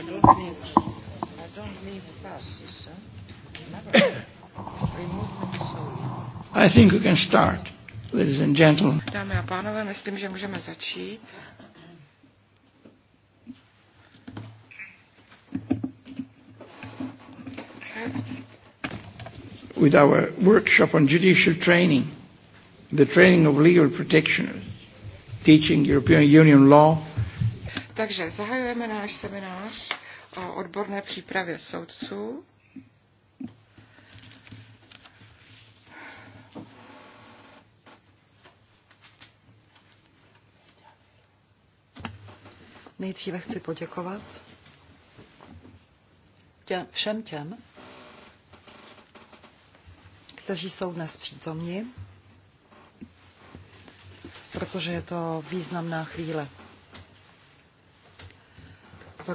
I don't need, I don't need passes. Huh? I think we can start, ladies and gentlemen. Dámy a pánové, myslím, že můžeme začít. With our workshop on judicial training, the training of legal protectioners, teaching European Union law takže zahajujeme náš seminář o odborné přípravě soudců. Nejdříve chci poděkovat těm, všem těm, kteří jsou dnes přítomni, protože je to významná chvíle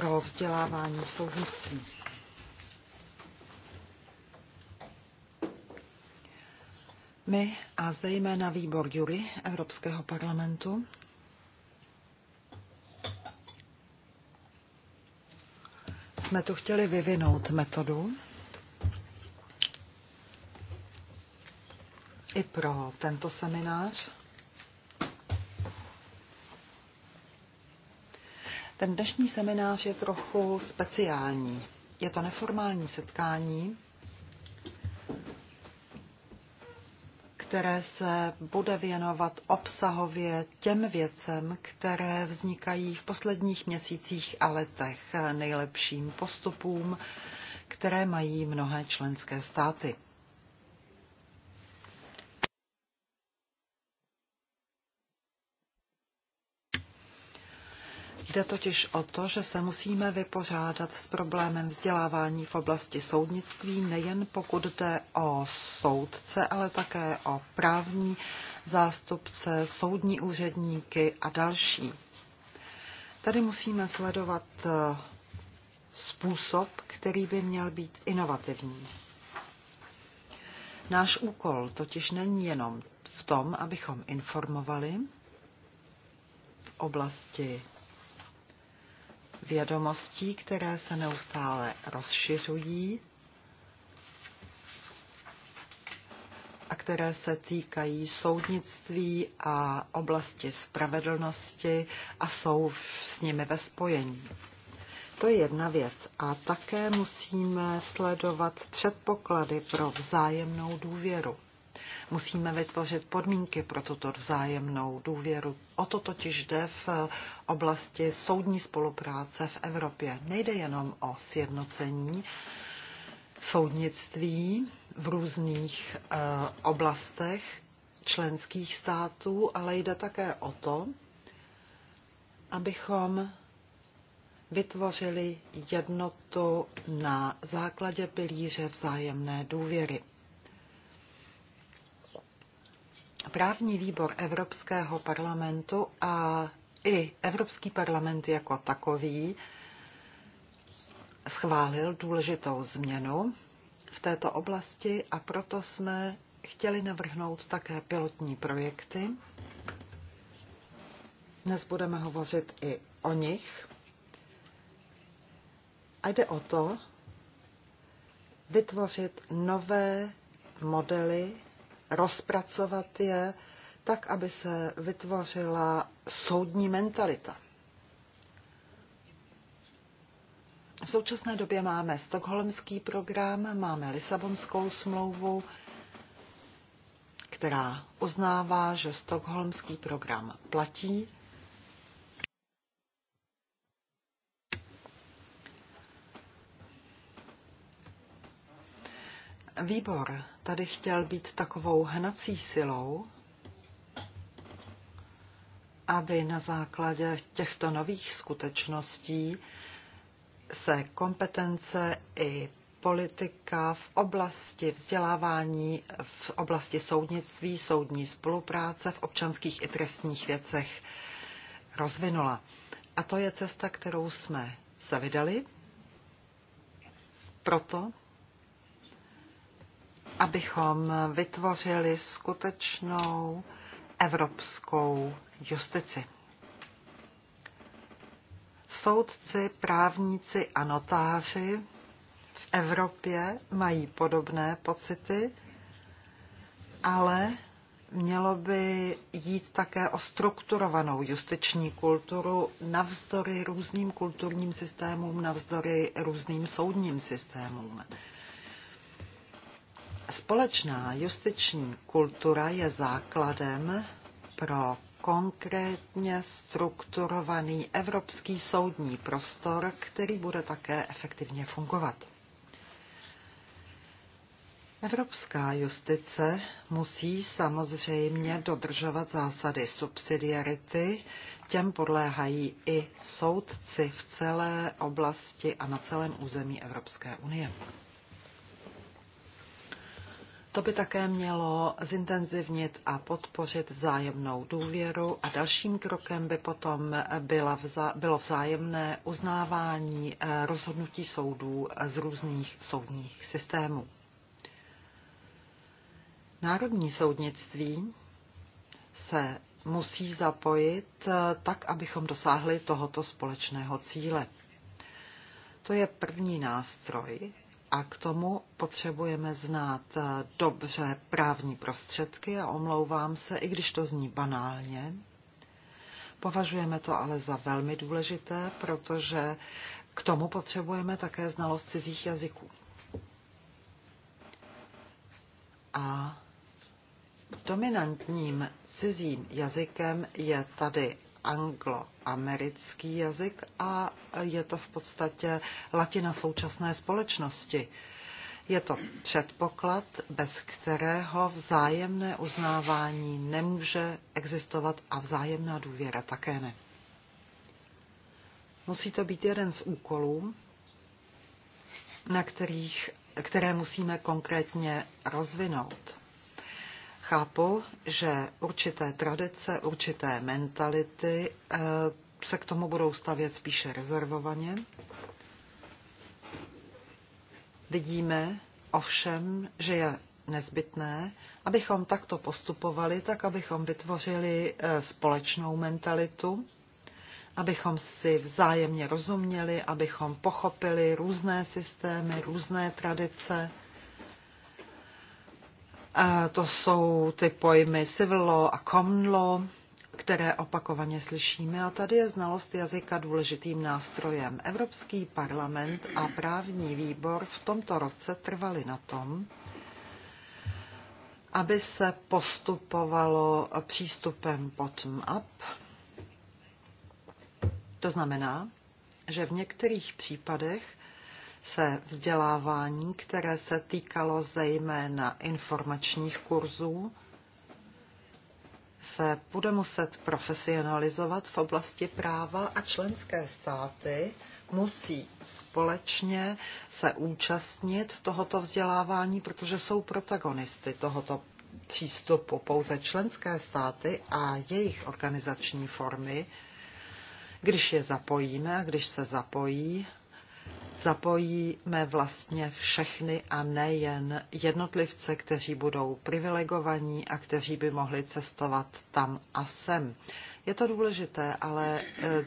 pro vzdělávání v soudnictví. My a zejména výbor Jury Evropského parlamentu jsme tu chtěli vyvinout metodu i pro tento seminář, Ten dnešní seminář je trochu speciální. Je to neformální setkání, které se bude věnovat obsahově těm věcem, které vznikají v posledních měsících a letech nejlepším postupům, které mají mnohé členské státy. Jde totiž o to, že se musíme vypořádat s problémem vzdělávání v oblasti soudnictví, nejen pokud jde o soudce, ale také o právní zástupce, soudní úředníky a další. Tady musíme sledovat eh, způsob, který by měl být inovativní. Náš úkol totiž není jenom v tom, abychom informovali v oblasti vědomostí, které se neustále rozšiřují a které se týkají soudnictví a oblasti spravedlnosti a jsou s nimi ve spojení. To je jedna věc. A také musíme sledovat předpoklady pro vzájemnou důvěru. Musíme vytvořit podmínky pro tuto vzájemnou důvěru. O to totiž jde v oblasti soudní spolupráce v Evropě. Nejde jenom o sjednocení soudnictví v různých eh, oblastech členských států, ale jde také o to, abychom vytvořili jednotu na základě pilíře vzájemné důvěry právní výbor Evropského parlamentu a i Evropský parlament jako takový schválil důležitou změnu v této oblasti a proto jsme chtěli navrhnout také pilotní projekty. Dnes budeme hovořit i o nich. A jde o to vytvořit nové modely rozpracovat je tak, aby se vytvořila soudní mentalita. V současné době máme stokholmský program, máme Lisabonskou smlouvu, která uznává, že stokholmský program platí. Výbor tady chtěl být takovou hnací silou, aby na základě těchto nových skutečností se kompetence i politika v oblasti vzdělávání, v oblasti soudnictví, soudní spolupráce v občanských i trestních věcech rozvinula. A to je cesta, kterou jsme se vydali. Proto abychom vytvořili skutečnou evropskou justici. Soudci, právníci a notáři v Evropě mají podobné pocity, ale mělo by jít také o strukturovanou justiční kulturu navzdory různým kulturním systémům, navzdory různým soudním systémům. Společná justiční kultura je základem pro konkrétně strukturovaný evropský soudní prostor, který bude také efektivně fungovat. Evropská justice musí samozřejmě dodržovat zásady subsidiarity, těm podléhají i soudci v celé oblasti a na celém území Evropské unie. To by také mělo zintenzivnit a podpořit vzájemnou důvěru a dalším krokem by potom byla vza, bylo vzájemné uznávání eh, rozhodnutí soudů z různých soudních systémů. Národní soudnictví se musí zapojit eh, tak, abychom dosáhli tohoto společného cíle. To je první nástroj, a k tomu potřebujeme znát eh, dobře právní prostředky a omlouvám se, i když to zní banálně. Považujeme to ale za velmi důležité, protože k tomu potřebujeme také znalost cizích jazyků. A dominantním cizím jazykem je tady angloamerický jazyk a je to v podstatě latina současné společnosti. Je to předpoklad, bez kterého vzájemné uznávání nemůže existovat a vzájemná důvěra také ne. Musí to být jeden z úkolů, na kterých, které musíme konkrétně rozvinout. Chápu, že určité tradice, určité mentality eh, se k tomu budou stavět spíše rezervovaně. Vidíme ovšem, že je nezbytné, abychom takto postupovali, tak abychom vytvořili eh, společnou mentalitu, abychom si vzájemně rozuměli, abychom pochopili různé systémy, různé tradice to jsou ty pojmy civil law a common law, které opakovaně slyšíme. A tady je znalost jazyka důležitým nástrojem. Evropský parlament a právní výbor v tomto roce trvali na tom, aby se postupovalo přístupem bottom-up. To znamená, že v některých případech se vzdělávání, které se týkalo zejména informačních kurzů, se bude muset profesionalizovat v oblasti práva a členské státy musí společně se účastnit tohoto vzdělávání, protože jsou protagonisty tohoto přístupu. Pouze členské státy a jejich organizační formy, když je zapojíme a když se zapojí, zapojíme vlastně všechny a nejen jednotlivce, kteří budou privilegovaní a kteří by mohli cestovat tam a sem. Je to důležité, ale e,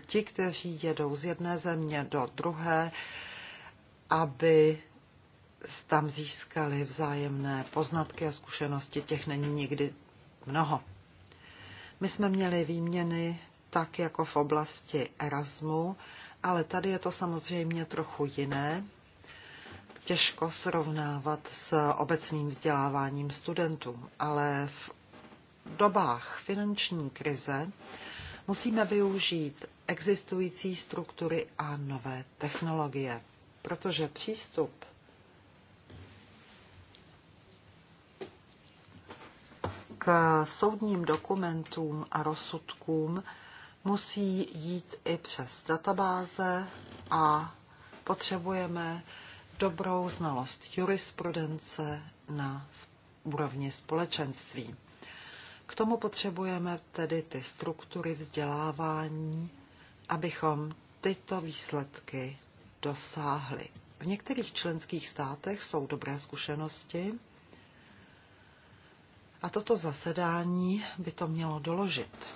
ti, kteří jedou z jedné země do druhé, aby tam získali vzájemné poznatky a zkušenosti, těch není nikdy mnoho. My jsme měli výměny tak jako v oblasti Erasmu, ale tady je to samozřejmě trochu jiné. Těžko srovnávat s obecným vzděláváním studentů, ale v dobách finanční krize musíme využít existující struktury a nové technologie, protože přístup k soudním dokumentům a rozsudkům musí jít i přes databáze a potřebujeme dobrou znalost jurisprudence na úrovni společenství. K tomu potřebujeme tedy ty struktury vzdělávání, abychom tyto výsledky dosáhli. V některých členských státech jsou dobré zkušenosti a toto zasedání by to mělo doložit.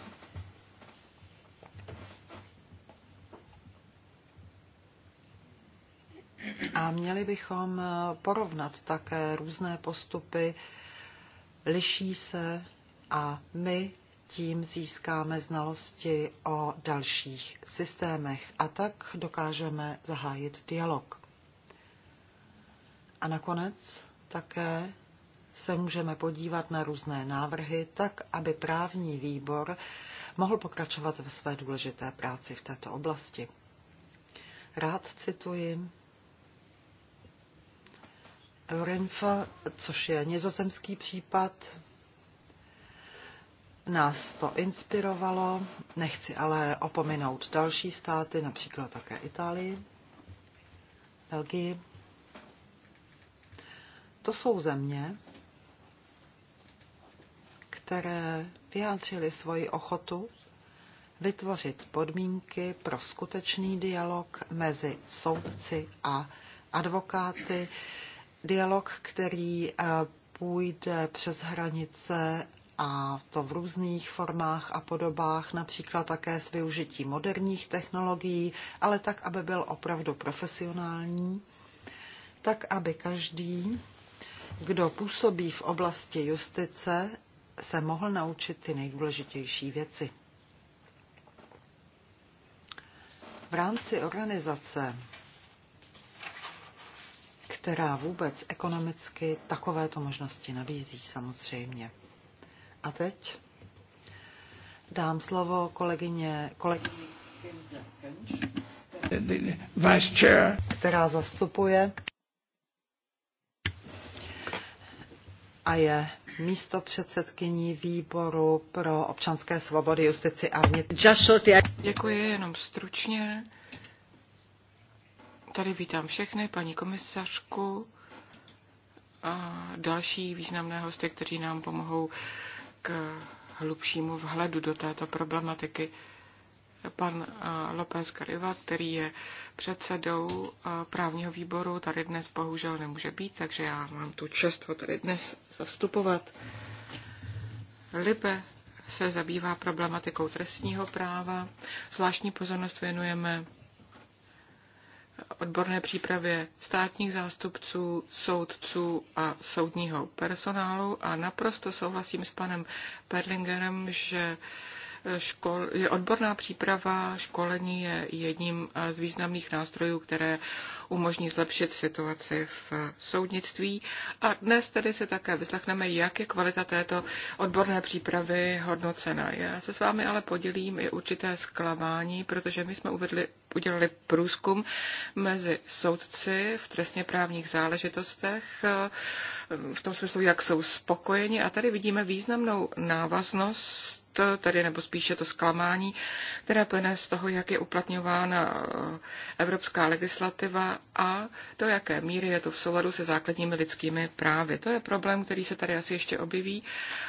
měli bychom eh, porovnat také různé postupy, liší se a my tím získáme znalosti o dalších systémech a tak dokážeme zahájit dialog. A nakonec také se můžeme podívat na různé návrhy, tak aby právní výbor mohl pokračovat ve své důležité práci v této oblasti. Rád cituji Eurinf, což je nizozemský případ. Nás to inspirovalo, nechci ale opominout další státy, například také Itálii, Belgii. To jsou země, které vyjádřily svoji ochotu vytvořit podmínky pro skutečný dialog mezi soudci a advokáty dialog, který eh, půjde přes hranice a to v různých formách a podobách, například také s využitím moderních technologií, ale tak, aby byl opravdu profesionální, tak, aby každý, kdo působí v oblasti justice, se mohl naučit ty nejdůležitější věci. V rámci organizace která vůbec ekonomicky takovéto možnosti nabízí samozřejmě. A teď dám slovo kolegyně, kolegyně která zastupuje a je místo předsedkyní výboru pro občanské svobody, justici a vnitř. Děkuji, jenom stručně. Tady vítám všechny, paní komisařku a další významné hosty, kteří nám pomohou k hlubšímu vhledu do této problematiky. Pan eh, López Kariva, který je předsedou eh, právního výboru, tady dnes bohužel nemůže být, takže já mám tu čest ho tady dnes zastupovat. Libe se zabývá problematikou trestního práva. Zvláštní pozornost věnujeme odborné přípravě státních zástupců, soudců a soudního personálu a naprosto souhlasím s panem Perlingerem, že škol, odborná příprava, školení je jedním z významných nástrojů, které umožní zlepšit situaci v eh, soudnictví. A dnes tedy se také vyslechneme, jak je kvalita této odborné přípravy hodnocena. Já se s vámi ale podělím i určité zklamání, protože my jsme uvedli, udělali průzkum mezi soudci v trestně právních záležitostech, eh, v tom smyslu, jak jsou spokojeni. A tady vidíme významnou návaznost eh, tedy nebo spíše to zklamání, které plyne z toho, jak je uplatňována evropská legislativa a do jaké míry je to v souladu se základními lidskými právy. To je problém, který se tady asi ještě objeví.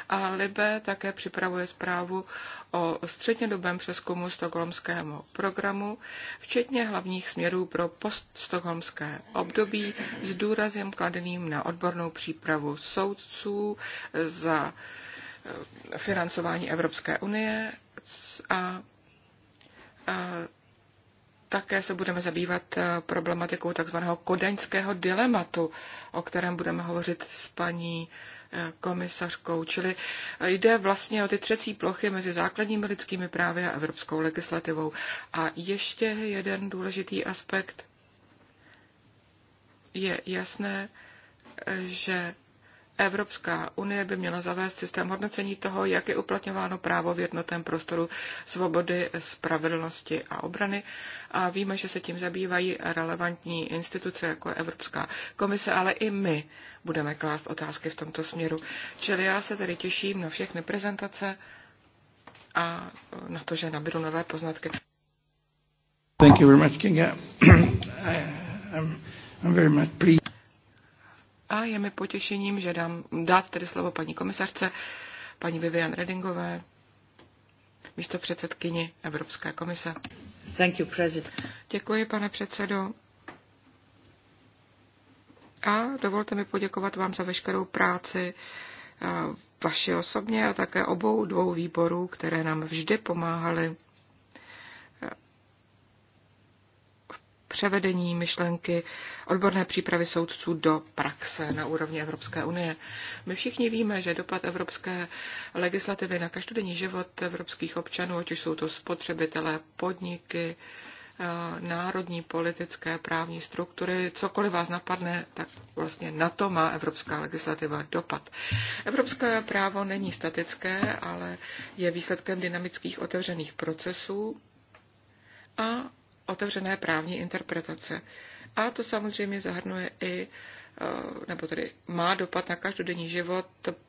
A Libe také připravuje zprávu o střednědobém přeskumu stokholmského programu, včetně hlavních směrů pro poststokholmské období s důrazem kladeným na odbornou přípravu soudců za eh, financování Evropské unie a, a také se budeme zabývat eh, problematikou takzvaného kodaňského dilematu, o kterém budeme hovořit s paní eh, komisařkou. Čili eh, jde vlastně o ty třecí plochy mezi základními lidskými právy a evropskou legislativou. A ještě jeden důležitý aspekt. Je jasné, že Evropská unie by měla zavést systém hodnocení toho, jak je uplatňováno právo v jednotném prostoru svobody, spravedlnosti a obrany. A víme, že se tím zabývají relevantní instituce, jako je Evropská komise, ale i my budeme klást otázky v tomto směru. Čili já se tedy těším na všechny prezentace a na to, že naberu nové poznatky. Thank you very much, Kinga. I, I'm, I'm very much pleased. A je mi potěšením, že dám dát tedy slovo paní komisařce, paní Vivian Redingové, místo předsedkyni Evropské komise. Thank you, Děkuji, pane předsedo. A dovolte mi poděkovat vám za veškerou práci eh, vaši osobně a také obou dvou výborů, které nám vždy pomáhaly převedení myšlenky odborné přípravy soudců do praxe na úrovni Evropské unie. My všichni víme, že dopad evropské legislativy na každodenní život evropských občanů, ať už jsou to spotřebitelé, podniky, eh, národní politické právní struktury, cokoliv vás napadne, tak vlastně na to má evropská legislativa dopad. Evropské právo není statické, ale je výsledkem dynamických otevřených procesů a otevřené právní interpretace. A to samozřejmě zahrnuje i, eh, nebo tedy má dopad na každodenní život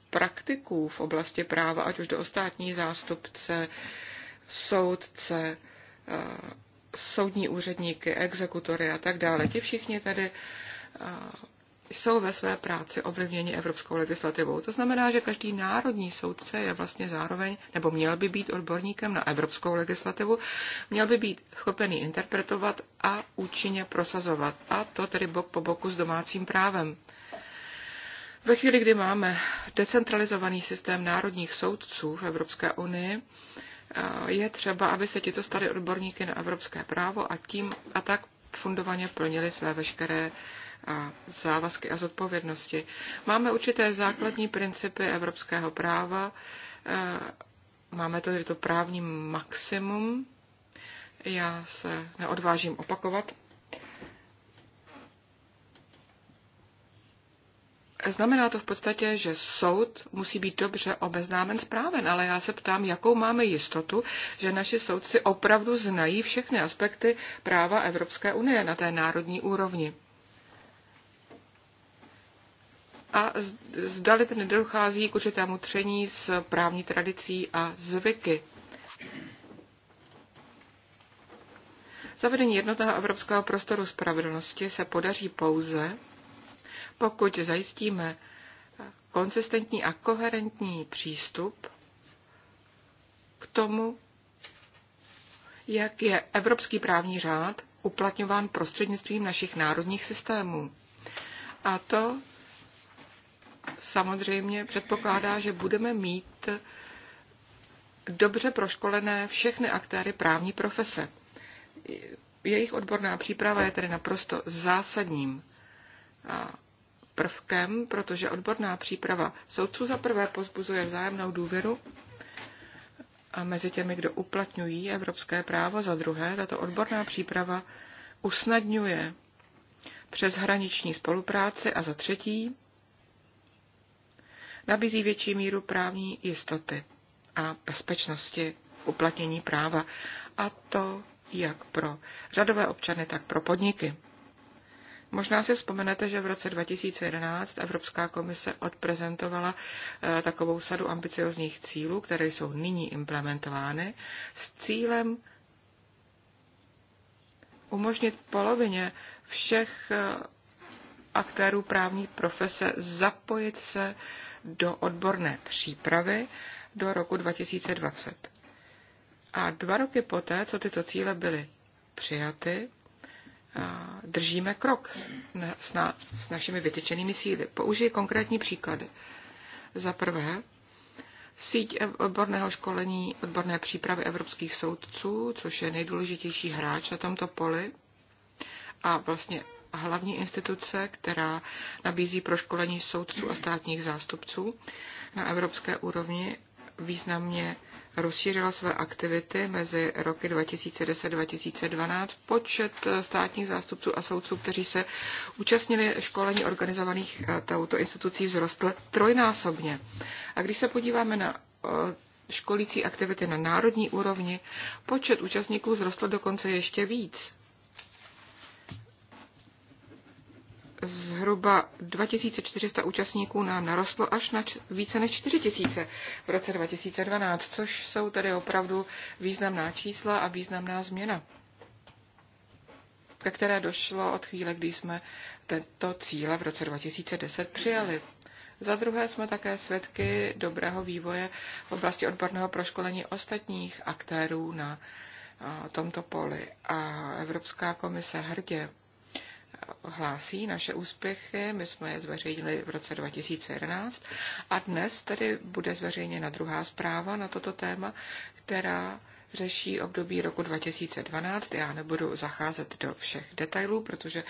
praktiků v oblasti práva, ať už do ostatní zástupce, soudce, eh, soudní úředníky, exekutory a tak dále. Ti všichni tady eh, jsou ve své práci ovlivněni evropskou legislativou. To znamená, že každý národní soudce je vlastně zároveň, nebo měl by být odborníkem na evropskou legislativu, měl by být schopený interpretovat a účinně prosazovat. A to tedy bok po boku s domácím právem. Ve chvíli, kdy máme decentralizovaný systém národních soudců v Evropské unii, je třeba, aby se tito stali odborníky na evropské právo a tím a tak fundovaně plnili své veškeré uh, a závazky a zodpovědnosti. Máme určité základní principy evropského práva, eh, máme to, to právní maximum, já se neodvážím opakovat. Znamená to v podstatě, že soud musí být dobře obeznámen s právem, ale já se ptám, jakou máme jistotu, že naši soudci opravdu znají všechny aspekty práva Evropské unie na té národní úrovni. a zdali tedy nedochází k určitému tření s právní tradicí a zvyky. Zavedení jednotného evropského prostoru spravedlnosti se podaří pouze, pokud zajistíme konsistentní a koherentní přístup k tomu, jak je evropský právní řád uplatňován prostřednictvím našich národních systémů. A to samozřejmě předpokládá, že budeme mít dobře proškolené všechny aktéry právní profese. Jejich odborná příprava je tedy naprosto zásadním prvkem, protože odborná příprava soudců za prvé pozbuzuje vzájemnou důvěru a mezi těmi, kdo uplatňují evropské právo, za druhé tato odborná příprava usnadňuje přeshraniční spolupráci a za třetí nabízí větší míru právní jistoty a bezpečnosti uplatnění práva, a to jak pro řadové občany, tak pro podniky. Možná si vzpomenete, že v roce 2011 Evropská komise odprezentovala eh, takovou sadu ambiciozních cílů, které jsou nyní implementovány, s cílem umožnit polovině všech eh, aktérů právní profese zapojit se do odborné přípravy do roku 2020. A dva roky poté, co tyto cíle byly přijaty, držíme krok s, na, s našimi vytyčenými síly. Použiji konkrétní příklady. Za prvé, síť odborného školení, odborné přípravy evropských soudců, což je nejdůležitější hráč na tomto poli a vlastně hlavní instituce, která nabízí proškolení soudců a státních zástupců na evropské úrovni, významně rozšířila své aktivity mezi roky 2010-2012. Počet státních zástupců a soudců, kteří se účastnili školení organizovaných eh, touto institucí, vzrostl trojnásobně. A když se podíváme na eh, školící aktivity na národní úrovni, počet účastníků vzrostl dokonce ještě víc. zhruba 2400 účastníků nám narostlo až na více než 4000 v roce 2012, což jsou tedy opravdu významná čísla a významná změna, ke které došlo od chvíle, kdy jsme tento cíle v roce 2010 přijali. Za druhé jsme také svědky dobrého vývoje v oblasti odborného proškolení ostatních aktérů na tomto poli a Evropská komise hrdě hlásí naše úspěchy. My jsme je zveřejnili v roce 2011 a dnes tedy bude zveřejněna druhá zpráva na toto téma, která řeší období roku 2012. Já nebudu zacházet do všech detailů, protože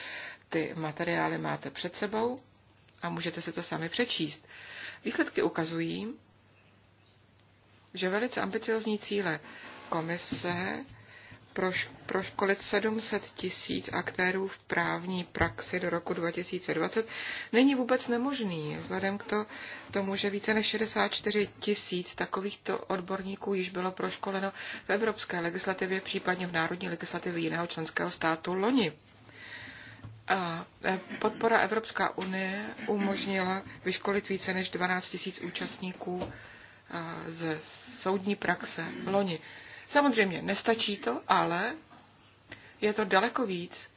ty materiály máte před sebou a můžete si to sami přečíst. Výsledky ukazují, že velice ambiciozní cíle komise proškolit 700 tisíc aktérů v právní praxi do roku 2020 není vůbec nemožný, vzhledem k to, tomu, že více než 64 tisíc takovýchto odborníků již bylo proškoleno v evropské legislativě, případně v národní legislativě jiného členského státu loni. A e, podpora Evropská unie umožnila vyškolit více než 12 tisíc účastníků ze soudní praxe loni. Samozřejmě nestačí to, ale je to daleko víc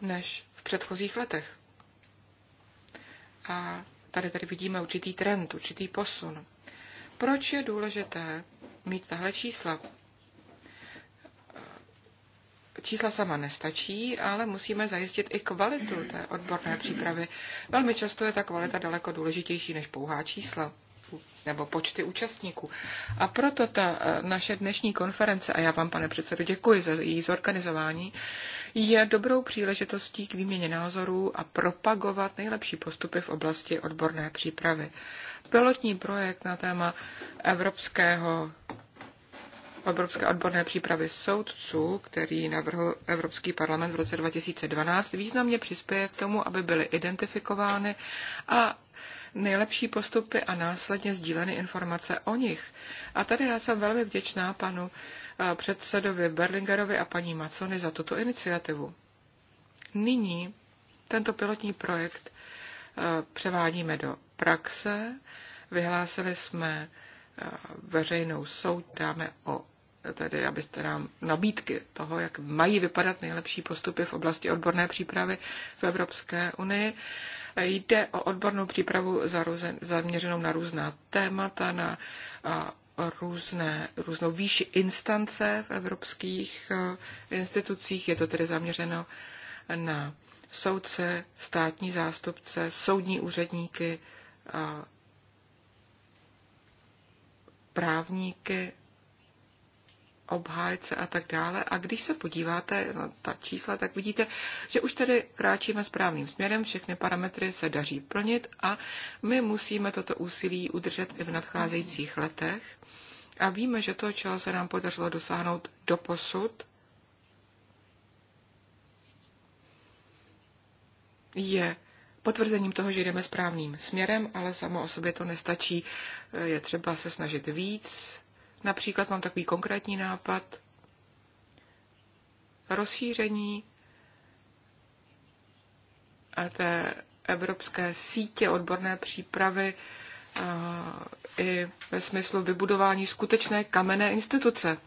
než v předchozích letech. A tady tady vidíme určitý trend, určitý posun. Proč je důležité mít tahle čísla? Čísla sama nestačí, ale musíme zajistit i kvalitu té odborné přípravy. Velmi často je ta kvalita daleko důležitější než pouhá čísla nebo počty účastníků. A proto ta eh, naše dnešní konference, a já vám, pane předsedo, děkuji za její zorganizování, je dobrou příležitostí k výměně názorů a propagovat nejlepší postupy v oblasti odborné přípravy. Pilotní projekt na téma evropského Evropské odborné přípravy soudců, který navrhl Evropský parlament v roce 2012, významně přispěje k tomu, aby byly identifikovány a nejlepší postupy a následně sdíleny informace o nich. A tady já jsem velmi vděčná panu eh, předsedovi Berlingerovi a paní Macony za tuto iniciativu. Nyní tento pilotní projekt eh, převádíme do praxe. Vyhlásili jsme eh, veřejnou soud, dáme o tedy abyste nám nabídky toho, jak mají vypadat nejlepší postupy v oblasti odborné přípravy v Evropské unii. Jde o odbornou přípravu zaměřenou na různá témata, na různé, různou výši instance v evropských eh, institucích. Je to tedy zaměřeno na soudce, státní zástupce, soudní úředníky, právníky obhájce a tak dále. A když se podíváte na ta čísla, tak vidíte, že už tedy kráčíme správným směrem, všechny parametry se daří plnit a my musíme toto úsilí udržet i v nadcházejících letech. A víme, že to, čeho se nám podařilo dosáhnout do posud, je potvrzením toho, že jdeme správným směrem, ale samo o sobě to nestačí. Je třeba se snažit víc, Například mám takový konkrétní nápad rozšíření té evropské sítě odborné přípravy eh, i ve smyslu vybudování skutečné kamenné instituce,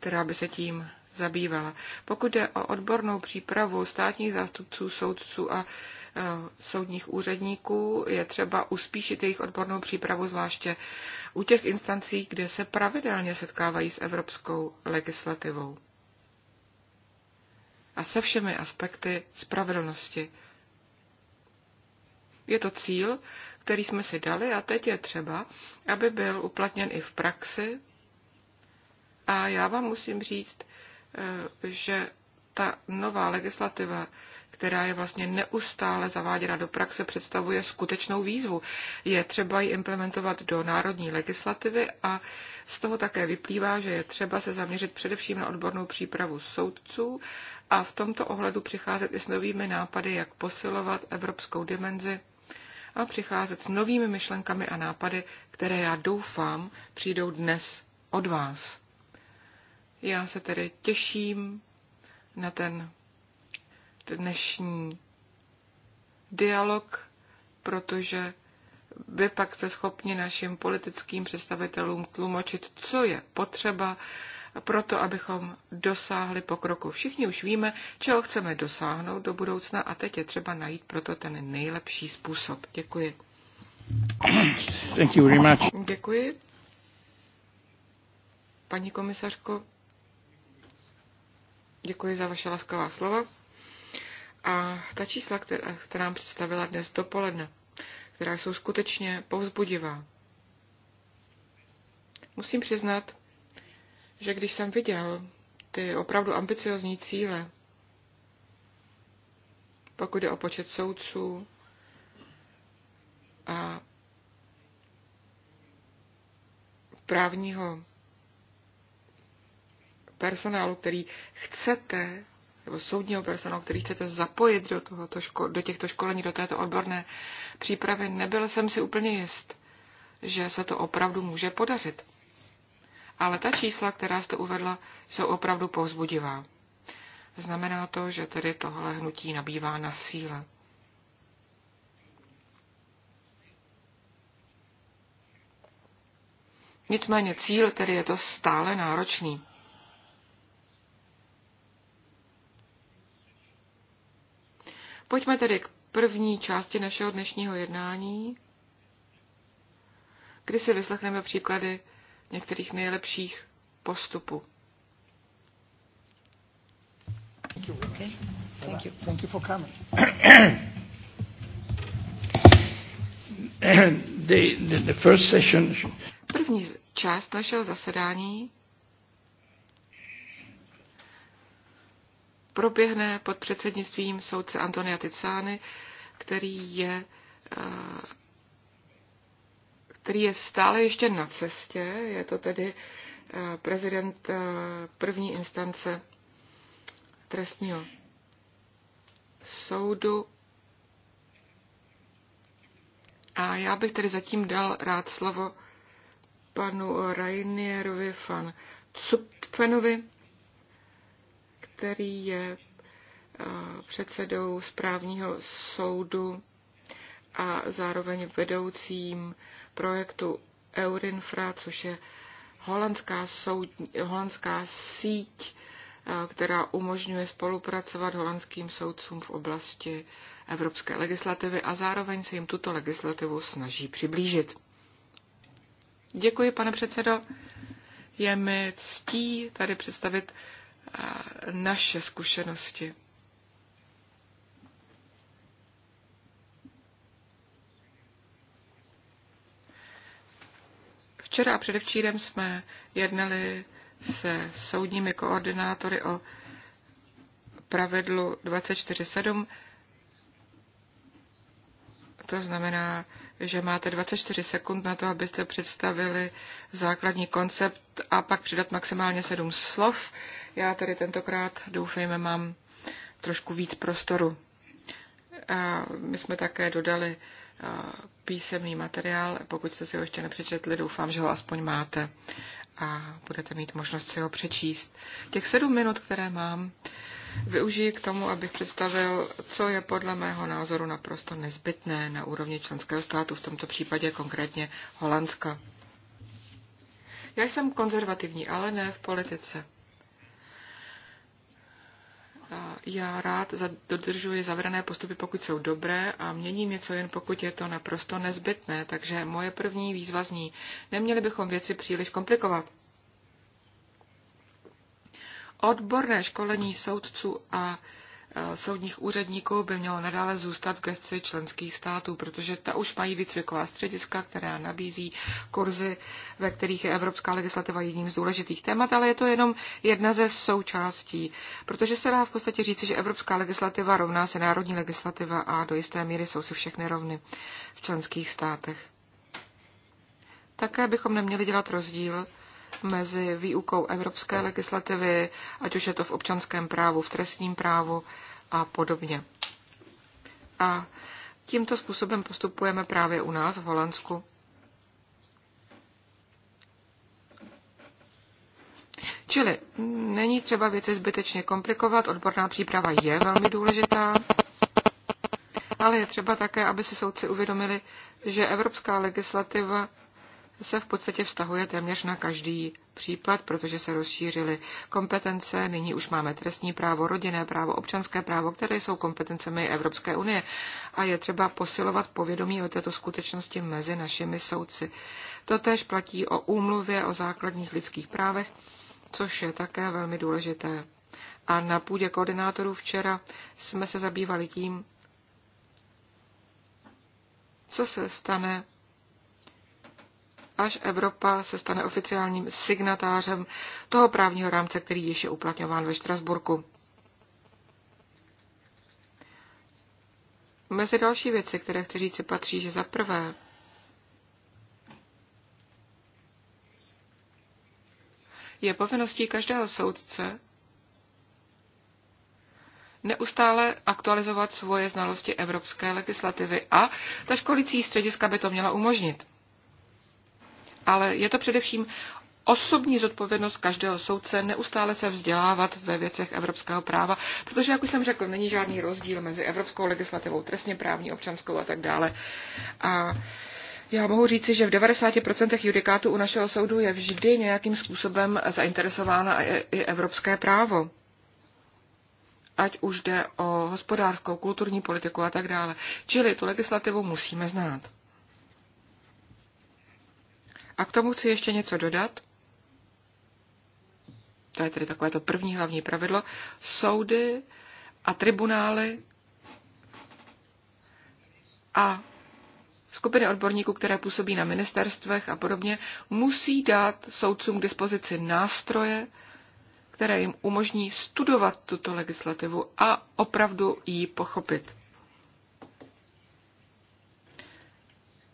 která by se tím zabývala. Pokud jde o odbornou přípravu státních zástupců, soudců a Eh, soudních úředníků. Je třeba uspíšit jejich odbornou přípravu, zvláště u těch instancí, kde se pravidelně setkávají s evropskou legislativou. A se všemi aspekty spravedlnosti. Je to cíl, který jsme si dali a teď je třeba, aby byl uplatněn i v praxi. A já vám musím říct, eh, že ta nová legislativa která je vlastně neustále zaváděna do praxe, představuje skutečnou výzvu. Je třeba ji implementovat do národní legislativy a z toho také vyplývá, že je třeba se zaměřit především na odbornou přípravu soudců a v tomto ohledu přicházet i s novými nápady, jak posilovat evropskou dimenzi a přicházet s novými myšlenkami a nápady, které já doufám přijdou dnes od vás. Já se tedy těším na ten dnešní dialog, protože vy pak jste schopni našim politickým představitelům tlumočit, co je potřeba proto, abychom dosáhli pokroku. Všichni už víme, čeho chceme dosáhnout do budoucna a teď je třeba najít proto ten nejlepší způsob. Děkuji. Thank you very much. Děkuji. Paní komisařko, děkuji za vaše laskavá slova. A ta čísla, která, která nám představila dnes dopoledne, která jsou skutečně povzbudivá. Musím přiznat, že když jsem viděl ty opravdu ambiciozní cíle, pokud jde o počet soudců a právního personálu, který chcete nebo soudního personálu, který chcete zapojit do, tohoto ško- do těchto školení, do této odborné přípravy, nebyl jsem si úplně jist, že se to opravdu může podařit. Ale ta čísla, která jste uvedla, jsou opravdu povzbudivá. Znamená to, že tedy tohle hnutí nabývá na síle. Nicméně cíl tedy je to stále náročný. Pojďme tedy k první části našeho dnešního jednání, kdy si vyslechneme příklady některých nejlepších postupů. Thank you. Okay. Thank you. Thank you for coming. the, the, the first session. První část našeho zasedání proběhne pod předsednictvím soudce Antonia Ticány, který je, eh, který je stále ještě na cestě. Je to tedy eh, prezident eh, první instance trestního soudu. A já bych tedy zatím dal rád slovo panu Rainierovi van Zupfenovi který je eh, předsedou správního soudu a zároveň vedoucím projektu Eurinfra, což je holandská, soud, holandská síť, eh, která umožňuje spolupracovat holandským soudcům v oblasti evropské legislativy a zároveň se jim tuto legislativu snaží přiblížit. Děkuji, pane předsedo. Je mi ctí tady představit naše zkušenosti. Včera a předevčírem jsme jednali se soudními koordinátory o pravidlu 24.7. To znamená, že máte 24 sekund na to, abyste představili základní koncept a pak přidat maximálně 7 slov. Já tady tentokrát, doufejme, mám trošku víc prostoru. A my jsme také dodali písemný materiál. Pokud jste si ho ještě nepřečetli, doufám, že ho aspoň máte a budete mít možnost si ho přečíst. Těch sedm minut, které mám, využiji k tomu, abych představil, co je podle mého názoru naprosto nezbytné na úrovni členského státu, v tomto případě konkrétně Holandska. Já jsem konzervativní, ale ne v politice já rád dodržuji zavřené postupy, pokud jsou dobré a měním něco jen pokud je to naprosto nezbytné, takže moje první výzva zní, neměli bychom věci příliš komplikovat. Odborné školení soudců a Eh, soudních úředníků by mělo nadále zůstat v gestci členských států, protože ta už mají výcviková střediska, která nabízí kurzy, ve kterých je evropská legislativa jedním z důležitých témat, ale je to jenom jedna ze součástí, protože se dá v podstatě říci, že evropská legislativa rovná se národní legislativa a do jisté míry jsou si všechny rovny v členských státech. Také bychom neměli dělat rozdíl mezi výukou evropské legislativy, ať už je to v občanském právu, v trestním právu a podobně. A tímto způsobem postupujeme právě u nás v Holandsku. Čili není třeba věci zbytečně komplikovat, odborná příprava je velmi důležitá, ale je třeba také, aby si soudci uvědomili, že evropská legislativa se v podstatě vztahuje téměř na každý případ, protože se rozšířily kompetence. Nyní už máme trestní právo, rodinné právo, občanské právo, které jsou kompetencemi Evropské unie. A je třeba posilovat povědomí o této skutečnosti mezi našimi soudci. Totež platí o úmluvě o základních lidských právech, což je také velmi důležité. A na půdě koordinátorů včera jsme se zabývali tím, co se stane až Evropa se stane oficiálním signatářem toho právního rámce, který již je uplatňován ve Štrasburku. Mezi další věci, které chci říct, patří, že za prvé je povinností každého soudce neustále aktualizovat svoje znalosti evropské legislativy a ta školicí střediska by to měla umožnit ale je to především osobní zodpovědnost každého soudce neustále se vzdělávat ve věcech evropského práva, protože, jak už jsem řekl, není žádný rozdíl mezi evropskou legislativou, trestně právní, občanskou a tak dále. A já mohu říci, že v 90% judikátu u našeho soudu je vždy nějakým způsobem zainteresována i evropské právo ať už jde o hospodářskou, kulturní politiku a tak dále. Čili tu legislativu musíme znát. A k tomu chci ještě něco dodat. To je tedy takové to první hlavní pravidlo. Soudy a tribunály a skupiny odborníků, které působí na ministerstvech a podobně, musí dát soudcům k dispozici nástroje, které jim umožní studovat tuto legislativu a opravdu ji pochopit.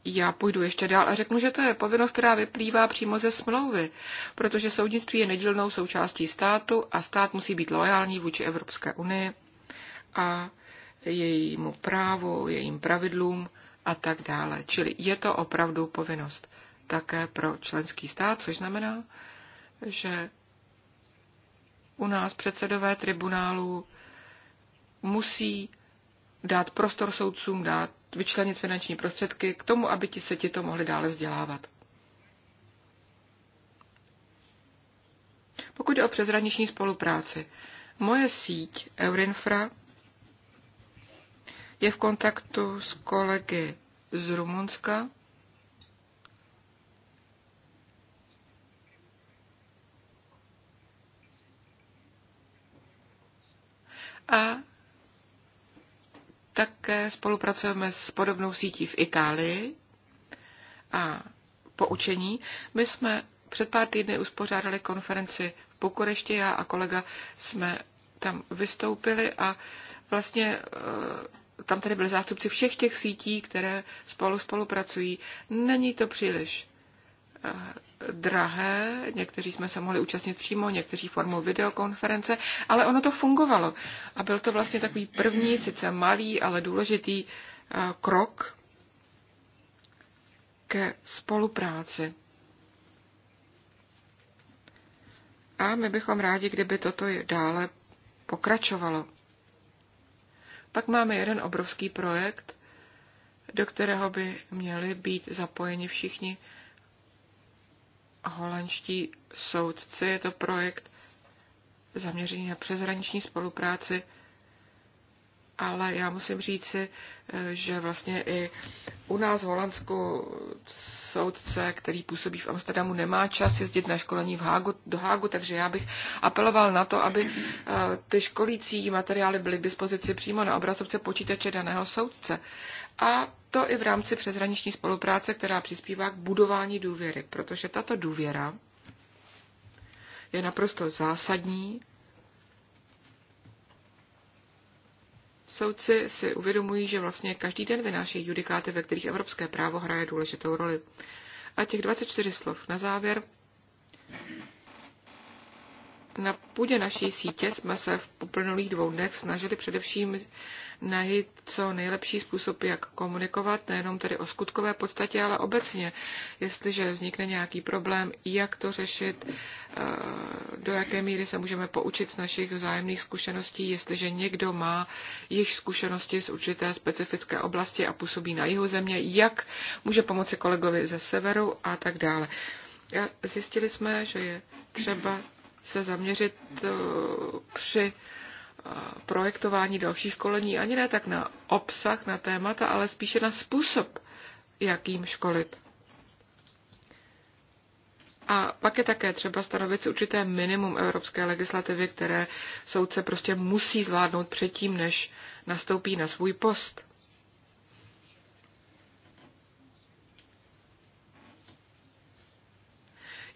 já půjdu ještě dál a řeknu, že to je povinnost, která vyplývá přímo ze smlouvy, protože soudnictví je nedílnou součástí státu a stát musí být loajální vůči Evropské unii a jejímu právu, jejím pravidlům a tak dále. Čili je to opravdu povinnost také pro členský stát, což znamená, že u nás předsedové tribunálu musí dát prostor soudcům, dát vyčlenit finanční prostředky k tomu, aby ti se to mohli dále vzdělávat. Pokud je o přezraniční spolupráci, moje síť Eurinfra je v kontaktu s kolegy z Rumunska, a také spolupracujeme s podobnou sítí v Itálii a poučení. My jsme před pár týdny uspořádali konferenci v Bukurešti, já a kolega jsme tam vystoupili a vlastně eh, tam tady byli zástupci všech těch sítí, které spolu spolupracují. Není to příliš drahé, někteří jsme se mohli účastnit přímo, někteří formou videokonference, ale ono to fungovalo. A byl to vlastně takový první, sice malý, ale důležitý eh, krok ke spolupráci. A my bychom rádi, kdyby toto dále pokračovalo. Pak máme jeden obrovský projekt, do kterého by měli být zapojeni všichni holandští soudci. Je to projekt zaměřený na přeshraniční spolupráci ale já musím říci, eh, že vlastně i u nás v Holandsku soudce, který působí v Amsterdamu, nemá čas jezdit na školení v Hágu, do Hágu, takže já bych apeloval na to, aby eh, ty školící materiály byly k dispozici přímo na obrazovce počítače daného soudce. A to i v rámci přeshraniční spolupráce, která přispívá k budování důvěry, protože tato důvěra je naprosto zásadní Soudci si uvědomují, že vlastně každý den vynášejí judikáty, ve kterých evropské právo hraje důležitou roli. A těch 24 slov na závěr na půdě naší sítě jsme se v uplynulých dvou dnech snažili především najít co nejlepší způsob, jak komunikovat, nejenom tedy o skutkové podstatě, ale obecně, jestliže vznikne nějaký problém, jak to řešit, eh, do jaké míry se můžeme poučit z našich vzájemných zkušeností, jestliže někdo má již zkušenosti z určité specifické oblasti a působí na jihu země, jak může pomoci kolegovi ze severu a tak dále. Eh, zjistili jsme, že je třeba se zaměřit eh, při eh, projektování dalších školení ani ne tak na obsah, na témata, ale spíše na způsob, jakým školit. A pak je také třeba stanovit si určité minimum evropské legislativy, které soudce prostě musí zvládnout předtím, než nastoupí na svůj post.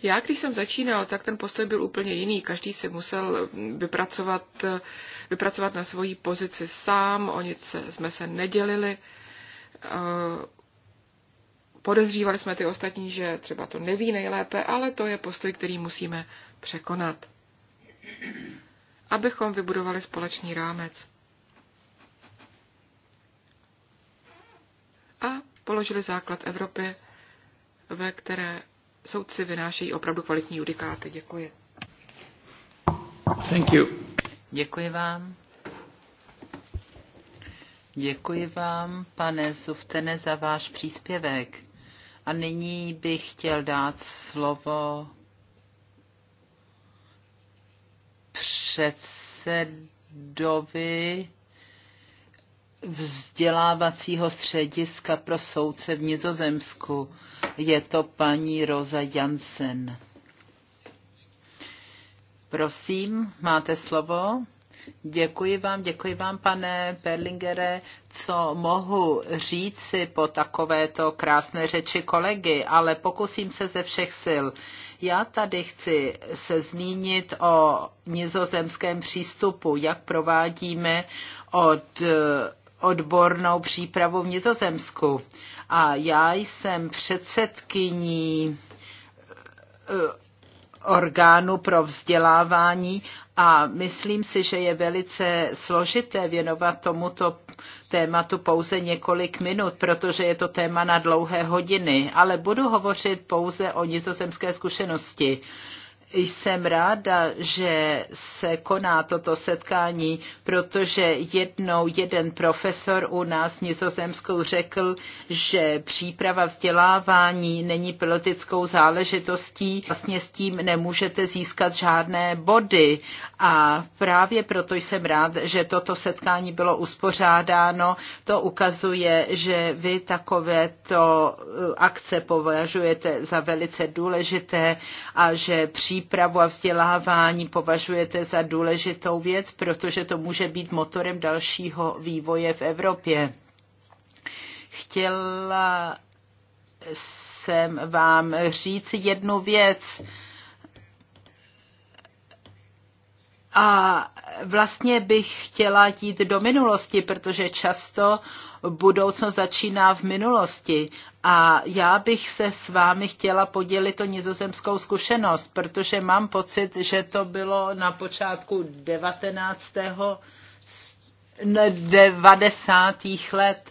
Já, když jsem začínal, tak ten postoj byl úplně jiný. Každý si musel mm, vypracovat, vypracovat na svoji pozici sám, o nic se, jsme se nedělili. Eh, podezřívali jsme ty ostatní, že třeba to neví nejlépe, ale to je postoj, který musíme překonat, abychom vybudovali společný rámec. A položili základ Evropy, ve které soudci vynášejí opravdu kvalitní judikáty. Děkuji. Thank you. Děkuji vám. Děkuji vám, pane Zuftene, za váš příspěvek. A nyní bych chtěl dát slovo předsedovi vzdělávacího střediska pro soudce v Nizozemsku. Je to paní Rosa Jansen. Prosím, máte slovo. Děkuji vám, děkuji vám, pane Perlingere, co mohu říci po takovéto krásné řeči kolegy, ale pokusím se ze všech sil. Já tady chci se zmínit o nizozemském přístupu, jak provádíme od odbornou přípravu v Nizozemsku a já jsem předsedkyní eh, orgánu pro vzdělávání a myslím si, že je velice složité věnovat tomuto tématu pouze několik minut, protože je to téma na dlouhé hodiny, ale budu hovořit pouze o nizozemské zkušenosti. Jsem ráda, že se koná toto setkání, protože jednou jeden profesor u nás nizozemskou řekl, že příprava vzdělávání není politickou záležitostí, vlastně s tím nemůžete získat žádné body. A právě proto jsem rád, že toto setkání bylo uspořádáno. To ukazuje, že vy takovéto akce považujete za velice důležité a že příprava přípravu a vzdělávání považujete za důležitou věc, protože to může být motorem dalšího vývoje v Evropě. Chtěla jsem vám říct jednu věc. A vlastně bych chtěla jít do minulosti, protože často uh, budoucnost začíná v minulosti. A já bych se s vámi chtěla podělit o nizozemskou zkušenost, protože mám pocit, že to bylo na počátku 19. 90. let,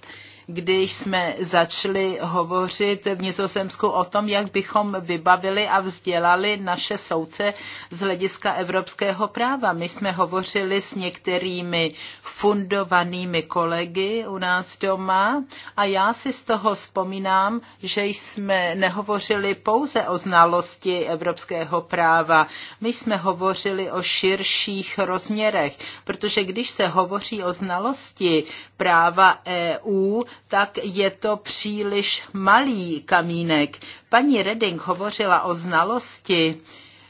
když jsme začali hovořit v Nizozemsku o tom, jak bychom vybavili a vzdělali naše soudce z hlediska evropského práva. My jsme hovořili s některými fundovanými kolegy u nás doma a já si z toho vzpomínám, že jsme nehovořili pouze o znalosti evropského práva. My jsme hovořili o širších rozměrech, protože když se hovoří o znalosti práva EU, tak je to příliš malý kamínek. Paní Redding hovořila o znalosti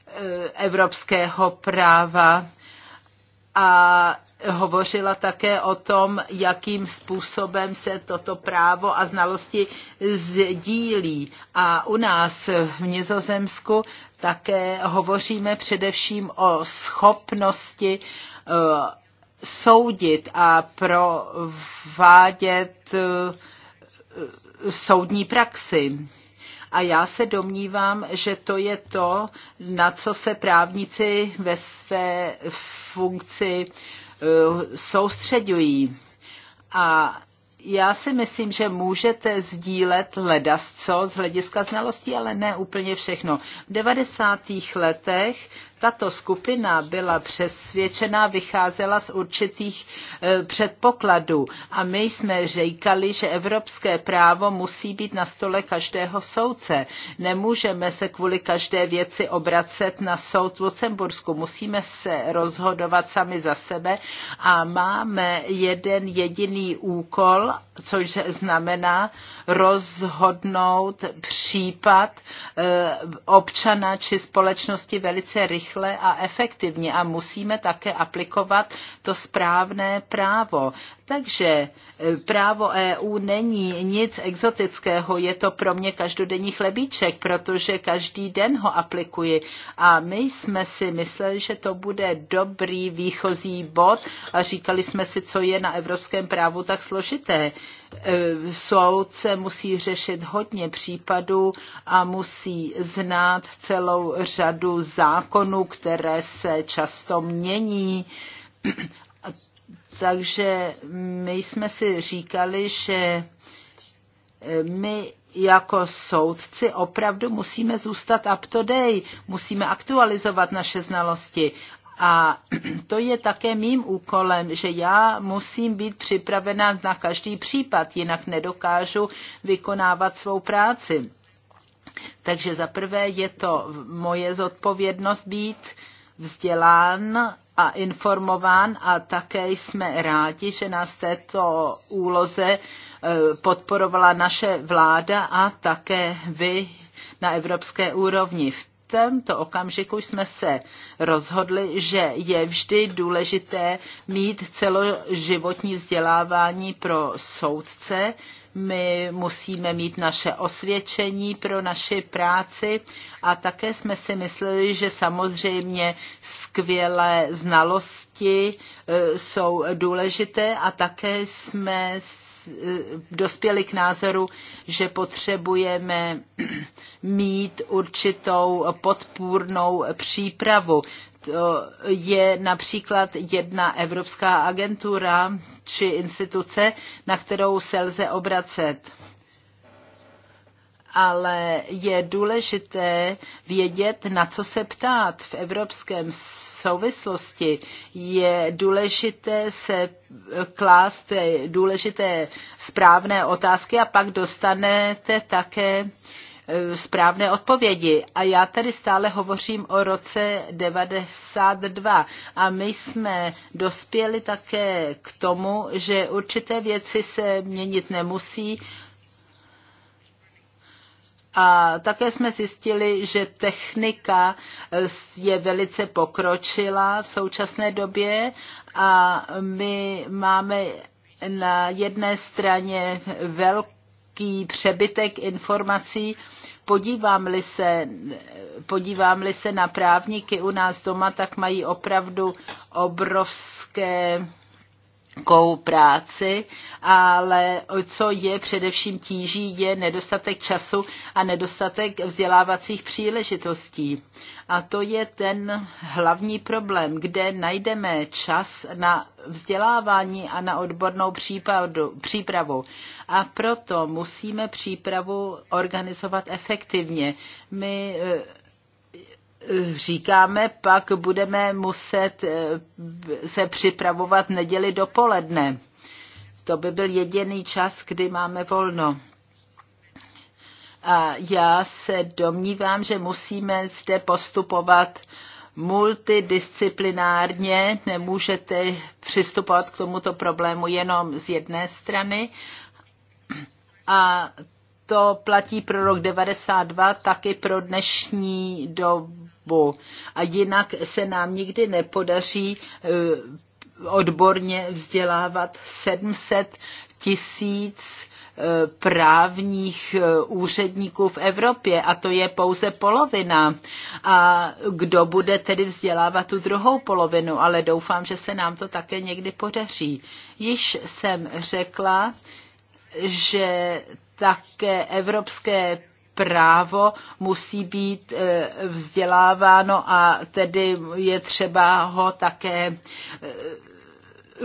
eh, evropského práva a hovořila také o tom, jakým způsobem se toto právo a znalosti sdílí. A u nás v Nizozemsku také hovoříme především o schopnosti eh, soudit a provádět eh, soudní praxi. A já se domnívám, že to je to, na co se právníci ve své funkci eh, soustředují. A já si myslím, že můžete sdílet ledasco z hlediska znalostí, ale ne úplně všechno. V 90. letech tato skupina byla přesvědčena, vycházela z určitých e, předpokladů. A my jsme říkali, že evropské právo musí být na stole každého soudce. Nemůžeme se kvůli každé věci obracet na soud v Lucembursku. Musíme se rozhodovat sami za sebe a máme jeden jediný úkol, což znamená rozhodnout případ e, občana či společnosti velice rychle rychle a efektivně a musíme také aplikovat to správné právo. Takže e, právo EU není nic exotického, je to pro mě každodenní chlebíček, protože každý den ho aplikuji. A my jsme si mysleli, že to bude dobrý výchozí bod a říkali jsme si, co je na evropském právu tak složité. E, Soudce musí řešit hodně případů a musí znát celou řadu zákonů, které se často mění takže my jsme si říkali, že e, my jako soudci opravdu musíme zůstat up to date, musíme aktualizovat naše znalosti. A to je také mým úkolem, že já musím být připravená na každý případ, jinak nedokážu vykonávat svou práci. Takže za prvé je to moje zodpovědnost být uh, vzdělán a informován a také jsme rádi, že nás této úloze e, podporovala naše vláda a také vy na evropské úrovni. V tomto okamžiku jsme se rozhodli, že je vždy důležité mít celoživotní vzdělávání pro soudce, my musíme mít naše osvědčení pro naši práci a také jsme si mysleli, že samozřejmě skvělé znalosti e, jsou důležité a také jsme e, dospěli k názoru, že potřebujeme mít určitou podpůrnou přípravu je například jedna evropská agentura či instituce, na kterou se lze obracet. Ale je důležité vědět, na co se ptát v evropském souvislosti. Je důležité se klást důležité správné otázky a pak dostanete také uh, Eh, správné odpovědi. A já tady stále hovořím o roce 92. A my jsme dospěli také k tomu, že určité věci se měnit nemusí, a také jsme zjistili, že technika eh, je velice pokročila v současné době a my máme na jedné straně velkou obrovský přebytek informací. Podívám-li se, podívám-li se na právníky u nás doma, tak mají opravdu obrovské těžkou práci, ale co je především tíží, je nedostatek času a nedostatek vzdělávacích příležitostí. A to je ten hlavní problém, kde najdeme čas na vzdělávání a na odbornou případu, přípravu. A proto musíme přípravu organizovat efektivně. My eh, říkáme, pak budeme muset eh, se připravovat neděli dopoledne. To by byl jediný čas, kdy máme volno. A já se domnívám, že musíme zde postupovat multidisciplinárně, nemůžete přistupovat k tomuto problému jenom z jedné strany. A to platí pro rok 92, tak i pro dnešní dobu. A jinak se nám nikdy nepodaří eh, odborně vzdělávat 700 tisíc eh, právních eh, úředníků v Evropě a to je pouze polovina. A kdo bude tedy vzdělávat tu druhou polovinu, ale doufám, že se nám to také někdy podaří. Již jsem řekla, že také evropské právo musí být eh, vzděláváno a tedy je třeba ho také eh,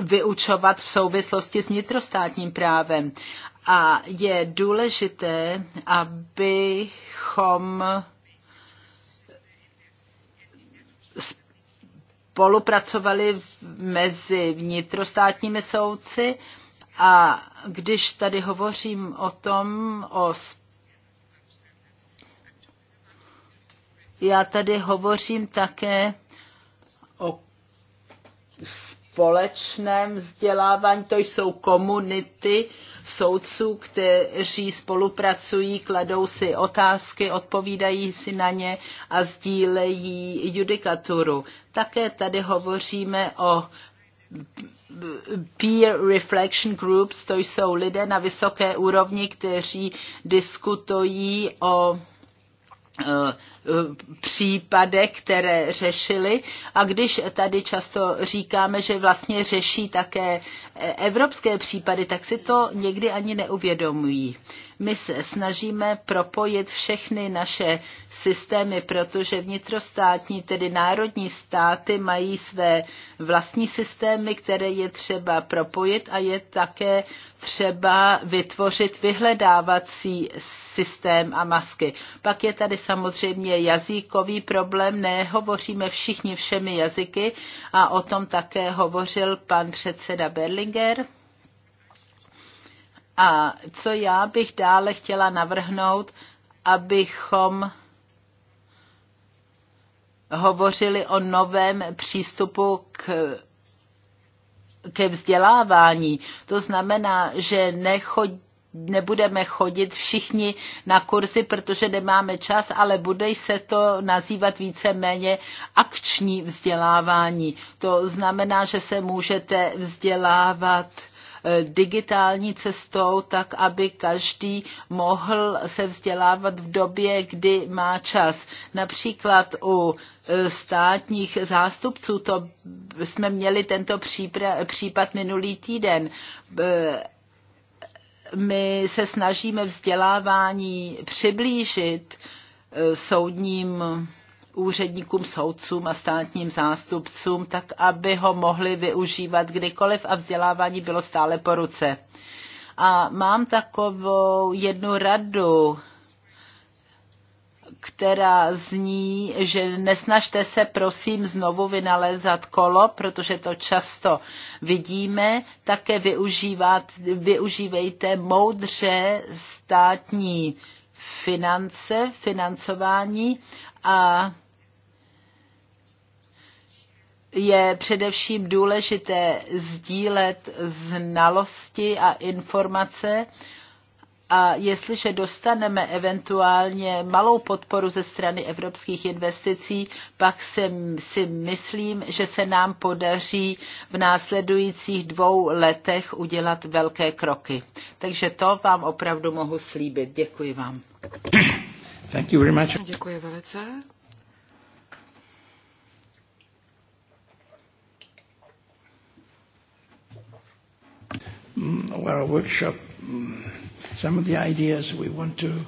vyučovat v souvislosti s nitrostátním právem. A je důležité, abychom spolupracovali mezi vnitrostátními soudci, a když tady hovořím o tom, o já tady hovořím také o společném vzdělávání, to jsou komunity soudců, kteří spolupracují, kladou si otázky, odpovídají si na ně a sdílejí judikaturu. Také tady hovoříme o peer reflection groups, to jsou lidé na vysoké úrovni, kteří diskutují o eh, případech, které řešili. A když tady často říkáme, že vlastně řeší také evropské případy, tak si to někdy ani neuvědomují. My se snažíme propojit všechny naše systémy, protože vnitrostátní, tedy národní státy, mají své vlastní systémy, které je třeba propojit a je také třeba vytvořit vyhledávací systém a masky. Pak je tady samozřejmě jazykový problém, nehovoříme všichni všemi jazyky a o tom také hovořil pan předseda Berlín Geringer. A co já bych dále chtěla navrhnout, abychom hovořili o novém přístupu k ke vzdělávání. To znamená, že nechodí nebudeme chodit všichni na kurzy, protože nemáme čas, ale bude se to nazývat více-méně akční vzdělávání. To znamená, že se můžete vzdělávat eh, digitální cestou, tak aby každý mohl se vzdělávat v době, kdy má čas. Například u eh, státních zástupců, to jsme měli tento případ minulý týden. Eh, my se snažíme vzdělávání přiblížit eh, soudním úředníkům, soudcům a státním zástupcům, tak aby ho mohli využívat kdykoliv a vzdělávání bylo stále po ruce. A mám takovou jednu radu, která zní, že nesnažte se prosím znovu vynalézat kolo, protože to často vidíme, také využívat, využívejte moudře státní finance, financování a je především důležité sdílet znalosti a informace a jestliže dostaneme eventuálně malou podporu ze strany evropských investicí, pak se, si myslím, že se nám podaří v následujících dvou letech udělat velké kroky. Takže to vám opravdu mohu slíbit. Děkuji vám. Thank you very much. Děkuji velice. Mm, well, workshop mm, some of the ideas we want to,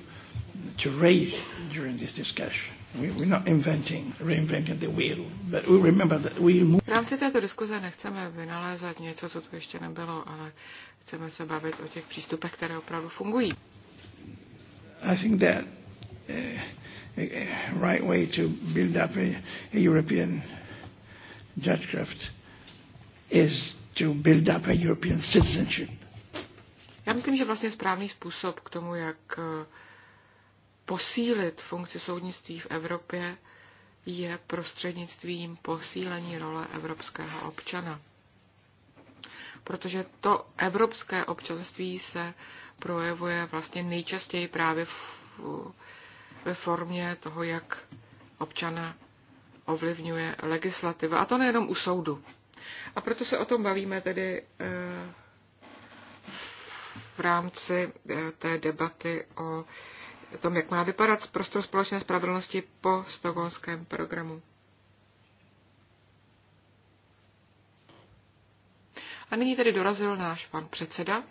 to raise during this discussion. We, we're not inventing, reinventing the wheel, but we remember that we move. V rámci této diskuze nechceme vynalézat něco, co tu ještě nebylo, ale chceme se bavit o těch přístupech, které opravdu fungují. I think that uh, eh, a eh, eh, right way to build up a, a European judgecraft is to build up a European citizenship já myslím, že vlastně správný způsob k tomu, jak eh, posílit funkci soudnictví v Evropě, je prostřednictvím posílení role evropského občana. Protože to evropské občanství se projevuje vlastně nejčastěji právě v, ve formě toho, jak občana ovlivňuje legislativa. A to nejenom u soudu. A proto se o tom bavíme tedy eh, v rámci eh, té debaty o tom, jak má vypadat prostor společné spravedlnosti po stokholmském programu. A nyní tedy dorazil náš pan předseda.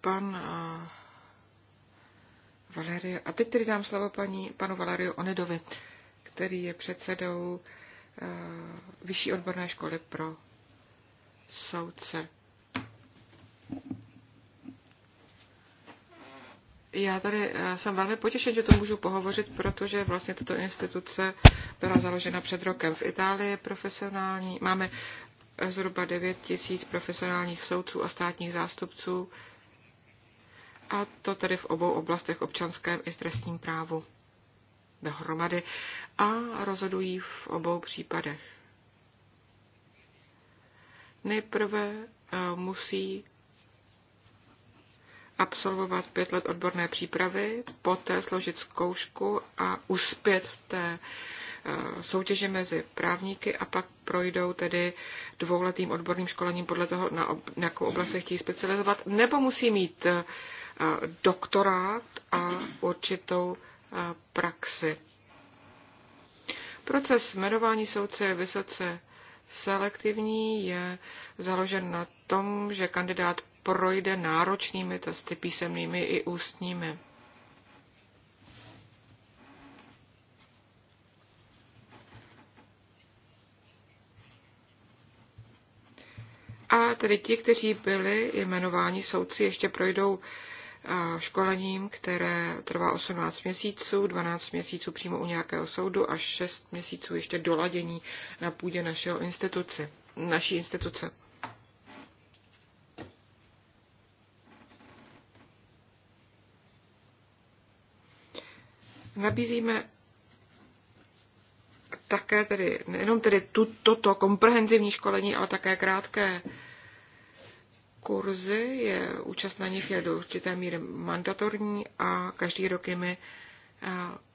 Pan eh, Valerio. A teď tedy dám slovo paní, panu Valeriu Onedovi, který je předsedou uh, Vyšší odborné školy pro soudce. Já tady eh, jsem velmi potěšen, že to můžu pohovořit, protože vlastně tato instituce byla založena před rokem v Itálii profesionální. Máme zhruba 9 tisíc profesionálních soudců a státních zástupců a to tedy v obou oblastech občanském i trestním právu dohromady a rozhodují v obou případech. Nejprve eh, musí absolvovat pět let odborné přípravy, poté složit zkoušku a uspět v té eh, soutěže mezi právníky a pak projdou tedy dvouletým odborným školením podle toho, na, ob, na jakou oblast se chtějí specializovat, nebo musí mít eh, doktorát a určitou eh, praxi. Proces jmenování soudce je vysoce selektivní, je založen na tom, že kandidát projde náročnými testy písemnými i ústními. A tedy ti, kteří byli jmenováni soudci, ještě projdou školením, které trvá 18 měsíců, 12 měsíců přímo u nějakého soudu a 6 měsíců ještě doladění na půdě našeho instituce, naší instituce. Nabízíme také tedy, nejenom tedy tuto komprehenzivní školení, ale také krátké kurzy, je, účast na nich je do určité míry mandatorní a každý rok jimi eh,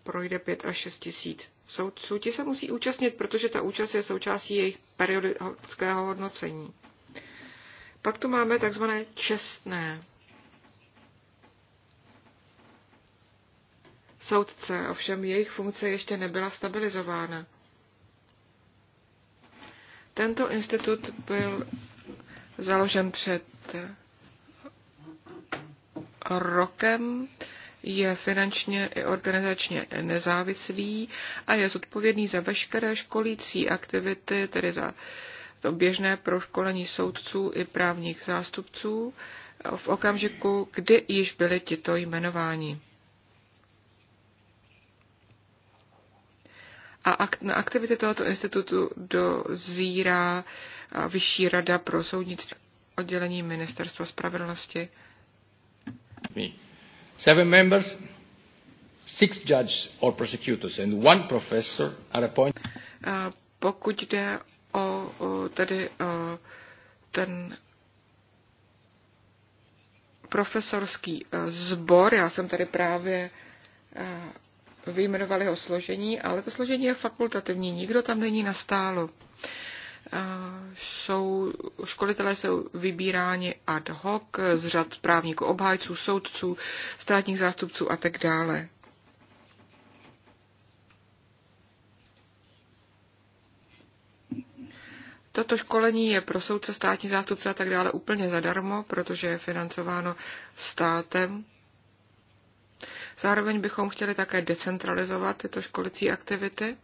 projde 5 až 6 tisíc soudců. Ti se musí účastnit, protože ta účast je součástí jejich periodického hodnocení. Pak tu máme takzvané čestné soudce, ovšem jejich funkce ještě nebyla stabilizována. Tento institut byl založen před rokem, je finančně i organizačně nezávislý a je zodpovědný za veškeré školící aktivity, tedy za to běžné proškolení soudců i právních zástupců v okamžiku, kdy již byly tito jmenováni. A na aktivity tohoto institutu dozírá Vyšší rada pro soudnictví oddělení Ministerstva spravedlnosti. Seven members, six judges or prosecutors and one professor are appointed. Pokud jde o, o tedy o, ten profesorský e, sbor, já jsem tady právě e, vyjmenoval jeho složení, ale to složení je fakultativní, nikdo tam není nastálo jsou, školitelé jsou vybíráni ad hoc z řad právníků, obhájců, soudců, státních zástupců a tak dále. Toto školení je pro soudce, státní zástupce a tak dále úplně zadarmo, protože je financováno státem. Zároveň bychom chtěli také decentralizovat tyto školicí aktivity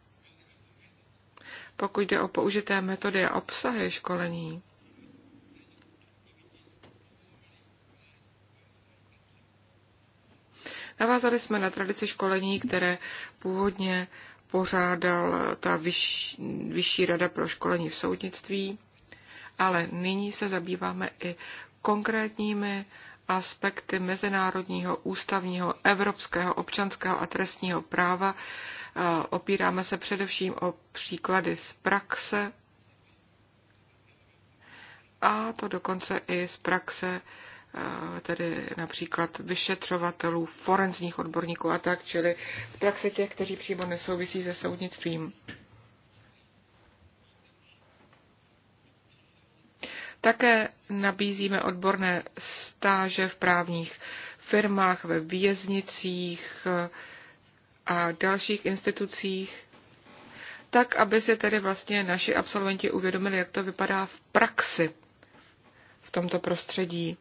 pokud jde o použité metody a obsahy školení. Navázali jsme na tradici školení, které původně pořádal ta vyš, vyšší rada pro školení v soudnictví, ale nyní se zabýváme i konkrétními aspekty mezinárodního, ústavního, evropského, občanského a trestního práva, Opíráme se především o příklady z praxe a to dokonce i z praxe eh, tedy například vyšetřovatelů, forenzních odborníků a tak, čili z praxe těch, kteří přímo nesouvisí se soudnictvím. Také nabízíme odborné stáže v právních firmách, ve věznicích, a dalších institucích, tak aby se tedy vlastně naši absolventi uvědomili, jak to vypadá v praxi v tomto prostředí.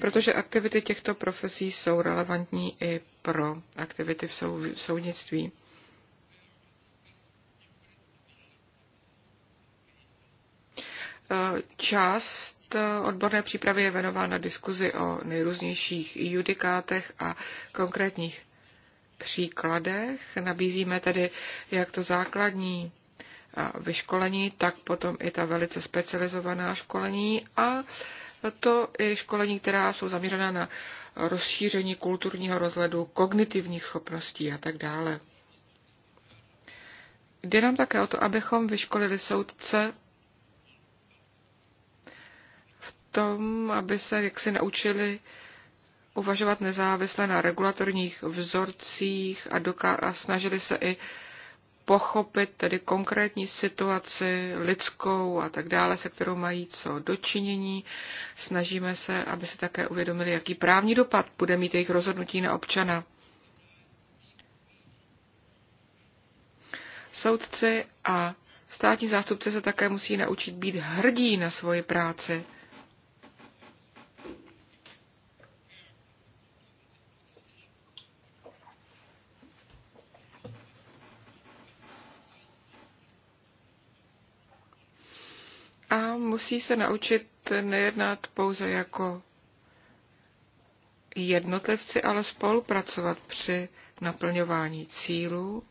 Protože aktivity těchto profesí jsou relevantní i pro aktivity v, v soudnictví. Část Eh, odborné přípravy je věnována diskuzi o nejrůznějších judikátech a konkrétních příkladech. Nabízíme tedy jak to základní eh, vyškolení, tak potom i ta velice specializovaná školení a to i školení, která jsou zaměřena na rozšíření kulturního rozhledu, kognitivních schopností a tak dále. Jde nám také o to, abychom vyškolili soudce tom, aby se jaksi naučili uvažovat nezávisle na regulatorních vzorcích a, doká- a snažili se i pochopit tedy konkrétní situaci lidskou a tak dále, se kterou mají co dočinění. Snažíme se, aby se také uvědomili, jaký právní dopad bude mít jejich rozhodnutí na občana. Soudci a státní zástupci se také musí naučit být hrdí na svoji práci. a musí se naučit nejednat pouze jako jednotlivci, ale spolupracovat při naplňování cílů,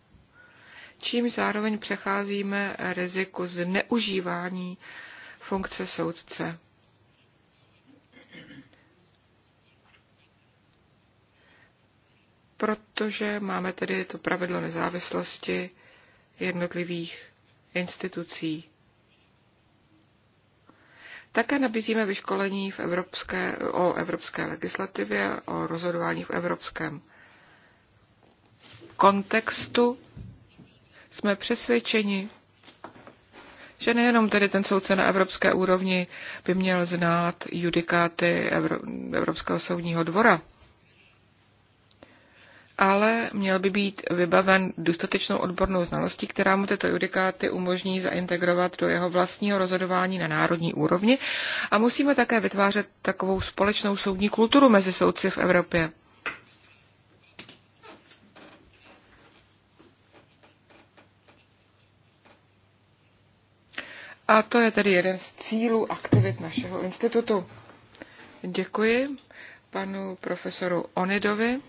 čím zároveň přecházíme riziku zneužívání funkce soudce. Protože máme tedy to pravidlo nezávislosti jednotlivých institucí. Také nabízíme vyškolení v evropské, o evropské legislativě, o rozhodování v evropském kontextu. Jsme přesvědčeni, že nejenom tedy ten soudce na evropské úrovni by měl znát judikáty Evropského soudního dvora, ale měl by být vybaven dostatečnou odbornou znalostí, která mu tyto judikáty umožní zaintegrovat do jeho vlastního rozhodování na národní úrovni a musíme také vytvářet takovou společnou soudní kulturu mezi soudci v Evropě. A to je tedy jeden z cílů aktivit našeho institutu. Děkuji panu profesoru Onidovi.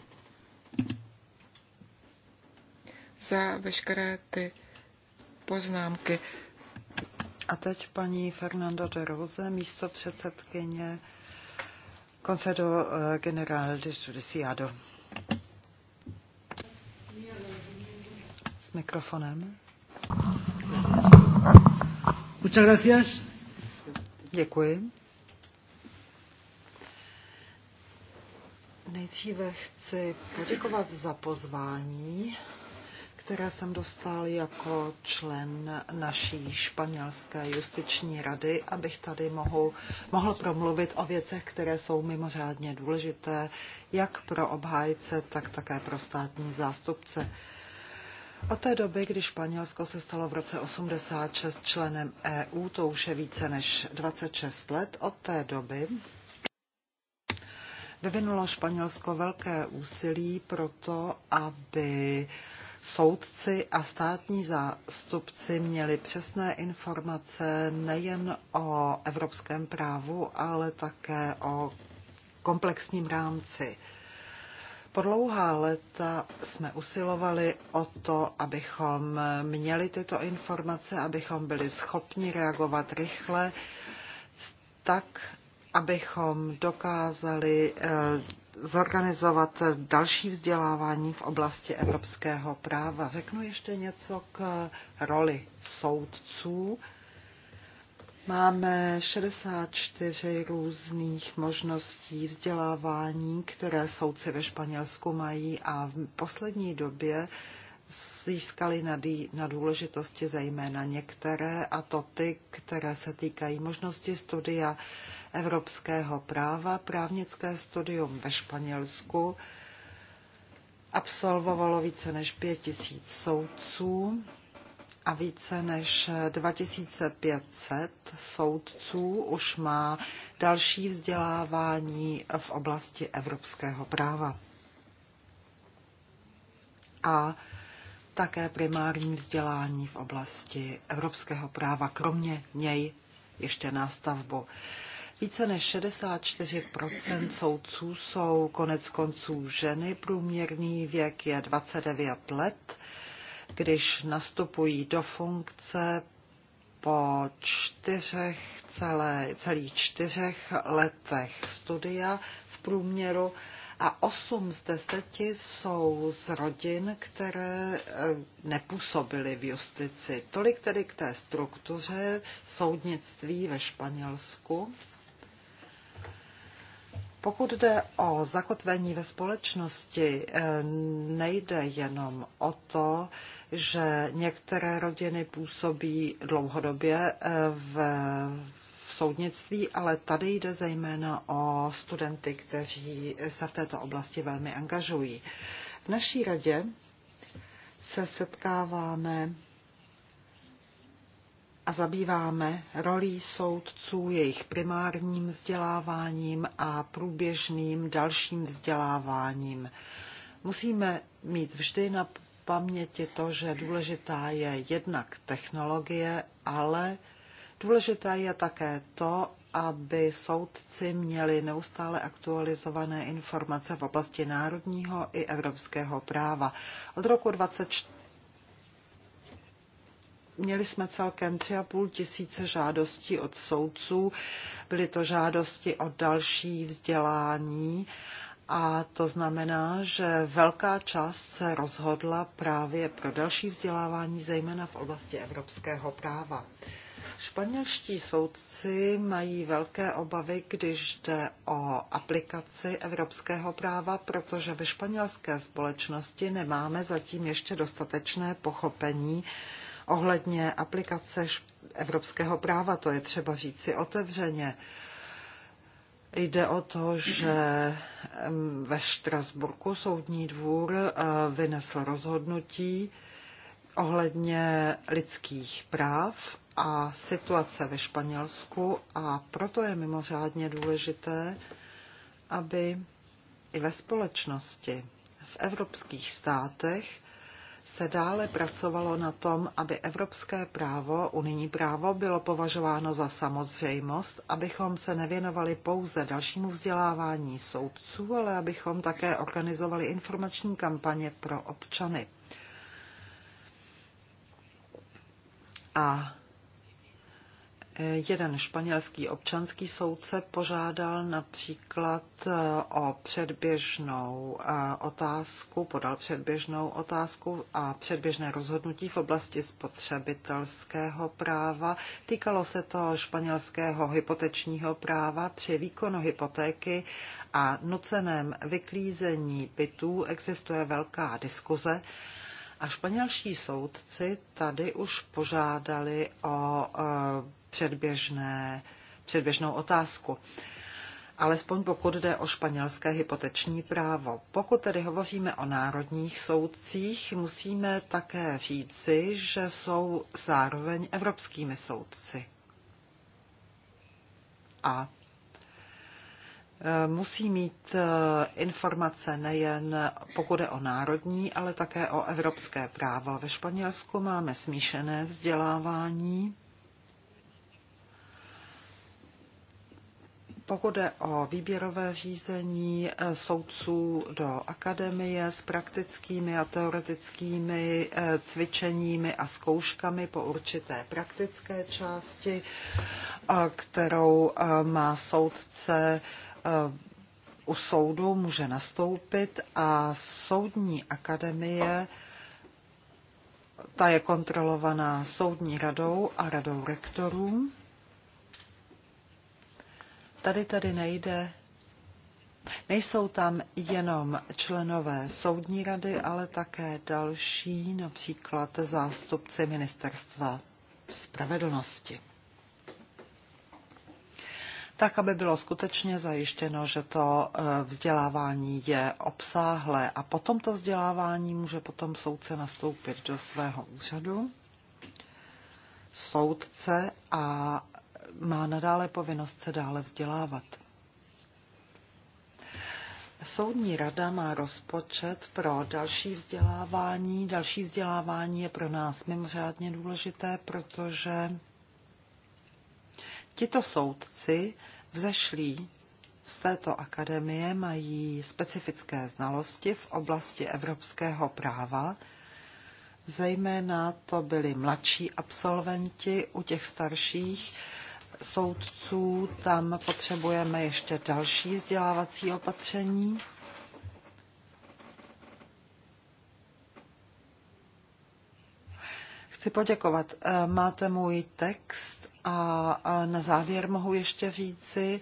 za veškeré ty poznámky. A teď paní Fernando de Rose, místo předsedkyně Concedo eh, General de Judiciado. S mikrofonem. Muchas gracias. Děkuji. Nejdříve chci poděkovat za pozvání které jsem dostal jako člen naší španělské justiční rady, abych tady mohl, mohl promluvit o věcech, které jsou mimořádně důležité, jak pro obhájce, tak také pro státní zástupce. Od té doby, kdy Španělsko se stalo v roce 86 členem EU, to už je více než 26 let, od té doby vyvinulo Španělsko velké úsilí pro to, aby soudci a státní zástupci měli přesné informace nejen o evropském právu, ale také o komplexním rámci. Po dlouhá léta jsme usilovali o to, abychom měli tyto informace, abychom byli schopni reagovat rychle, tak, abychom dokázali eh, zorganizovat další vzdělávání v oblasti evropského práva. Řeknu ještě něco k roli soudců. Máme 64 různých možností vzdělávání, které soudci ve Španělsku mají a v poslední době získali na, na důležitosti zejména některé, a to ty, které se týkají možnosti studia evropského práva, právnické studium ve Španělsku. Absolvovalo více než 5000 soudců a více než 2500 soudců už má další vzdělávání v oblasti evropského práva. A také primární vzdělání v oblasti evropského práva, kromě něj ještě nástavbu. Více než 64% soudců jsou konec konců ženy, průměrný věk je 29 let. Když nastupují do funkce po čtyřech, celé, celých čtyřech letech studia v průměru a 8 z 10 jsou z rodin, které eh, nepůsobily v justici. Tolik tedy k té struktuře soudnictví ve Španělsku. Pokud jde o zakotvení ve společnosti, eh, nejde jenom o to, že některé rodiny působí dlouhodobě eh, v, v soudnictví, ale tady jde zejména o studenty, kteří se v této oblasti velmi angažují. V naší radě se setkáváme a zabýváme rolí soudců, jejich primárním vzděláváním a průběžným dalším vzděláváním. Musíme mít vždy na paměti to, že důležitá je jednak technologie, ale důležité je také to, aby soudci měli neustále aktualizované informace v oblasti národního i evropského práva. Od roku 24 Měli jsme celkem tři a půl tisíce žádostí od soudců. Byly to žádosti o další vzdělání. A to znamená, že velká část se rozhodla právě pro další vzdělávání, zejména v oblasti evropského práva. Španělští soudci mají velké obavy, když jde o aplikaci evropského práva, protože ve španělské společnosti nemáme zatím ještě dostatečné pochopení ohledně aplikace evropského práva. To je třeba říci otevřeně. Jde o to, že ve Štrasburku soudní dvůr eh, vynesl rozhodnutí ohledně lidských práv a situace ve Španělsku a proto je mimořádně důležité, aby i ve společnosti v evropských státech se dále pracovalo na tom, aby evropské právo, unijní právo, bylo považováno za samozřejmost, abychom se nevěnovali pouze dalšímu vzdělávání soudců, ale abychom také organizovali informační kampaně pro občany. A Jeden španělský občanský soudce požádal například eh, o předběžnou eh, otázku, podal předběžnou otázku a předběžné rozhodnutí v oblasti spotřebitelského práva. Týkalo se to španělského hypotečního práva při výkonu hypotéky a nuceném vyklízení bytů existuje velká diskuze. A španělští soudci tady už požádali o eh, předběžné, předběžnou otázku alespoň pokud jde o španělské hypoteční právo. Pokud tedy hovoříme o národních soudcích, musíme také říci, že jsou zároveň evropskými soudci. A e, musí mít e, informace nejen pokud je o národní, ale také o evropské právo. Ve Španělsku máme smíšené vzdělávání Pokud jde o výběrové řízení eh, soudců do akademie s praktickými a teoretickými eh, cvičeními a zkouškami po určité praktické části, eh, kterou má soudce u soudu, může nastoupit a soudní akademie ta je kontrolovaná soudní radou a radou rektorů Tady tady nejde Nejsou tam jenom členové soudní rady, ale také další, například zástupci ministerstva spravedlnosti. Tak, aby bylo skutečně zajištěno, že to eh, vzdělávání je obsáhlé a potom to vzdělávání může potom soudce nastoupit do svého úřadu soudce a má nadále povinnost se dále vzdělávat. Soudní rada má rozpočet pro další vzdělávání. Další vzdělávání je pro nás mimořádně důležité, protože tito soudci vzešlí z této akademie mají specifické znalosti v oblasti evropského práva. Zejména to byli mladší absolventi, u těch starších soudců, tam potřebujeme ještě další vzdělávací opatření. Chci poděkovat. Eh, máte můj text a na závěr mohu ještě říci,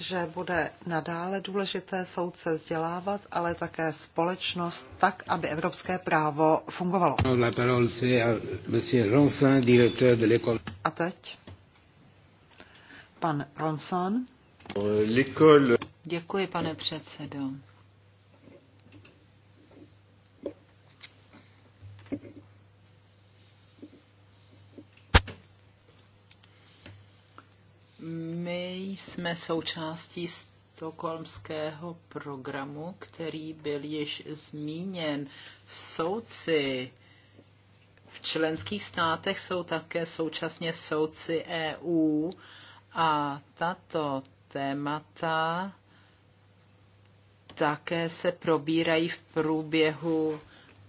že bude nadále důležité soudce vzdělávat, ale také společnost tak, aby evropské právo fungovalo. A teď? Pan Ronson. Děkuji, pane předsedo. My jsme součástí stokholmského programu, který byl již zmíněn. Soudci v členských státech jsou také současně soudci EU a tato témata také se probírají v průběhu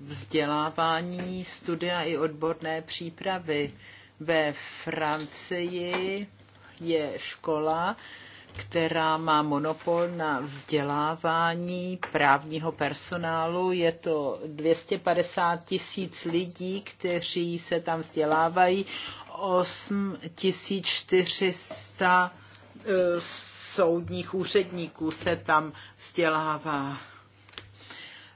vzdělávání, studia i odborné přípravy. Ve Francii je škola, která má monopol na vzdělávání právního personálu. Je to 250 tisíc lidí, kteří se tam vzdělávají. 8400 e, soudních úředníků se tam vzdělává.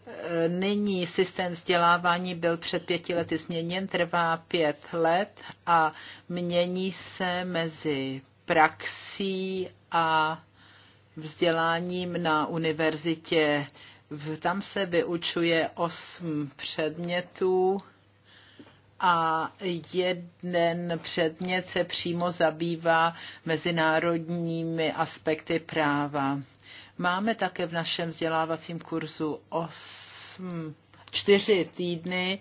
E, nyní systém vzdělávání byl před pěti lety změněn, trvá pět let a mění se mezi praxí a vzděláním na univerzitě. Tam se vyučuje osm předmětů a jeden předmět se přímo zabývá mezinárodními aspekty práva. Máme také v našem vzdělávacím kurzu osm, čtyři týdny,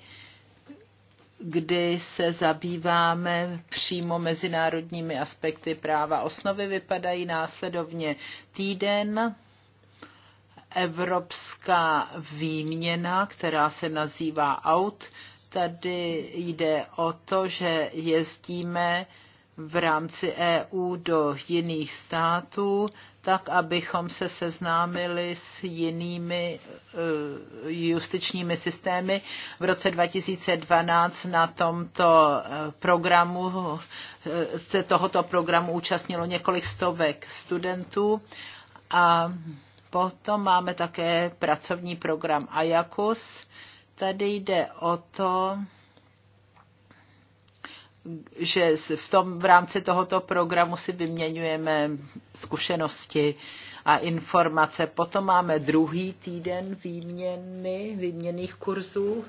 kdy se zabýváme přímo mezinárodními aspekty práva. Osnovy vypadají následovně týden, evropská výměna, která se nazývá OUT, tady jde o to, že jezdíme v rámci EU do jiných států, tak abychom se seznámili s jinými eh, justičními systémy. V roce 2012 na tomto eh, programu eh, se tohoto programu účastnilo několik stovek studentů a potom máme také pracovní program Ajakus, Tady jde o to, že v, tom, v rámci tohoto programu si vyměňujeme zkušenosti a informace. Potom máme druhý týden výměny, výměných kurzů.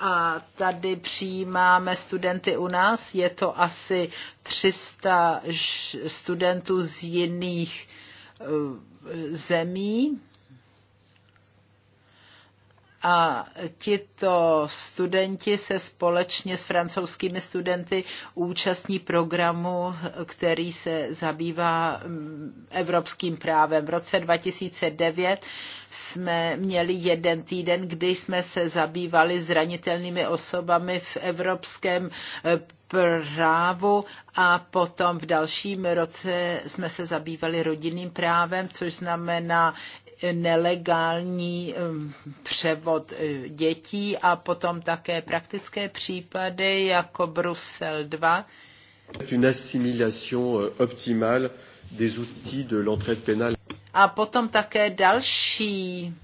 A tady přijímáme studenty u nás. Je to asi 300 studentů z jiných eh, zemí a tito studenti se společně s francouzskými studenty účastní programu, který se zabývá mm, evropským právem. V roce 2009 jsme měli jeden týden, kdy jsme se zabývali zranitelnými osobami v evropském e, právu a potom v dalším roce jsme se zabývali rodinným právem, což znamená nelegální um, převod uh, dětí a potom také praktické případy jako Brusel 2. Une assimilation euh, optimale des outils de l'entraide pénale. A potom také další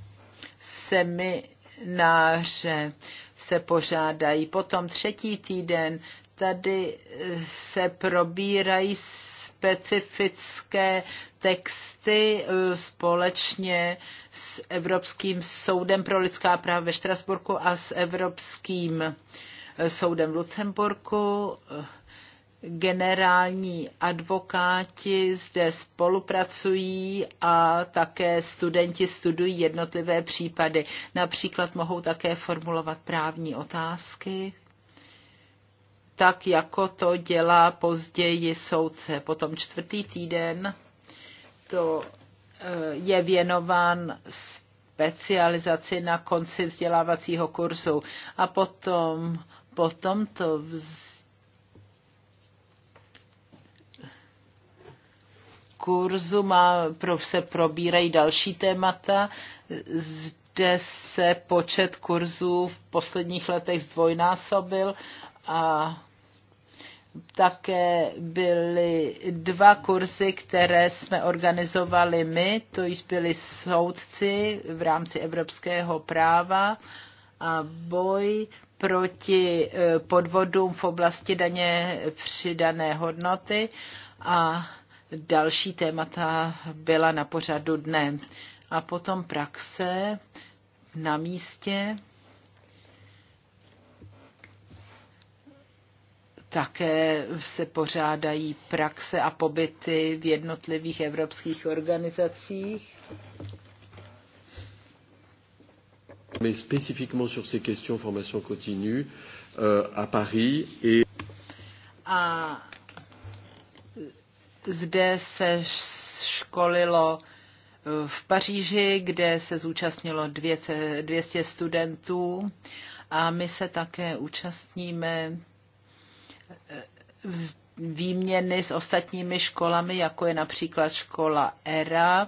semináře se pořádají. Potom třetí týden Tady eh, se probírají specifické texty eh, společně s Evropským soudem pro lidská práva ve Štrasburku a s Evropským eh, soudem v Lucemburku. Generální advokáti zde spolupracují a také studenti studují jednotlivé případy. Například mohou také formulovat právní otázky tak jako to dělá později soudce. Potom čtvrtý týden to eh, je věnován specializaci na konci vzdělávacího kurzu. A potom, potom to vz... kurzu má, pro, se probírají další témata. Zde se počet kurzů v posledních letech zdvojnásobil a také byly dva kurzy, které jsme organizovali my, to již byli soudci v rámci evropského práva a boj proti e, podvodům v oblasti daně přidané hodnoty a další témata byla na pořadu dne. A potom praxe na místě. Také se pořádají praxe a pobyty v jednotlivých evropských organizacích. Mais spécifiquement sur ces questions formation continue euh, à Paris et a zde se školilo v Paříži, kde se zúčastnilo 200 studentů a my se také účastníme výměny s ostatními školami, jako je například škola ERA.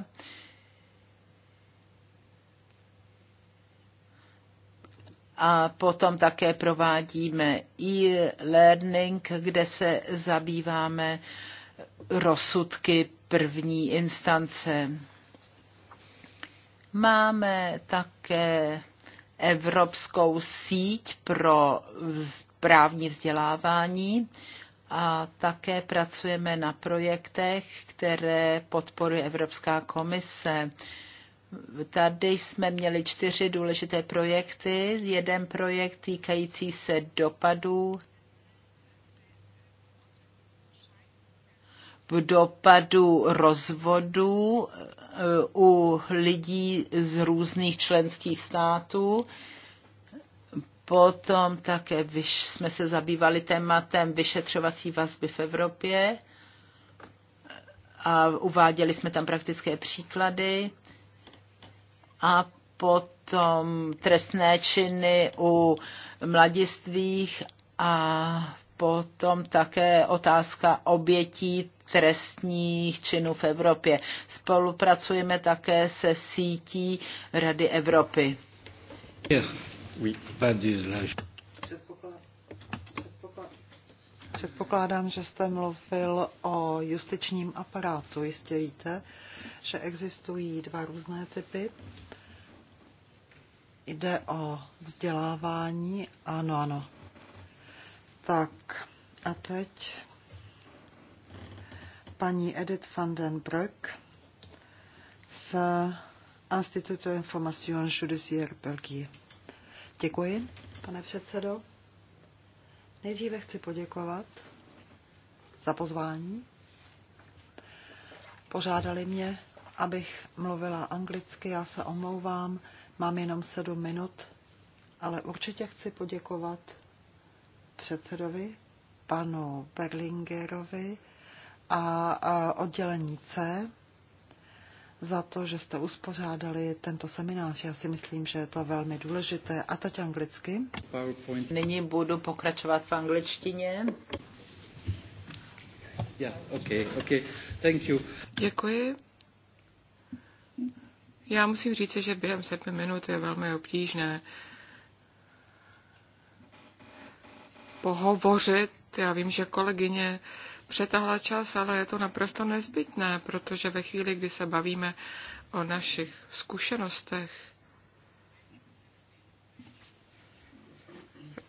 A potom také provádíme e-learning, kde se zabýváme rozsudky první instance. Máme také evropskou síť pro právní vzdělávání a také pracujeme na projektech, které podporuje Evropská komise. Tady jsme měli čtyři důležité projekty. Jeden projekt týkající se dopadů dopadu rozvodu eh, u lidí z různých členských států. Potom také vyš, jsme se zabývali tématem vyšetřovací vazby v Evropě a uváděli jsme tam praktické příklady. A potom trestné činy u mladistvých a potom také otázka obětí trestních činů v Evropě. Spolupracujeme také se sítí Rady Evropy. Yeah. Oui, pas de la... Předpokládám, že jste mluvil o justičním aparátu. Jistě víte, že existují dva různé typy. Jde o vzdělávání. Ano, ano. Tak a teď paní Edith van den Brück z Institutu Information Judiciaire Belgie. Děkuji, pane předsedo. Nejdříve chci poděkovat za pozvání. Požádali mě, abych mluvila anglicky, já se omlouvám, mám jenom sedm minut, ale určitě chci poděkovat předsedovi, panu Berlingerovi a oddělení C, za to, že jste uspořádali tento seminář. Já si myslím, že je to velmi důležité. A teď anglicky. PowerPoint. Nyní budu pokračovat v angličtině. Yeah, okay, okay. Thank you. Děkuji. Já musím říct, že během sedmi minut je velmi obtížné pohovořit. Já vím, že kolegyně přetáhla čas, ale je to naprosto nezbytné, protože ve chvíli, kdy se bavíme o našich zkušenostech,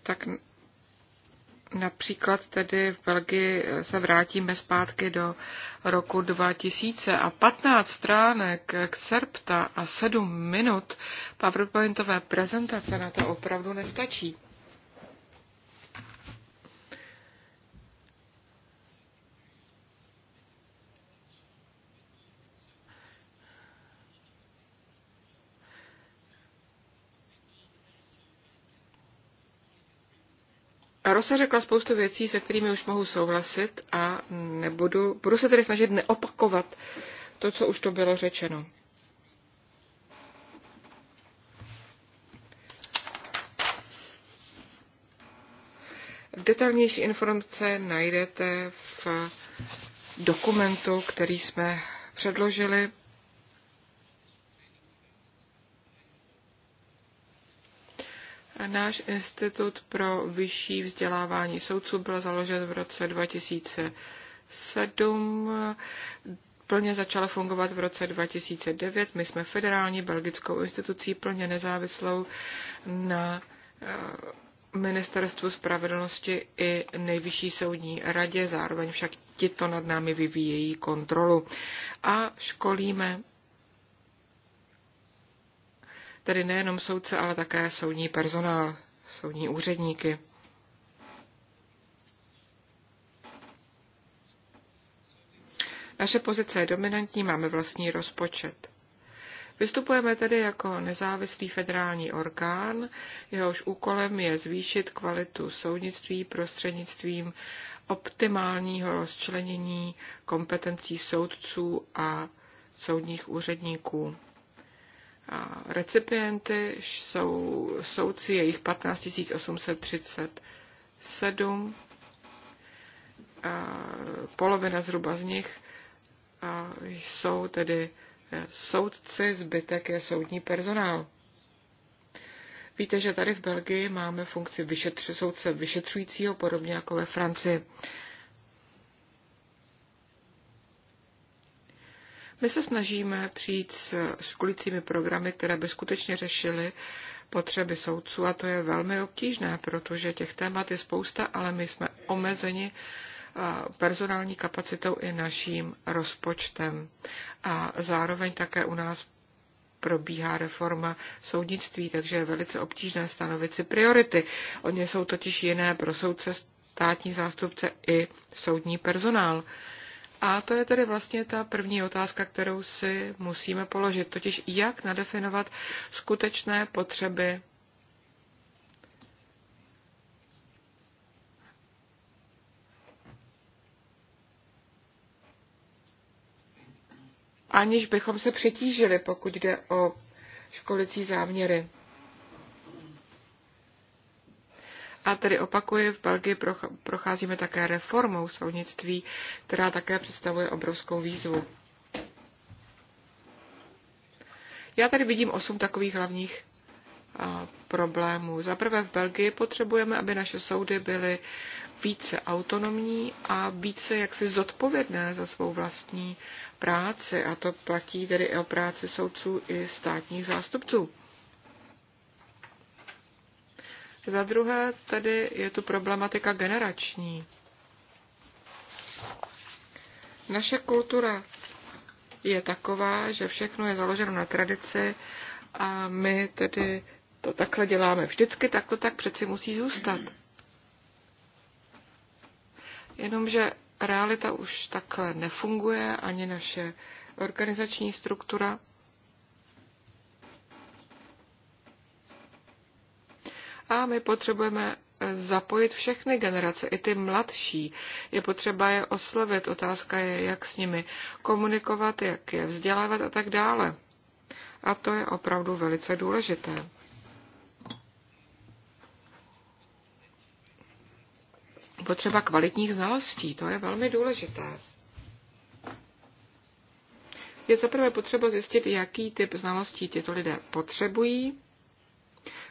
tak například tedy v Belgii se vrátíme zpátky do roku 2000 a 15 stránek CERPTA a 7 minut PowerPointové prezentace na to opravdu nestačí. Rosa řekla spoustu věcí, se kterými už mohu souhlasit a nebudu, budu se tedy snažit neopakovat to, co už to bylo řečeno. Detailnější informace najdete v dokumentu, který jsme předložili. Náš institut pro vyšší vzdělávání soudců byl založen v roce 2007 plně začala fungovat v roce 2009. My jsme federální belgickou institucí plně nezávislou na eh, Ministerstvu spravedlnosti i Nejvyšší soudní radě, zároveň však tito nad námi vyvíjejí kontrolu. A školíme tedy nejenom soudce, ale také soudní personál, soudní úředníky. Naše pozice je dominantní, máme vlastní rozpočet. Vystupujeme tedy jako nezávislý federální orgán, jehož úkolem je zvýšit kvalitu soudnictví prostřednictvím optimálního rozčlenění kompetencí soudců a soudních úředníků. Recipienty jsou soudci, jejich 15 837, polovina zhruba z nich jsou tedy eh, soudci, zbytek je soudní personál. Víte, že tady v Belgii máme funkci vyšetři, soudce vyšetřujícího, podobně jako ve Francii. My se snažíme přijít s školicími programy, které by skutečně řešily potřeby soudců a to je velmi obtížné, protože těch témat je spousta, ale my jsme omezeni personální kapacitou i naším rozpočtem. A zároveň také u nás probíhá reforma soudnictví, takže je velice obtížné stanovit si priority. Oni jsou totiž jiné pro soudce, státní zástupce i soudní personál. A to je tedy vlastně ta první otázka, kterou si musíme položit, totiž jak nadefinovat skutečné potřeby aniž bychom se přetížili, pokud jde o školicí záměry. A tedy opakuji, v Belgii procházíme také reformou soudnictví, která také představuje obrovskou výzvu. Já tady vidím osm takových hlavních problémů. Za prvé v Belgii potřebujeme, aby naše soudy byly více autonomní a více jaksi zodpovědné za svou vlastní práci. A to platí tedy i o práci soudců i státních zástupců. Za druhé tedy je tu problematika generační. Naše kultura je taková, že všechno je založeno na tradici a my tedy to takhle děláme vždycky, tak to tak přeci musí zůstat. Jenomže realita už takhle nefunguje, ani naše organizační struktura. a my potřebujeme eh, zapojit všechny generace, i ty mladší. Je potřeba je oslovit, otázka je, jak s nimi komunikovat, jak je vzdělávat a tak dále. A to je opravdu velice důležité. Potřeba kvalitních znalostí, to je velmi důležité. Je zaprvé potřeba zjistit, jaký typ znalostí tyto lidé potřebují,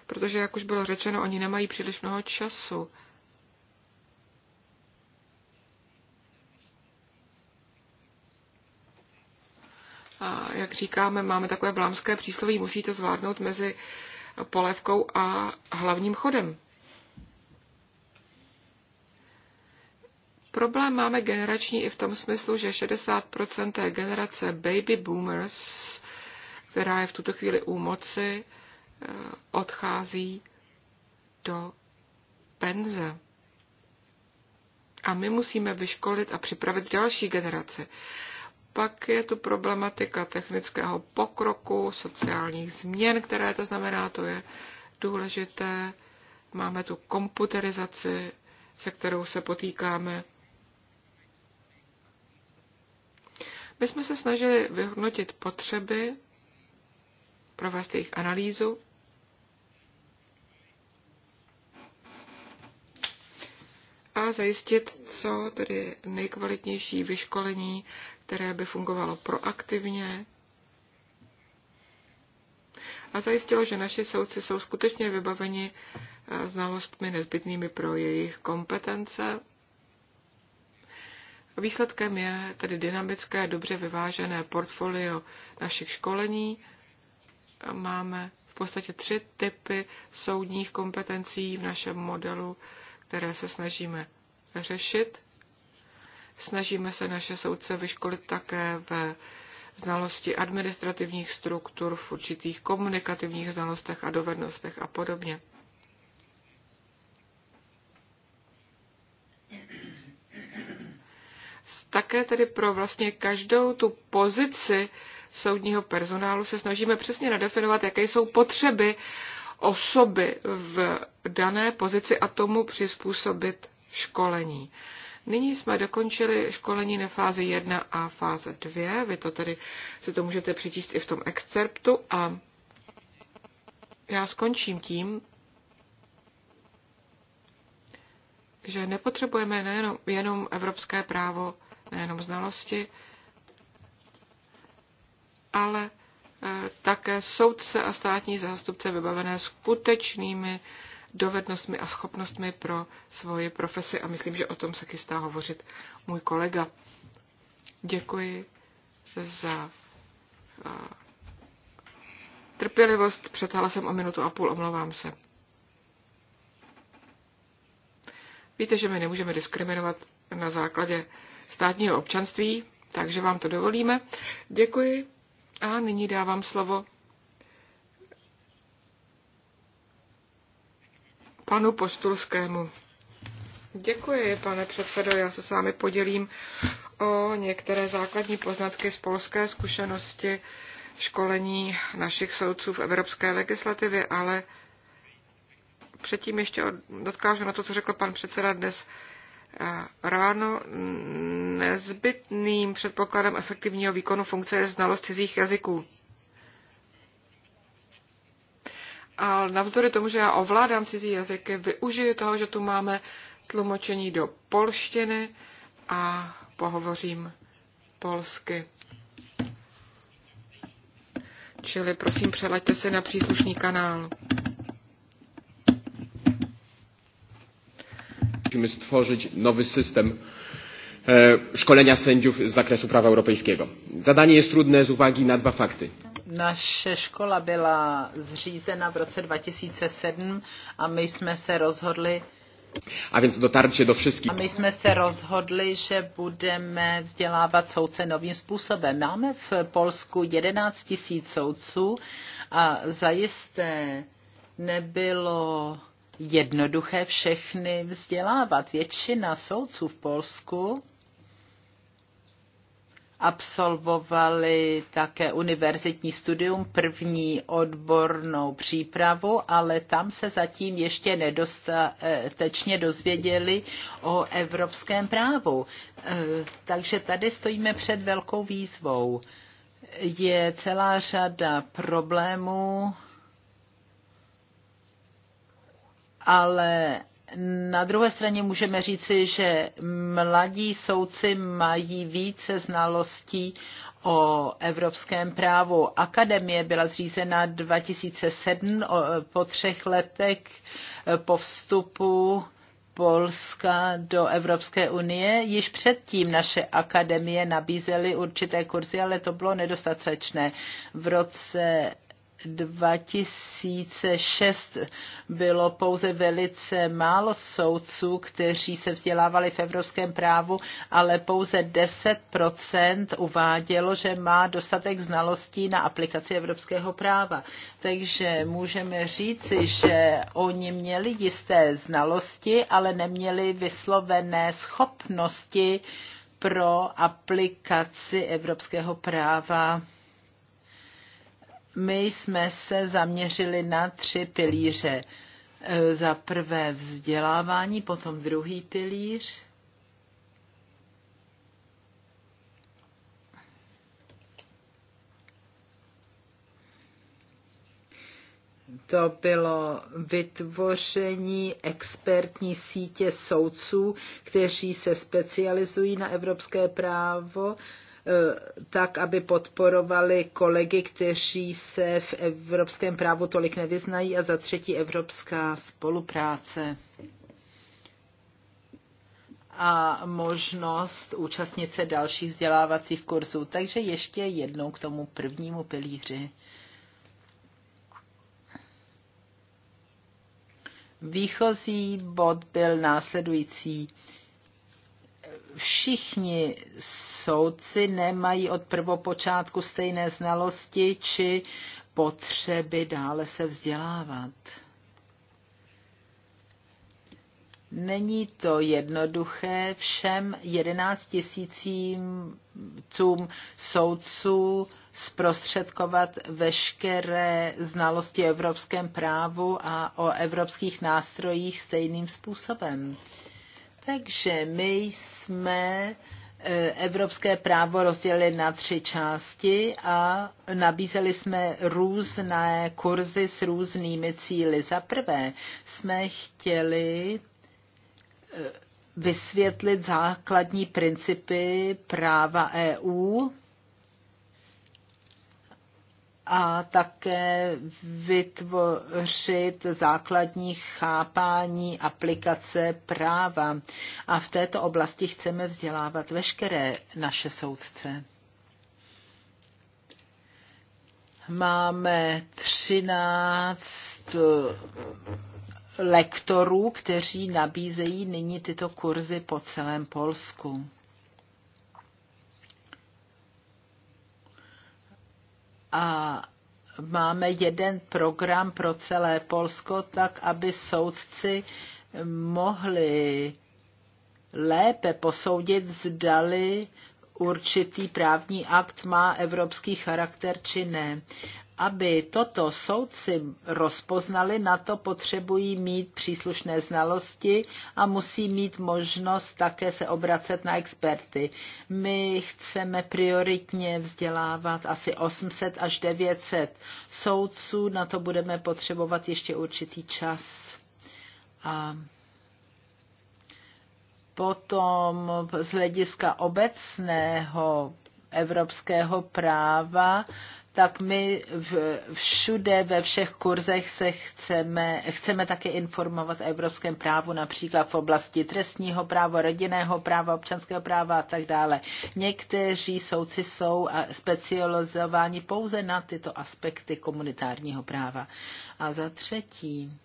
protože, jak už bylo řečeno, oni nemají příliš mnoho času. A jak říkáme, máme takové blámské přísloví, musí to zvládnout mezi polévkou a hlavním chodem. Problém máme generační i v tom smyslu, že 60% té generace baby boomers, která je v tuto chvíli u moci, Eh, odchází do penze. A my musíme vyškolit a připravit další generace. Pak je tu problematika technického pokroku, sociálních změn, které to znamená, to je důležité. Máme tu komputerizaci, se kterou se potýkáme. My jsme se snažili vyhodnotit potřeby, provést jejich analýzu a zajistit co tedy nejkvalitnější vyškolení, které by fungovalo proaktivně a zajistilo, že naši soudci jsou skutečně vybaveni eh, znalostmi nezbytnými pro jejich kompetence. Výsledkem je tedy dynamické, dobře vyvážené portfolio našich školení. Máme v podstatě tři typy soudních kompetencí v našem modelu které se snažíme řešit. Snažíme se naše soudce vyškolit také ve znalosti administrativních struktur, v určitých komunikativních znalostech a dovednostech a podobně. Také tedy pro vlastně každou tu pozici soudního personálu se snažíme přesně nadefinovat, jaké jsou potřeby osoby v dané pozici a tomu přizpůsobit školení. Nyní jsme dokončili školení na fázi 1 a fáze 2. Vy to tady si to můžete přečíst i v tom excerptu a já skončím tím, že nepotřebujeme nejenom jenom evropské právo, nejenom znalosti, ale Eh, také soudce a státní zástupce vybavené skutečnými dovednostmi a schopnostmi pro svoji profesi a myslím, že o tom se chystá hovořit můj kolega. Děkuji za eh, trpělivost. Přetáhla jsem o minutu a půl, omlouvám se. Víte, že my nemůžeme diskriminovat na základě státního občanství, takže vám to dovolíme. Děkuji a nyní dávám slovo panu Postulskému. Děkuji, pane předsedo. Já se s vámi podělím o některé základní poznatky z polské zkušenosti školení našich soudců v evropské legislativě, ale předtím ještě odkážu na to, co řekl pan předseda dnes ráno nezbytným předpokladem efektivního výkonu funkce je znalost cizích jazyků. A navzdory tomu, že já ovládám cizí jazyky, využiju toho, že tu máme tlumočení do polštiny a pohovořím polsky. Čili prosím, přelaďte se na příslušný kanál. Musimy stworzyć nowy system e, szkolenia sędziów z zakresu prawa europejskiego. Zadanie jest trudne z uwagi na dwa fakty. Naše škola byla zřízena v roce 2007 a my jsme se rozhodli, a więc dotarcie do wszystkich. A my jsme se rozhodli, že budeme vzdělávat soudce novým způsobem. Máme v Polsku 11 tisíc soudců a zajisté nebylo jednoduché všechny vzdělávat. Většina soudců v Polsku absolvovali také univerzitní studium, první odbornou přípravu, ale tam se zatím ještě nedostatečně dozvěděli o evropském právu. Eh, takže tady stojíme před velkou výzvou. Je celá řada problémů, ale na druhé straně můžeme říci, že mladí soudci mají více znalostí o evropském právu. Akademie byla zřízena 2007 po třech letech eh, po vstupu Polska do Evropské unie. Již předtím naše akademie nabízely určité kurzy, ale to bylo nedostatečné. V roce 2006 bylo pouze velice málo soudců, kteří se vzdělávali v evropském právu, ale pouze 10% uvádělo, že má dostatek znalostí na aplikaci evropského práva. Takže můžeme říci, že oni měli jisté znalosti, ale neměli vyslovené schopnosti pro aplikaci evropského práva my jsme se zaměřili na tři pilíře. E, za prvé vzdělávání, potom druhý pilíř. to bylo vytvoření expertní sítě soudců, kteří se specializují na evropské právo Eh, tak, aby podporovali kolegy, kteří se v evropském právu tolik nevyznají a za třetí evropská spolupráce a možnost účastnit se dalších vzdělávacích kurzů. Takže ještě jednou k tomu prvnímu pilíři. Výchozí bod byl následující všichni soudci nemají od prvopočátku stejné znalosti či potřeby dále se vzdělávat. Není to jednoduché všem 11 tisícům soudců zprostředkovat veškeré znalosti o evropském právu a o evropských nástrojích stejným způsobem. Takže my jsme e, evropské právo rozdělili na tři části a nabízeli jsme různé kurzy s různými cíly. Za prvé jsme chtěli e, vysvětlit základní principy práva EU a také vytvořit základní chápání aplikace práva. A v této oblasti chceme vzdělávat veškeré naše soudce. Máme 13 lektorů, kteří nabízejí nyní tyto kurzy po celém Polsku. a máme jeden program pro celé Polsko, tak aby soudci mohli lépe posoudit, zdali určitý právní akt má evropský charakter či ne aby toto soudci rozpoznali, na to potřebují mít příslušné znalosti a musí mít možnost také se obracet na experty. My chceme prioritně vzdělávat asi 800 až 900 soudců, na to budeme potřebovat ještě určitý čas. A potom z hlediska obecného evropského práva tak my v, všude ve všech kurzech se chceme, chceme také informovat o evropském právu, například v oblasti trestního práva, rodinného práva, občanského práva a tak dále. Někteří soudci jsou specializováni pouze na tyto aspekty komunitárního práva. A za třetí,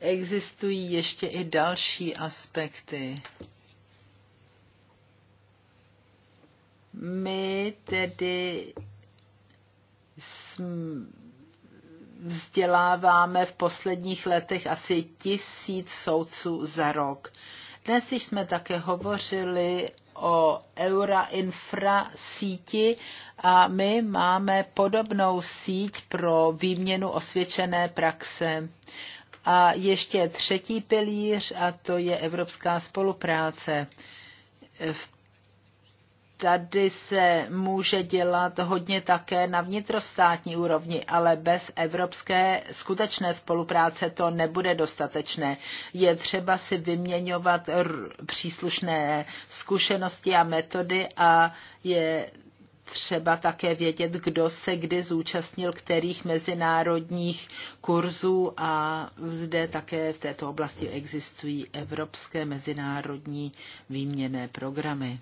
existují ještě i další aspekty. My tedy vzděláváme v posledních letech asi tisíc soudců za rok. Dnes již jsme také hovořili o Eurainfra síti a my máme podobnou síť pro výměnu osvědčené praxe. A ještě třetí pilíř a to je evropská spolupráce. V tady se může dělat hodně také na vnitrostátní úrovni, ale bez evropské skutečné spolupráce to nebude dostatečné. Je třeba si vyměňovat příslušné zkušenosti a metody a je třeba také vědět, kdo se kdy zúčastnil kterých mezinárodních kurzů a zde také v této oblasti existují evropské mezinárodní výměné programy.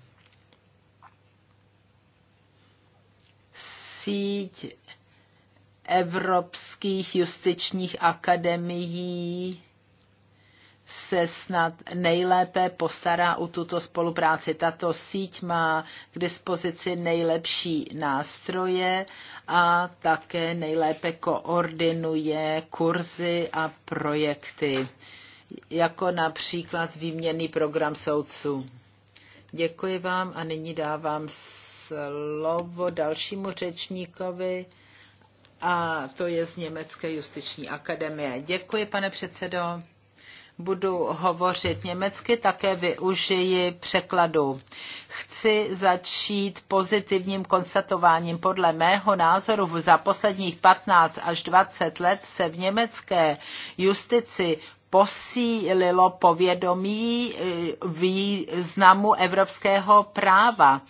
síť evropských justičních akademií se snad nejlépe postará o tuto spolupráci. Tato síť má k dispozici nejlepší nástroje a také nejlépe koordinuje kurzy a projekty, jako například výměný program soudců. Děkuji vám a nyní dávám slovo dalšímu řečníkovi a to je z Německé justiční akademie. Děkuji, pane předsedo. Budu hovořit německy, také využiji překladu. Chci začít pozitivním konstatováním. Podle mého názoru za posledních 15 až 20 let se v německé justici posílilo povědomí eh, významu evropského práva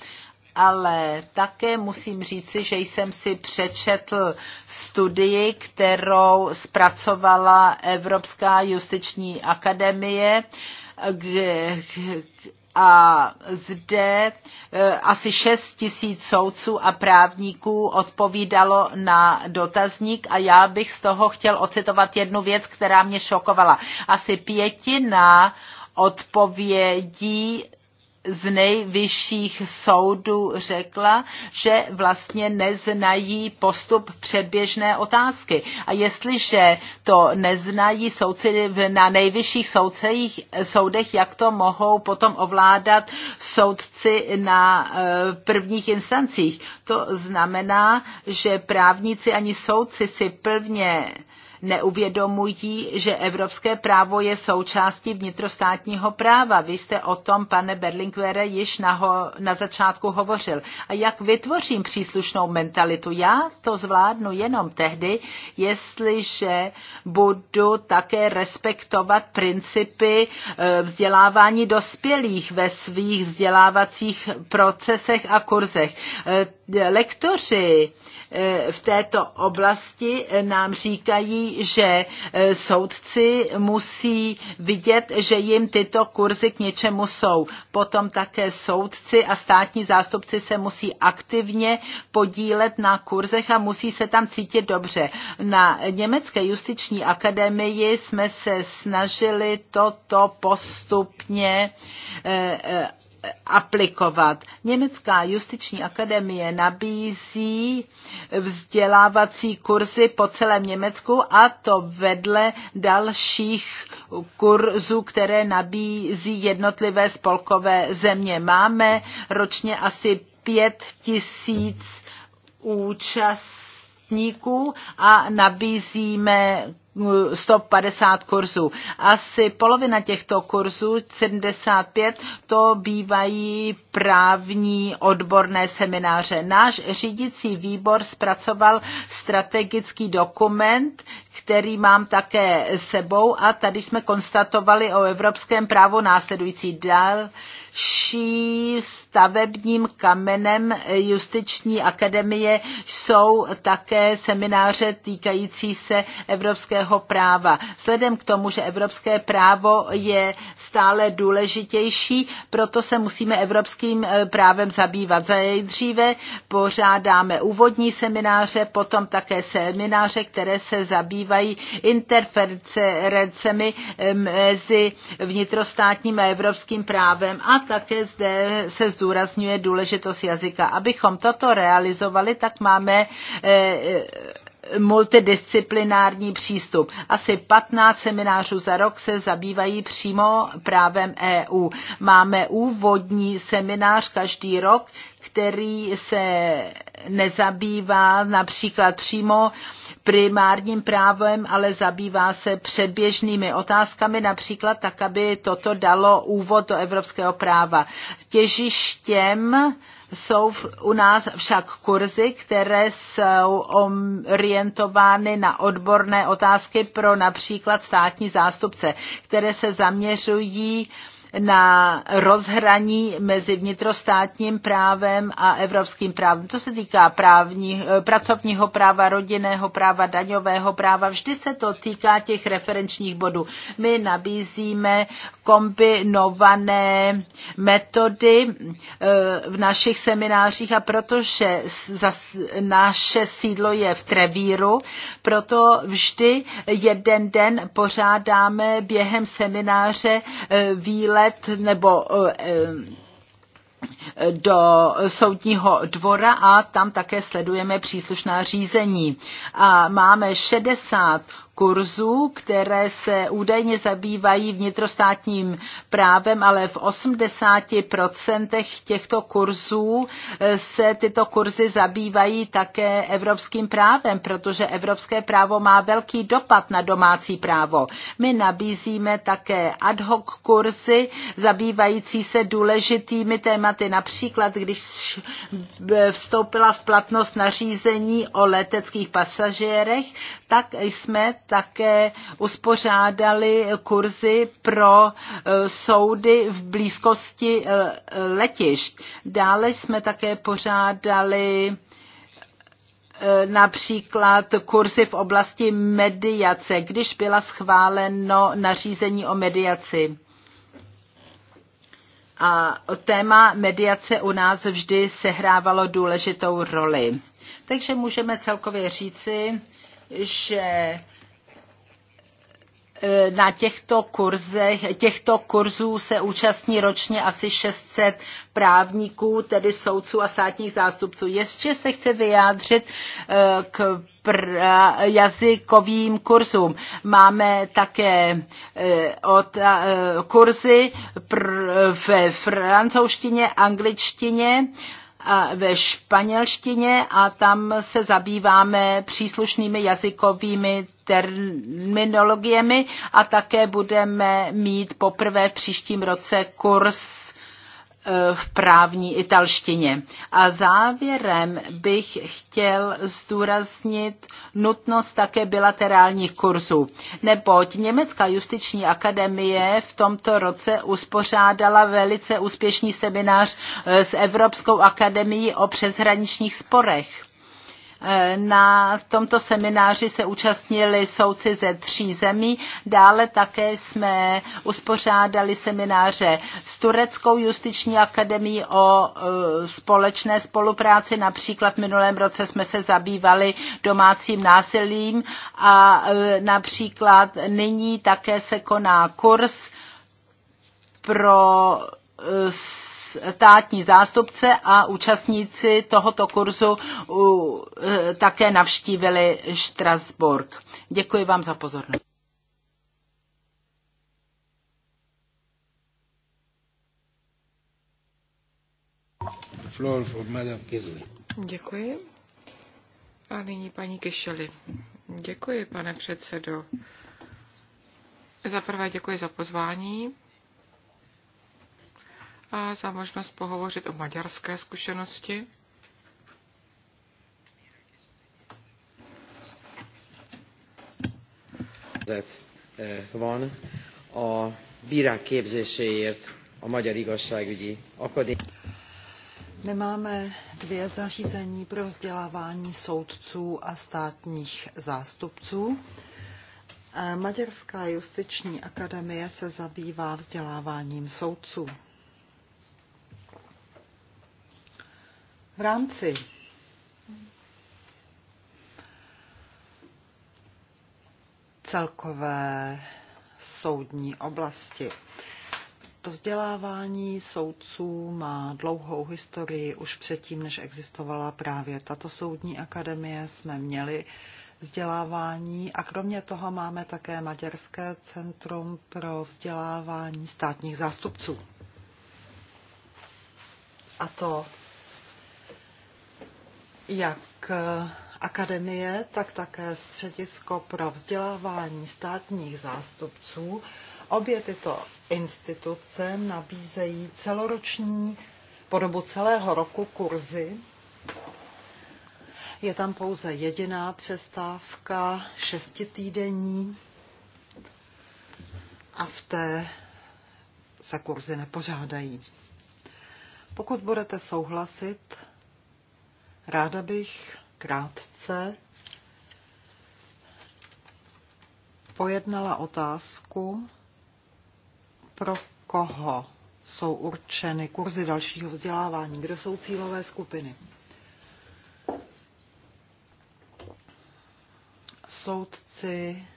ale také musím říci, že jsem si přečetl studii, kterou zpracovala Evropská justiční akademie, a zde e, asi 6 tisíc soudců a právníků odpovídalo na dotazník a já bych z toho chtěl ocitovat jednu věc, která mě šokovala. Asi pětina odpovědí z nejvyšších soudů řekla, že vlastně neznají postup předběžné otázky. A jestliže to neznají soudci na nejvyšších soudcích, soudech, jak to mohou potom ovládat soudci na e, prvních instancích. To znamená, že právníci ani soudci si plně neuvědomují, že evropské právo je součástí vnitrostátního práva. Vy jste o tom, pane Berlingvere, již na, ho, na začátku hovořil. A jak vytvořím příslušnou mentalitu? Já to zvládnu jenom tehdy, jestliže budu také respektovat principy eh, vzdělávání dospělých ve svých vzdělávacích procesech a kurzech. Eh, Eh, lektoři eh, v této oblasti nám říkají, že eh, soudci musí vidět, že jim tyto kurzy k něčemu jsou. Potom také soudci a státní zástupci se musí aktivně podílet na kurzech a musí se tam cítit dobře. Na Německé justiční akademii jsme se snažili toto postupně aplikovat. Německá justiční akademie nabízí vzdělávací kurzy po celém Německu a to vedle dalších kurzů, které nabízí jednotlivé spolkové země. Máme ročně asi pět tisíc účastníků a nabízíme 150 kurzů. Asi polovina těchto kurzů, 75, to bývají právní odborné semináře. Náš řídící výbor zpracoval strategický dokument, který mám také sebou a tady jsme konstatovali o evropském právu následující dál nejlepší stavebním kamenem Justiční akademie jsou také semináře týkající se evropského práva. Vzhledem k tomu, že evropské právo je stále důležitější, proto se musíme evropským eh, právem zabývat. dříve pořádáme úvodní semináře, potom také semináře, které se zabývají interferencemi eh, mezi vnitrostátním a evropským právem a také zde se zdůrazňuje důležitost jazyka. Abychom toto realizovali, tak máme eh, eh, multidisciplinární přístup. Asi 15 seminářů za rok se zabývají přímo právem EU. Máme úvodní seminář každý rok, který se nezabývá například přímo primárním právem, ale zabývá se předběžnými otázkami, například tak, aby toto dalo úvod do evropského práva. Těžištěm jsou u nás však kurzy, které jsou orientovány na odborné otázky pro například státní zástupce, které se zaměřují na rozhraní mezi vnitrostátním právem a evropským právem. Co se týká právní, pracovního práva, rodinného práva, daňového práva, vždy se to týká těch referenčních bodů. My nabízíme kombinované metody eh, v našich seminářích a protože naše sídlo je v Trevíru, proto vždy jeden den pořádáme během semináře eh, výlet let nebo eh, eh, do soudního dvora a tam také sledujeme příslušná řízení. A máme 60 kurzů, které se údajně zabývají vnitrostátním právem, ale v 80% těchto kurzů eh, se tyto kurzy zabývají také evropským právem, protože evropské právo má velký dopad na domácí právo. My nabízíme také ad hoc kurzy zabývající se důležitými tématy, například když vstoupila v platnost nařízení o leteckých pasažérech, tak jsme také uspořádali kurzy pro e, soudy v blízkosti e, letišť. Dále jsme také pořádali e, například kurzy v oblasti mediace, když byla schváleno nařízení o mediaci. A téma mediace u nás vždy sehrávalo důležitou roli. Takže můžeme celkově říci, že na těchto kurzech, těchto kurzů se účastní ročně asi 600 právníků, tedy soudců a státních zástupců. Ještě se chce vyjádřit eh, k jazykovým kurzům. Máme také eh, od, eh, kurzy ve francouzštině, angličtině, ve španělštině a tam se zabýváme příslušnými jazykovými terminologiemi a také budeme mít poprvé v příštím roce kurz Eh, v právní italštině. A závěrem bych chtěl zdůraznit nutnost také bilaterálních kurzů, neboť Německá justiční akademie v tomto roce uspořádala velice úspěšný seminář eh, s Evropskou akademií o přeshraničních sporech na tomto semináři se účastnili soudci ze tří zemí. Dále také jsme uspořádali semináře s Tureckou justiční akademií o e, společné spolupráci. Například v minulém roce jsme se zabývali domácím násilím a e, například nyní také se koná kurz pro e, státní zástupce a účastníci tohoto kurzu eh, také navštívili Štrasburg. Děkuji vám za pozornost. Děkuji. A nyní paní Kešeli. Děkuji, pane předsedo. Za prvé děkuji za pozvání a za možnost pohovořit o maďarské zkušenosti. Eh, van a bírák képzéséért a Magyar Igazságügyi Akadémia. My máme dvě zařízení pro vzdělávání soudců a státních zástupců. Eh, Maďarská justiční akademie se zabývá vzděláváním soudců. v rámci celkové soudní oblasti. To vzdělávání soudců má dlouhou historii. Už předtím, než existovala právě tato soudní akademie, jsme měli vzdělávání a kromě toho máme také Maďarské centrum pro vzdělávání státních zástupců. A to jak eh, akademie, tak také středisko pro vzdělávání státních zástupců. Obě tyto instituce nabízejí celoroční po dobu celého roku kurzy. Je tam pouze jediná přestávka, šestitýdenní a v té se kurzy nepořádají. Pokud budete souhlasit, Ráda bych krátce pojednala otázku, pro koho jsou určeny kurzy dalšího vzdělávání, kdo jsou cílové skupiny. Soudci,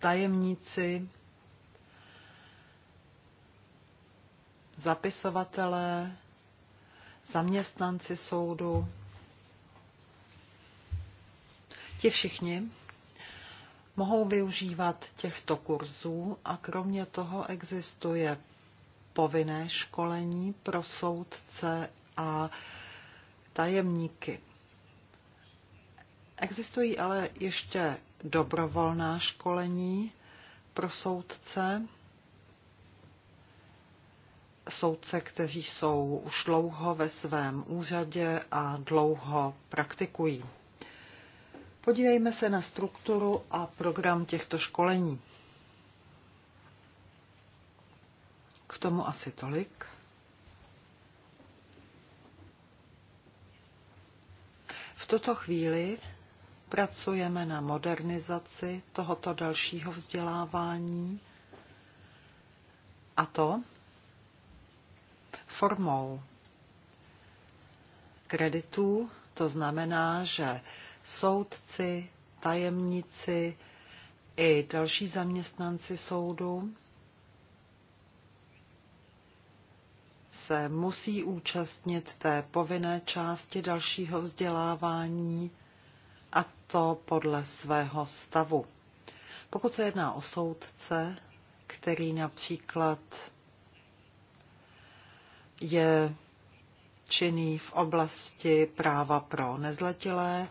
tajemníci, zapisovatelé, zaměstnanci soudu, ti všichni mohou využívat těchto kurzů a kromě toho existuje povinné školení pro soudce a tajemníky. Existují ale ještě dobrovolná školení pro soudce, soudce, kteří jsou už dlouho ve svém úřadě a dlouho praktikují. Podívejme se na strukturu a program těchto školení. K tomu asi tolik. V tuto chvíli pracujeme na modernizaci tohoto dalšího vzdělávání a to formou kreditů. To znamená, že soudci, tajemníci i další zaměstnanci soudu se musí účastnit té povinné části dalšího vzdělávání a to podle svého stavu. Pokud se jedná o soudce, který například je činný v oblasti práva pro nezletilé,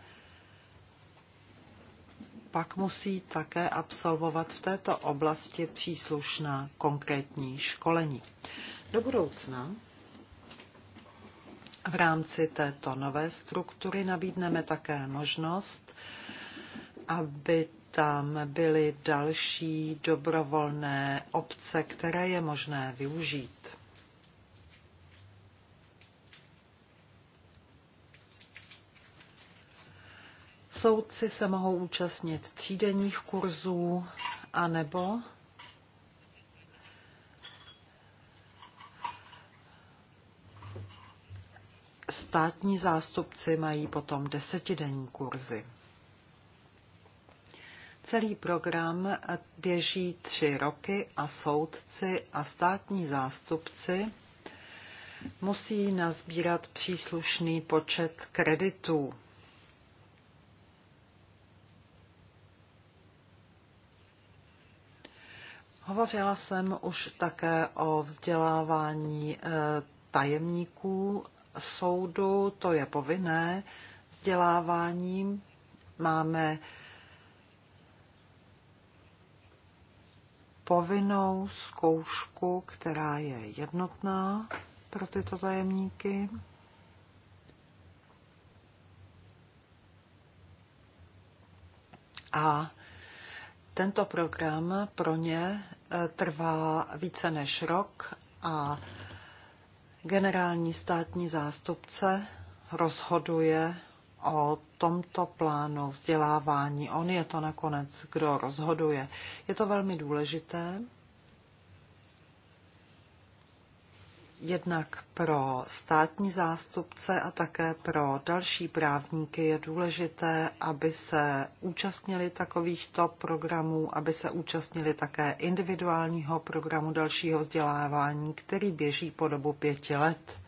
pak musí také absolvovat v této oblasti příslušná konkrétní školení. Do budoucna v rámci této nové struktury nabídneme také možnost, aby tam byly další dobrovolné obce, které je možné využít. Soudci se mohou účastnit třídenních kurzů anebo státní zástupci mají potom desetidenní kurzy. Celý program běží tři roky a soudci a státní zástupci musí nazbírat příslušný počet kreditů. Hovořila jsem už také o vzdělávání eh, tajemníků soudu, to je povinné vzdělávání. Máme povinnou zkoušku, která je jednotná pro tyto tajemníky. A tento program pro ně eh, trvá více než rok a generální státní zástupce rozhoduje o tomto plánu vzdělávání. On je to nakonec, kdo rozhoduje. Je to velmi důležité, jednak pro státní zástupce a také pro další právníky je důležité, aby se účastnili takovýchto programů, aby se účastnili také individuálního programu dalšího vzdělávání, který běží po dobu pěti let.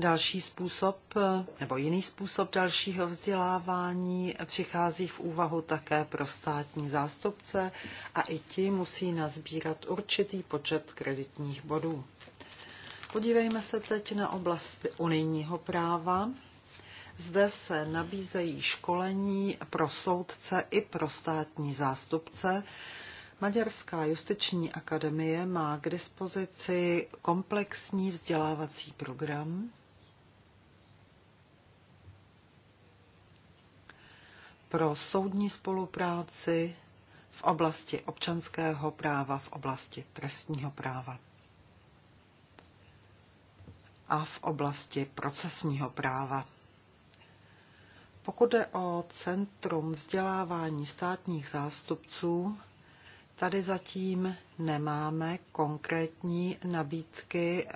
Další způsob eh, nebo jiný způsob dalšího vzdělávání přichází v úvahu také pro státní zástupce a i ti musí nazbírat určitý počet kreditních bodů. Podívejme se teď na oblast unijního práva. Zde se nabízejí školení pro soudce i pro státní zástupce. Maďarská justiční akademie má k dispozici komplexní vzdělávací program, pro soudní spolupráci v oblasti občanského práva, v oblasti trestního práva a v oblasti procesního práva. Pokud jde o Centrum vzdělávání státních zástupců, tady zatím nemáme konkrétní nabídky eh,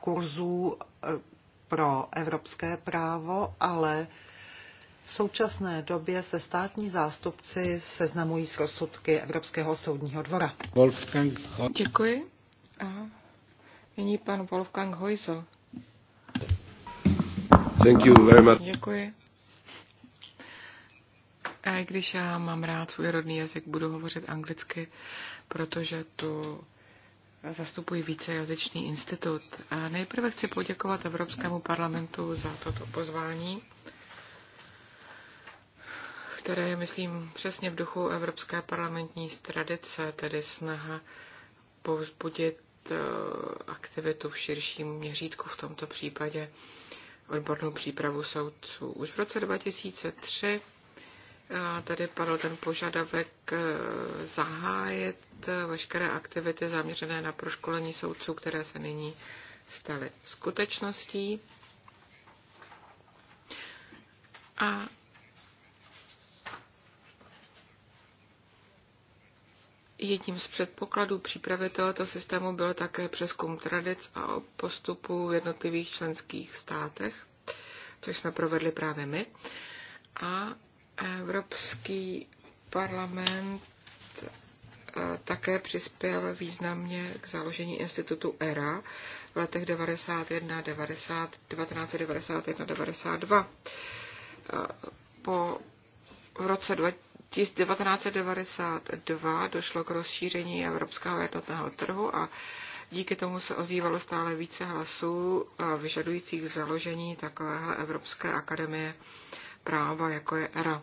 kurzů eh, pro evropské právo, ale v současné době se státní zástupci seznamují s rozsudky Evropského soudního dvora. Wolfgang Děkuji. A nyní pan Wolfgang Hojzel. Thank you very much. Děkuji. A i když já mám rád svůj rodný jazyk, budu hovořit anglicky, protože tu zastupuji vícejazyčný institut. A nejprve chci poděkovat Evropskému parlamentu za toto pozvání které je, myslím, přesně v duchu evropské parlamentní tradice, tedy snaha povzbudit eh, aktivitu v širším měřítku, v tomto případě odbornou přípravu soudců. Už v roce 2003 eh, tady padl ten požadavek eh, zahájit veškeré aktivity zaměřené na proškolení soudců, které se nyní staly skutečností. A Jedním z předpokladů přípravy tohoto systému byl také přeskum tradic a postupu v jednotlivých členských státech, což jsme provedli právě my. A Evropský parlament eh, také přispěl významně k založení institutu ERA v letech 91, 1991, 92. Po v roce 2000 1992 došlo k rozšíření evropského jednotného trhu a díky tomu se ozývalo stále více hlasů eh, vyžadujících založení takovéhle Evropské akademie práva, jako je ERA.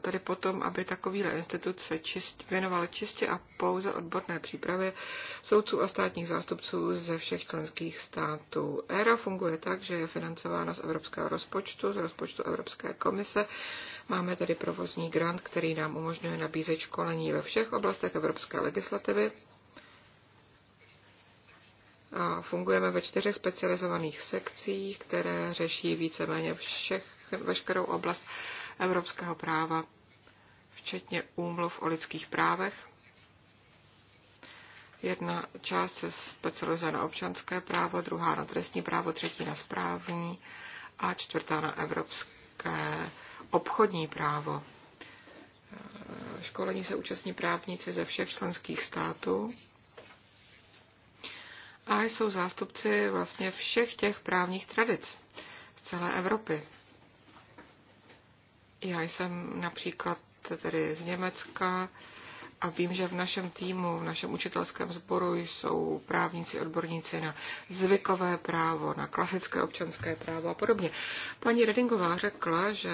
tedy potom, aby takovýhle institut se čist, věnoval čistě a pouze odborné přípravě soudců a státních zástupců ze všech členských států. ERA funguje tak, že je financována z evropského rozpočtu, z rozpočtu Evropské komise. Máme tedy provozní grant, který nám umožňuje nabízet školení ve všech oblastech evropské legislativy. A fungujeme ve čtyřech specializovaných sekcích, které řeší víceméně všech, veškerou oblast evropského práva, včetně úmluv o lidských právech. Jedna část se specializuje na občanské právo, druhá na trestní právo, třetí na správní a čtvrtá na evropské obchodní právo. Školení se účastní právníci ze všech členských států a jsou zástupci vlastně všech těch právních tradic z celé Evropy. Já jsem například tedy z Německa a vím, že v našem týmu, v našem učitelském sboru jsou právníci, odborníci na zvykové právo, na klasické občanské právo a podobně. Paní Redingová řekla, že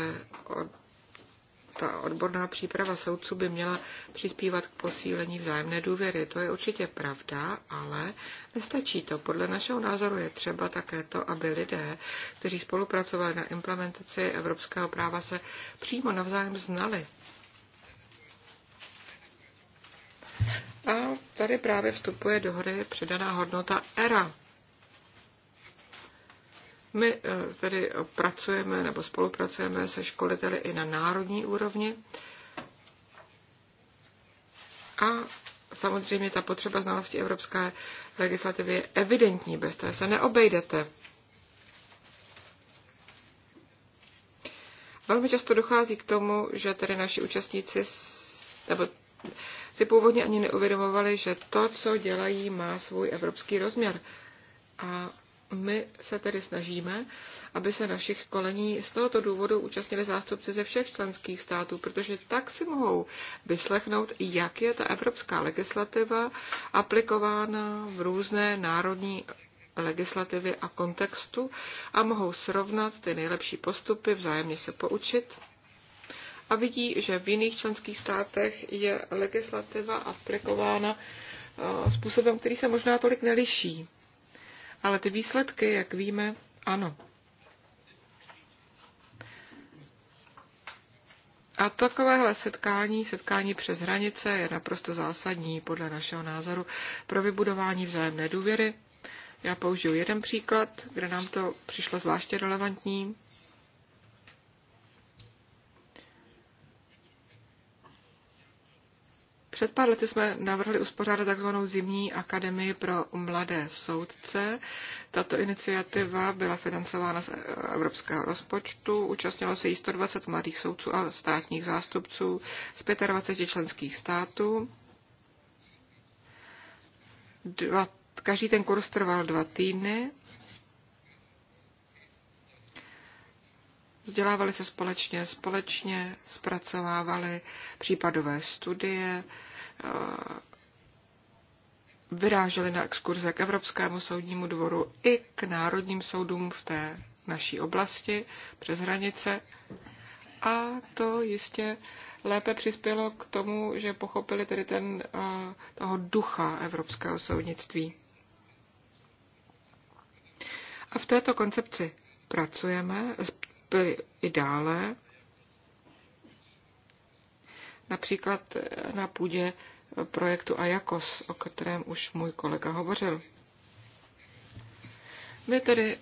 ta odborná příprava soudců by měla přispívat k posílení vzájemné důvěry. To je určitě pravda, ale nestačí to. Podle našeho názoru je třeba také to, aby lidé, kteří spolupracovali na implementaci evropského práva, se přímo navzájem znali. A tady právě vstupuje do hry předaná hodnota ERA. My eh, tedy eh, pracujeme nebo spolupracujeme se školiteli i na národní úrovni. A samozřejmě ta potřeba znalosti evropské legislativy je evidentní, bez té se neobejdete. Velmi často dochází k tomu, že tedy naši účastníci nebo si původně ani neuvědomovali, že to, co dělají, má svůj evropský rozměr. A my se tedy snažíme, aby se našich kolení z tohoto důvodu účastnili zástupci ze všech členských států, protože tak si mohou vyslechnout, jak je ta evropská legislativa aplikována v různé národní legislativy a kontextu a mohou srovnat ty nejlepší postupy, vzájemně se poučit a vidí, že v jiných členských státech je legislativa aplikována eh, způsobem, který se možná tolik neliší ale ty výsledky, jak víme, ano. A takovéhle setkání, setkání přes hranice je naprosto zásadní podle našeho názoru pro vybudování vzájemné důvěry. Já použiju jeden příklad, kde nám to přišlo zvláště relevantní. Před pár lety jsme navrhli uspořádat tzv. zimní akademii pro mladé soudce. Tato iniciativa byla financována z evropského rozpočtu. Účastnilo se jí 120 mladých soudců a státních zástupců z 25 členských států. Dva, každý ten kurz trval dva týdny Vzdělávali se společně, společně zpracovávali případové studie, eh, vyráželi na exkurze k Evropskému soudnímu dvoru i k národním soudům v té naší oblasti přes hranice. A to jistě lépe přispělo k tomu, že pochopili tedy ten, eh, toho ducha evropského soudnictví. A v této koncepci pracujeme, byly i dále, například na půdě projektu Ajakos, o kterém už můj kolega hovořil. My tedy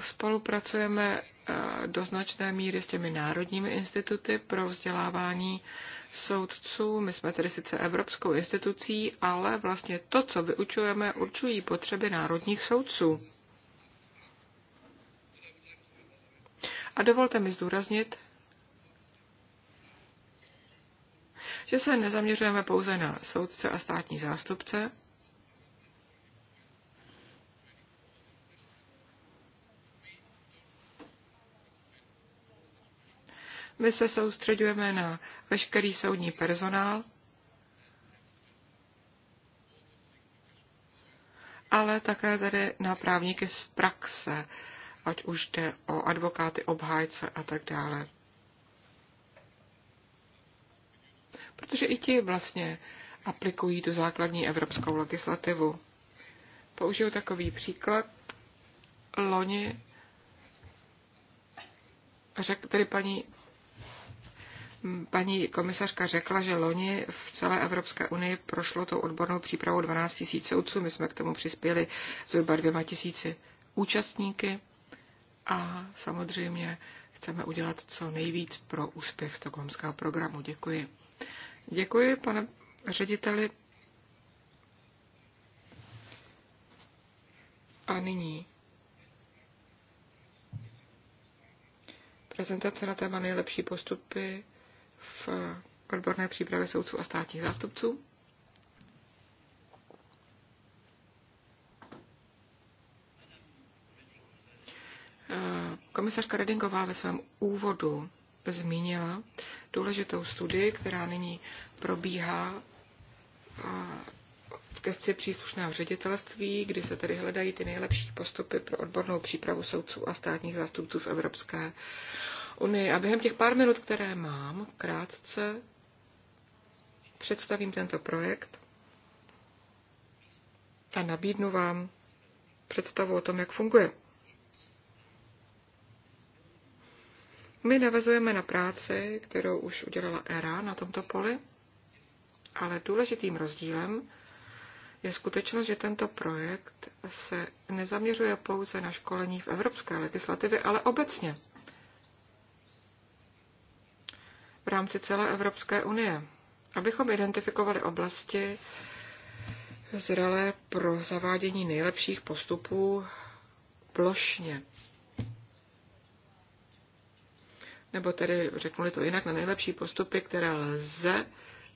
spolupracujeme eh, do značné míry s těmi národními instituty pro vzdělávání soudců. My jsme tedy sice evropskou institucí, ale vlastně to, co vyučujeme, určují potřeby národních soudců. A dovolte mi zdůraznit, že se nezaměřujeme pouze na soudce a státní zástupce, My se soustředujeme na veškerý soudní personál, ale také tady na právníky z praxe, ať už jde o advokáty, obhájce a tak dále. Protože i ti vlastně aplikují tu základní evropskou legislativu. Použiju takový příklad. Loni řekl tedy paní Paní komisařka řekla, že loni v celé Evropské unii prošlo tou odbornou přípravou 12 000 soudců. My jsme k tomu přispěli zhruba 2 000 účastníky a samozřejmě chceme udělat co nejvíc pro úspěch stokholmského programu. Děkuji. Děkuji, pane řediteli. A nyní prezentace na téma nejlepší postupy v odborné přípravě soudců a státních zástupců. Komisařka Redingová ve svém úvodu zmínila důležitou studii, která nyní probíhá v gesci příslušného ředitelství, kdy se tedy hledají ty nejlepší postupy pro odbornou přípravu soudců a státních zástupců v Evropské unii. A během těch pár minut, které mám, krátce představím tento projekt a nabídnu vám představu o tom, jak funguje. My navazujeme na práci, kterou už udělala ERA na tomto poli, ale důležitým rozdílem je skutečnost, že tento projekt se nezaměřuje pouze na školení v evropské legislativě, ale obecně v rámci celé Evropské unie, abychom identifikovali oblasti zralé pro zavádění nejlepších postupů plošně nebo tedy řeknuli to jinak, na nejlepší postupy, které lze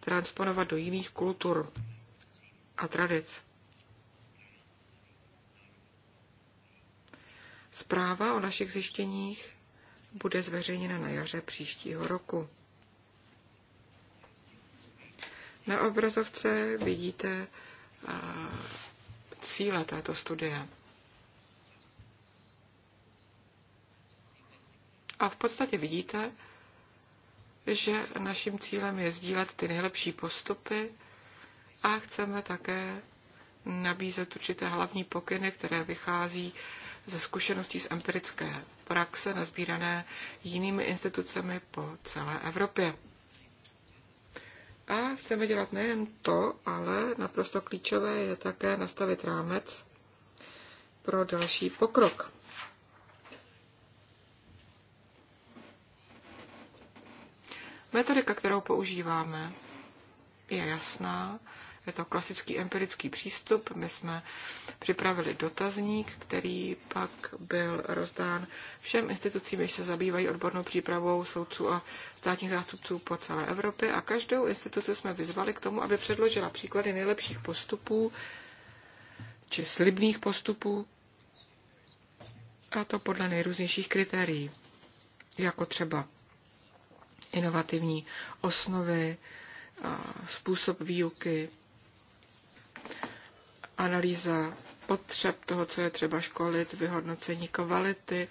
transponovat do jiných kultur a tradic. Zpráva o našich zjištěních bude zveřejněna na jaře příštího roku. Na obrazovce vidíte cíle této studie. A v podstatě vidíte, že naším cílem je sdílet ty nejlepší postupy a chceme také nabízet určité hlavní pokyny, které vychází ze zkušeností z empirické praxe nazbírané jinými institucemi po celé Evropě. A chceme dělat nejen to, ale naprosto klíčové je také nastavit rámec pro další pokrok. Metodika, kterou používáme, je jasná. Je to klasický empirický přístup. My jsme připravili dotazník, který pak byl rozdán všem institucím, jež se zabývají odbornou přípravou soudců a státních zástupců po celé Evropě. A každou instituci jsme vyzvali k tomu, aby předložila příklady nejlepších postupů či slibných postupů, a to podle nejrůznějších kritérií, jako třeba inovativní osnovy, způsob výuky, analýza potřeb toho, co je třeba školit, vyhodnocení kvality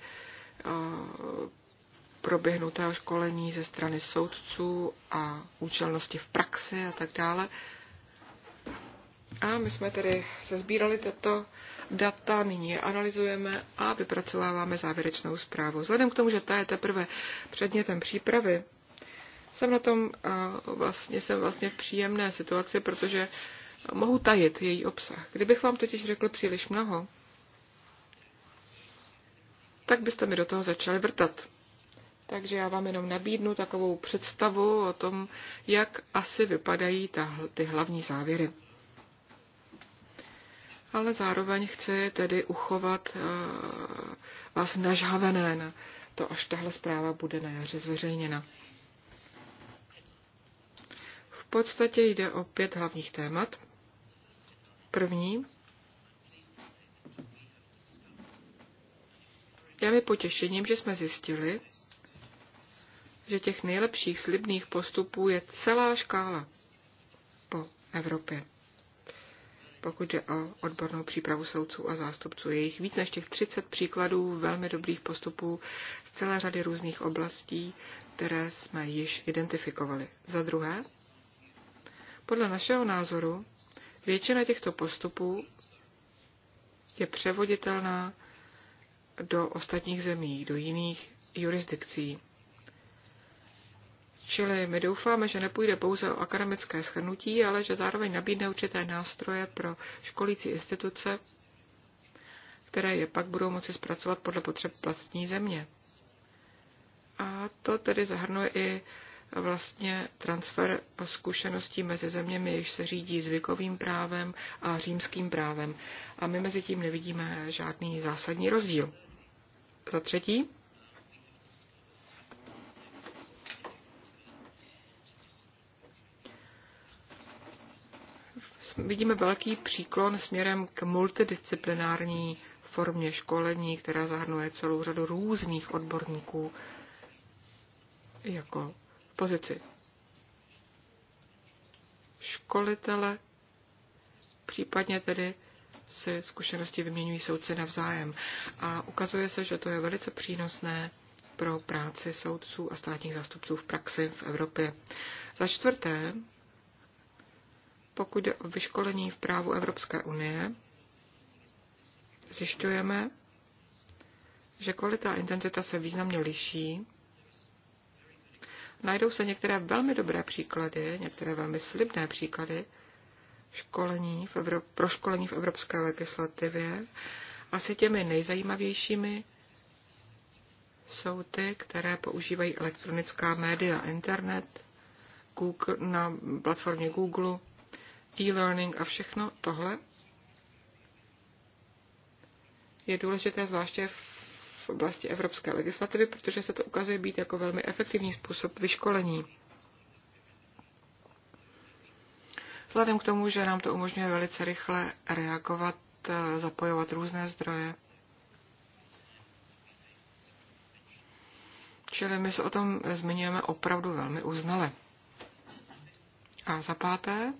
proběhnutého školení ze strany soudců a účelnosti v praxi a tak dále. A my jsme tedy sezbírali tato data, nyní je analyzujeme a vypracováváme závěrečnou zprávu. Vzhledem k tomu, že ta je teprve předmětem přípravy, jsem na tom vlastně, jsem vlastně v příjemné situaci, protože mohu tajit její obsah. Kdybych vám totiž řekl příliš mnoho, tak byste mi do toho začali vrtat. Takže já vám jenom nabídnu takovou představu o tom, jak asi vypadají ta, ty hlavní závěry. Ale zároveň chci tedy uchovat uh, vás nažhavené na to, až tahle zpráva bude na jaře zveřejněna podstatě jde o pět hlavních témat. První. Já mi potěšením, že jsme zjistili, že těch nejlepších slibných postupů je celá škála po Evropě. Pokud jde o odbornou přípravu soudců a zástupců, je jich víc než těch 30 příkladů velmi dobrých postupů z celé řady různých oblastí, které jsme již identifikovali. Za druhé, podle našeho názoru většina těchto postupů je převoditelná do ostatních zemí, do jiných jurisdikcí. Čili my doufáme, že nepůjde pouze o akademické schrnutí, ale že zároveň nabídne určité nástroje pro školící instituce, které je pak budou moci zpracovat podle potřeb vlastní země. A to tedy zahrnuje i vlastně transfer zkušeností mezi zeměmi, jež se řídí zvykovým právem a římským právem. A my mezi tím nevidíme žádný zásadní rozdíl. Za třetí, vidíme velký příklon směrem k multidisciplinární formě školení, která zahrnuje celou řadu různých odborníků, jako pozici školitele, případně tedy si zkušenosti vyměňují soudci navzájem. A ukazuje se, že to je velice přínosné pro práci soudců a státních zástupců v praxi v Evropě. Za čtvrté, pokud jde o vyškolení v právu Evropské unie, zjišťujeme, že kvalita a intenzita se významně liší najdou se některé velmi dobré příklady, některé velmi slibné příklady školení v Evrop- pro školení v evropské legislativě. Asi těmi nejzajímavějšími jsou ty, které používají elektronická média, internet, Google, na platformě Google, e-learning a všechno tohle je důležité zvláště v v oblasti evropské legislativy, protože se to ukazuje být jako velmi efektivní způsob vyškolení. Vzhledem k tomu, že nám to umožňuje velice rychle reagovat, eh, zapojovat různé zdroje. Čili my se o tom zmiňujeme opravdu velmi uznale. A za páté,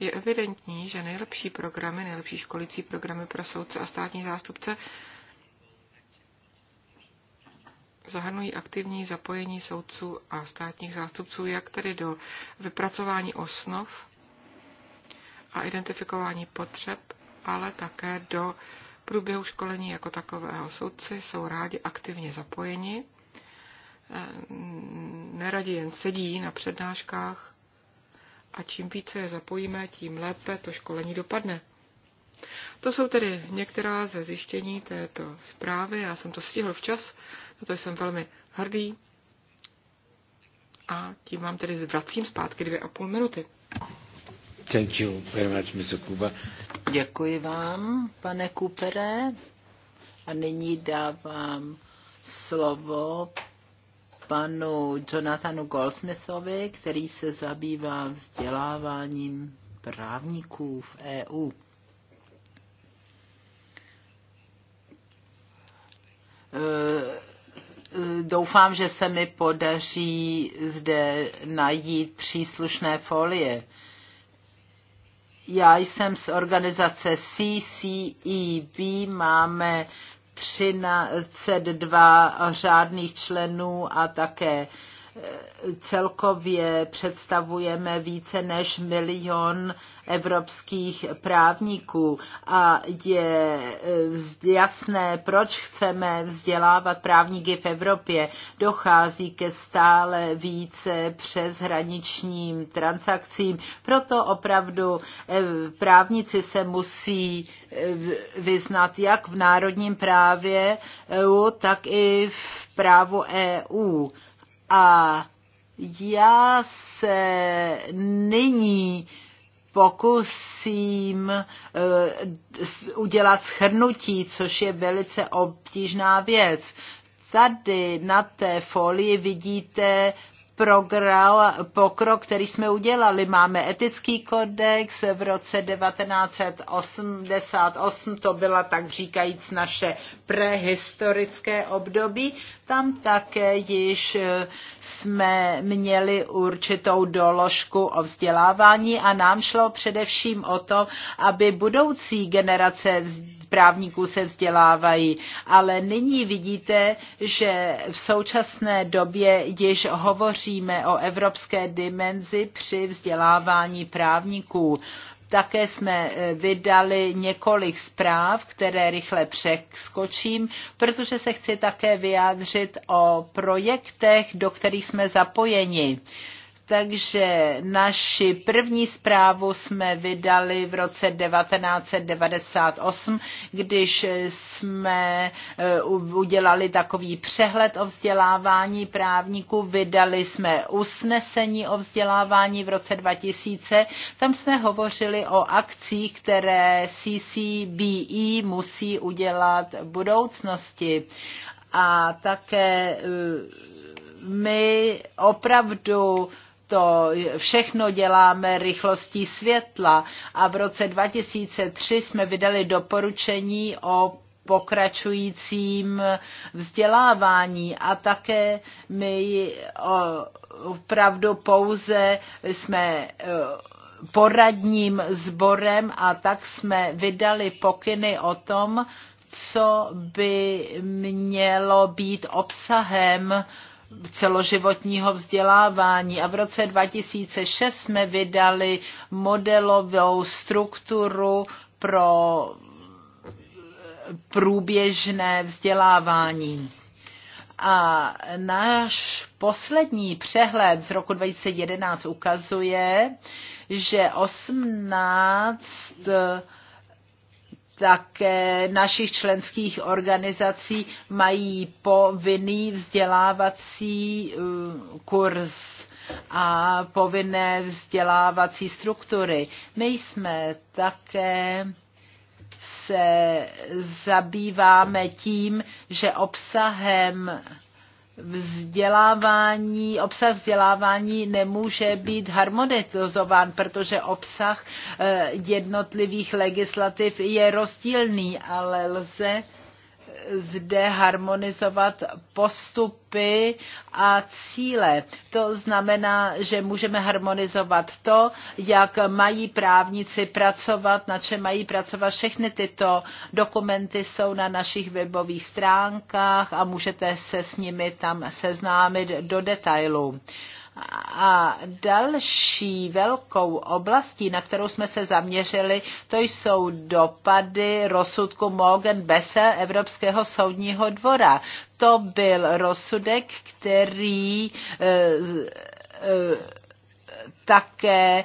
je evidentní, že nejlepší programy, nejlepší školící programy pro soudce a státní zástupce zahrnují aktivní zapojení soudců a státních zástupců, jak tedy do vypracování osnov a identifikování potřeb, ale také do průběhu školení jako takového. Soudci jsou rádi aktivně zapojeni, eh, neradi jen sedí na přednáškách a čím více je zapojíme, tím lépe to školení dopadne. To jsou tedy některá ze zjištění této zprávy. Já jsem to stihl včas, na to jsem velmi hrdý. A tím vám tedy zvracím zpátky dvě a půl minuty. Thank you very much, Mr. Kuba. Děkuji vám, pane Kupere. A nyní dávám slovo panu Jonathanu Goldsmithovi, který se zabývá vzděláváním právníků v EU. Eh, doufám, že se mi podaří zde najít příslušné folie. Já jsem z organizace CCEB, máme 32 řádných členů a také celkově představujeme více než milion evropských právníků a je e, jasné, proč chceme vzdělávat právníky v Evropě. Dochází ke stále více přeshraničním transakcím, proto opravdu e, právníci se musí e, vyznat jak v národním právě, tak i v právu EU a já se nyní pokusím eh, udělat schrnutí, což je velice obtížná věc. Tady na té folii vidíte program, pokrok, který jsme udělali. Máme etický kodex v roce 1988, to byla tak říkajíc naše prehistorické období. Tam také již eh, jsme měli určitou doložku o vzdělávání a nám šlo především o to, aby budoucí generace právníků se vzdělávají. Ale nyní vidíte, že v současné době již hovoří hovoříme o evropské dimenzi při vzdělávání právníků. Také jsme eh, vydali několik zpráv, které rychle přeskočím, protože se chci také vyjádřit o projektech, do kterých jsme zapojeni. Takže naši první zprávu jsme vydali v roce 1998, když jsme eh, udělali takový přehled o vzdělávání právníků. Vydali jsme usnesení o vzdělávání v roce 2000. Tam jsme hovořili o akcích, které CCBE musí udělat v budoucnosti. A také eh, my opravdu to všechno děláme rychlostí světla a v roce 2003 jsme vydali doporučení o pokračujícím vzdělávání a také my opravdu pouze jsme poradním sborem a tak jsme vydali pokyny o tom, co by mělo být obsahem celoživotního vzdělávání. A v roce 2006 jsme vydali modelovou strukturu pro průběžné vzdělávání. A náš poslední přehled z roku 2011 ukazuje, že 18 také našich členských organizací mají povinný vzdělávací eh, kurz a povinné vzdělávací struktury. My jsme také se zabýváme tím, že obsahem vzdělávání, obsah vzdělávání nemůže být harmonizován, protože obsah eh, jednotlivých legislativ je rozdílný, ale lze zde harmonizovat postupy a cíle. To znamená, že můžeme harmonizovat to, jak mají právníci pracovat, na čem mají pracovat. Všechny tyto dokumenty jsou na našich webových stránkách a můžete se s nimi tam seznámit do detailu. A další velkou oblastí, na kterou jsme se zaměřili, to jsou dopady rozsudku Morgan Bessel Evropského soudního dvora. To byl rozsudek, který e, e, také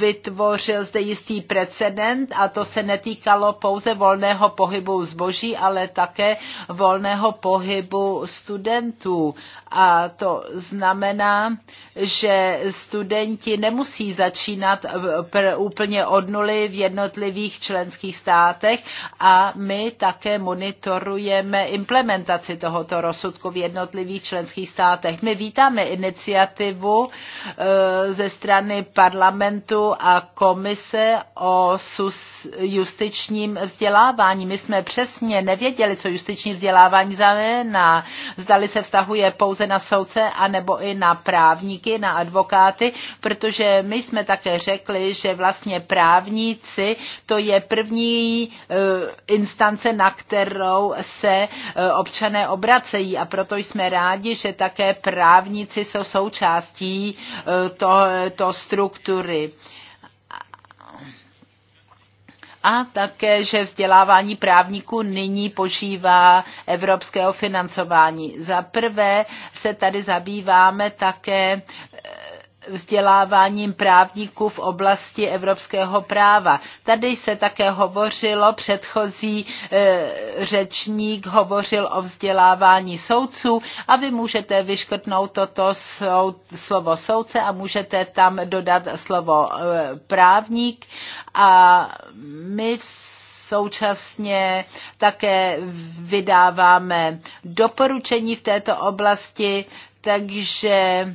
vytvořil zde jistý precedent a to se netýkalo pouze volného pohybu zboží, ale také volného pohybu studentů. A to znamená, že studenti nemusí začínat úplně od nuly v jednotlivých členských státech a my také monitorujeme implementaci tohoto rozsudku v jednotlivých členských státech. My vítáme iniciativu eh, ze strany strany parlamentu a komise o justičním vzdělávání. My jsme přesně nevěděli, co justiční vzdělávání znamená. Zdali se vztahuje pouze na soudce, anebo i na právníky, na advokáty, protože my jsme také řekli, že vlastně právníci to je první eh, instance, na kterou se eh, občané obracejí a proto jsme rádi, že také právníci jsou součástí eh, to, této struktury a také, že vzdělávání právníků nyní požívá evropského financování. Za prvé se tady zabýváme také vzděláváním právníků v oblasti evropského práva. Tady se také hovořilo, předchozí e, řečník hovořil o vzdělávání soudců a vy můžete vyškrtnout toto sou, slovo soudce a můžete tam dodat slovo e, právník a my v Současně také vydáváme doporučení v této oblasti, takže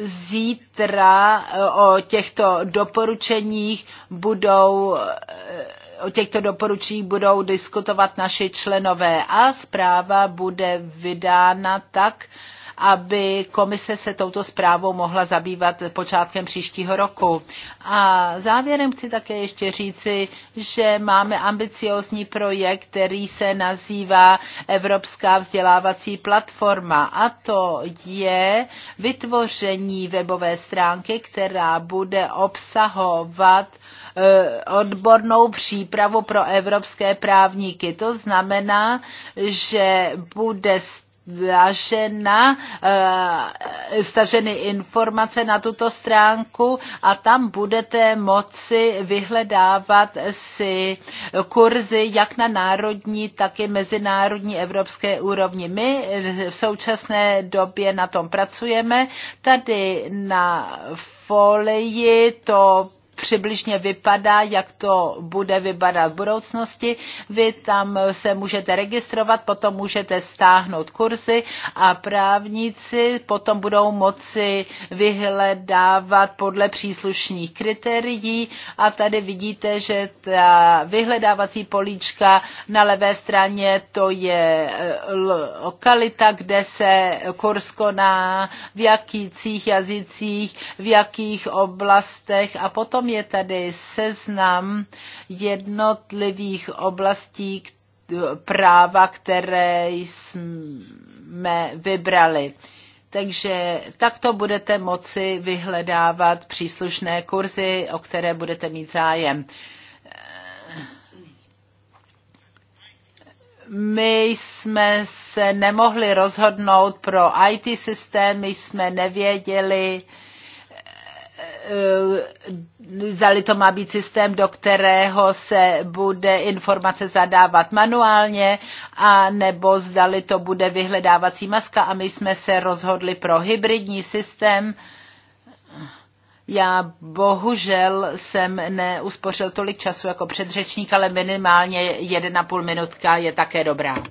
zítra eh, o těchto doporučeních budou eh, o těchto doporučeních budou diskutovat naši členové a zpráva bude vydána tak, aby komise se touto zprávou mohla zabývat počátkem příštího roku. A závěrem chci také ještě říci, že máme ambiciózní projekt, který se nazývá Evropská vzdělávací platforma a to je vytvoření webové stránky, která bude obsahovat eh, odbornou přípravu pro evropské právníky. To znamená, že bude stažena, eh, staženy informace na tuto stránku a tam budete moci vyhledávat si kurzy jak na národní, tak i mezinárodní evropské úrovni. My v současné době na tom pracujeme. Tady na folii to přibližně vypadá, jak to bude vypadat v budoucnosti. Vy tam se můžete registrovat, potom můžete stáhnout kurzy a právníci potom budou moci vyhledávat podle příslušných kritérií a tady vidíte, že ta vyhledávací políčka na levé straně to je eh, lokalita, kde se kurz koná, v jakých jazycích, v jakých oblastech a potom je tady seznam jednotlivých oblastí práva, které jsme vybrali. Takže takto budete moci vyhledávat příslušné kurzy, o které budete mít zájem. my jsme se nemohli rozhodnout pro IT systémy, jsme nevěděli, Eh, zdali to má být systém, do kterého se bude informace zadávat manuálně, a nebo zdali to bude vyhledávací maska. A my jsme se rozhodli pro hybridní systém. Já bohužel jsem neuspořil tolik času jako předřečník, ale minimálně 1,5 minutka je také dobrá.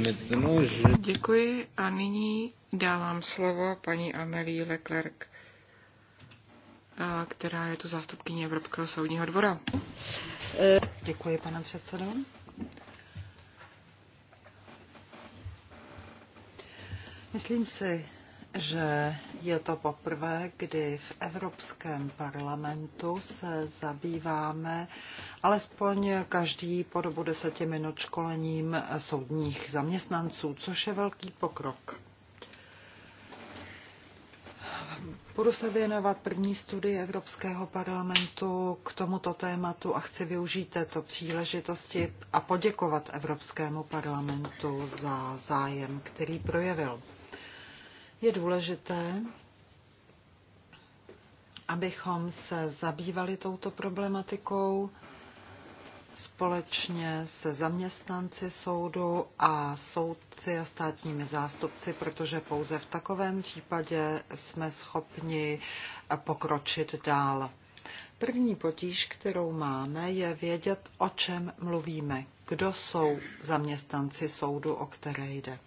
Děkuji a nyní dávám slovo paní Amelie Leclerc která je tu zástupkyně Evropského soudního dvora. Děkuji, pane předsedo. Myslím si, že je to poprvé, kdy v Evropském parlamentu se zabýváme alespoň každý po dobu deseti minut školením soudních zaměstnanců, což je velký pokrok. Budu se věnovat první studii Evropského parlamentu k tomuto tématu a chci využít této příležitosti a poděkovat Evropskému parlamentu za zájem, který projevil. Je důležité, abychom se zabývali touto problematikou společně se zaměstnanci soudu a soudci a státními zástupci, protože pouze v takovém případě jsme schopni pokročit dál. První potíž, kterou máme, je vědět, o čem mluvíme, kdo jsou zaměstnanci soudu, o které jde.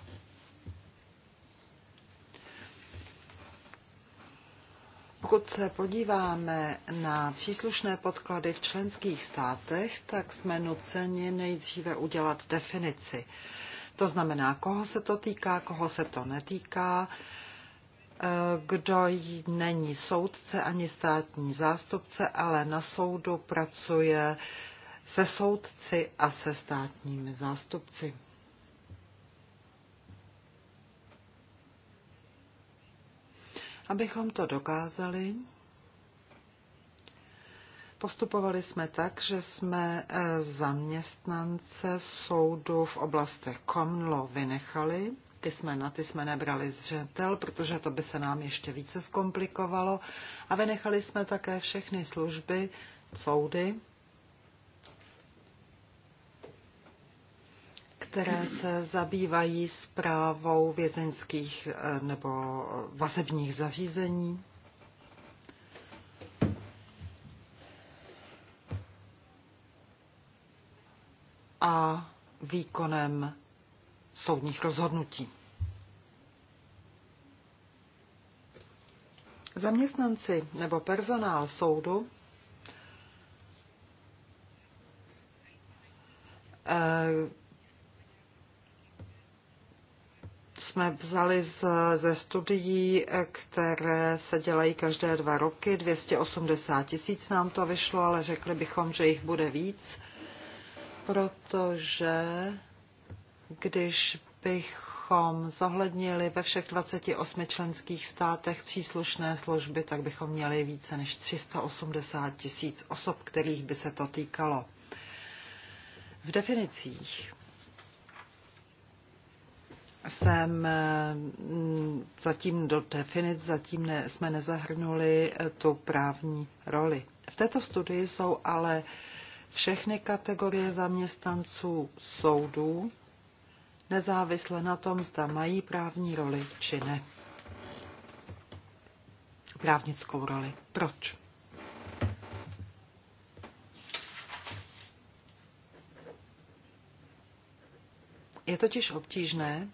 Pokud se podíváme na příslušné podklady v členských státech, tak jsme nuceni nejdříve udělat definici. To znamená, koho se to týká, koho se to netýká, eh, kdo není soudce ani státní zástupce, ale na soudu pracuje se soudci a se státními zástupci. Abychom to dokázali, postupovali jsme tak, že jsme eh, zaměstnance soudu v oblastech Komlo vynechali. Ty jsme, na ty jsme nebrali zřetel, protože to by se nám ještě více zkomplikovalo. A vynechali jsme také všechny služby, soudy, které se zabývají zprávou vězeňských eh, nebo vazebních zařízení. a výkonem soudních rozhodnutí. Zaměstnanci nebo personál soudu eh, jsme vzali z, ze studií, které se dělají každé dva roky. 280 tisíc nám to vyšlo, ale řekli bychom, že jich bude víc, protože když bychom zohlednili ve všech 28 členských státech příslušné služby, tak bychom měli více než 380 tisíc osob, kterých by se to týkalo. V definicích jsem eh, zatím do definic, zatím ne, jsme nezahrnuli eh, tu právní roli. V této studii jsou ale všechny kategorie zaměstnanců soudů, nezávisle na tom, zda mají právní roli či ne. Právnickou roli. Proč? Je totiž obtížné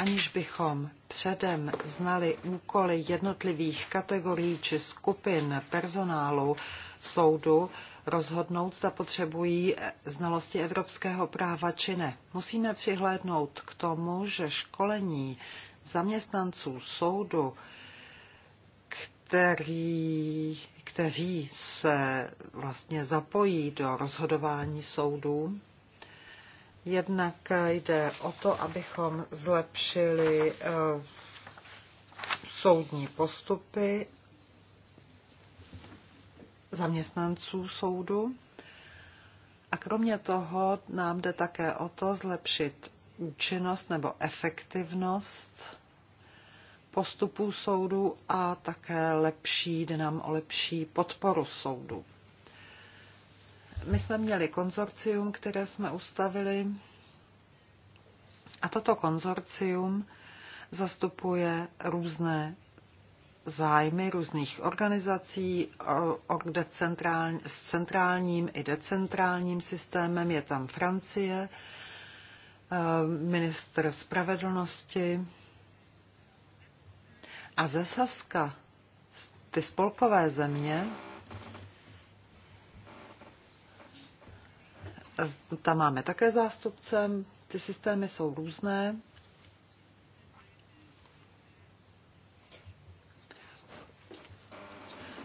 aniž bychom předem znali úkoly jednotlivých kategorií či skupin personálu soudu, rozhodnout, zda potřebují znalosti evropského práva či ne. Musíme přihlédnout k tomu, že školení zaměstnanců soudu, který, kteří se vlastně zapojí do rozhodování soudů, Jednak jde o to, abychom zlepšili eh, soudní postupy zaměstnanců soudu. A kromě toho nám jde také o to zlepšit účinnost nebo efektivnost postupů soudu a také lepší, jde nám o lepší podporu soudu. My jsme měli konzorcium, které jsme ustavili a toto konzorcium zastupuje různé zájmy různých organizací centrál, s centrálním i decentrálním systémem. Je tam Francie, e, minister spravedlnosti a ze Saska, ty spolkové země, Tam máme také zástupce, ty systémy jsou různé.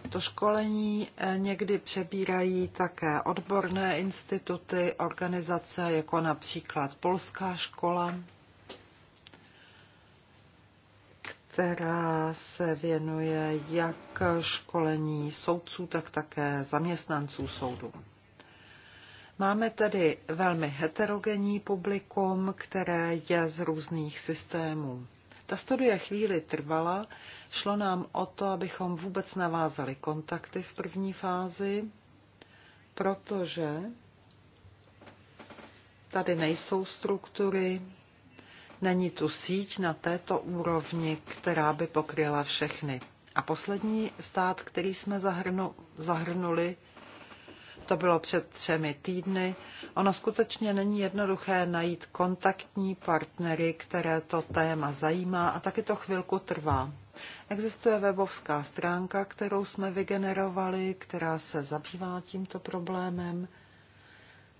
To školení eh, někdy přebírají také odborné instituty, organizace, jako například Polská škola, která se věnuje jak školení soudců, tak také zaměstnanců soudu. Máme tady velmi heterogenní publikum, které je z různých systémů. Ta studie chvíli trvala, šlo nám o to, abychom vůbec navázali kontakty v první fázi, protože tady nejsou struktury, není tu síť na této úrovni, která by pokryla všechny. A poslední stát, který jsme zahrnu, zahrnuli, to bylo před třemi týdny. Ono skutečně není jednoduché najít kontaktní partnery, které to téma zajímá a taky to chvilku trvá. Existuje webovská stránka, kterou jsme vygenerovali, která se zabývá tímto problémem.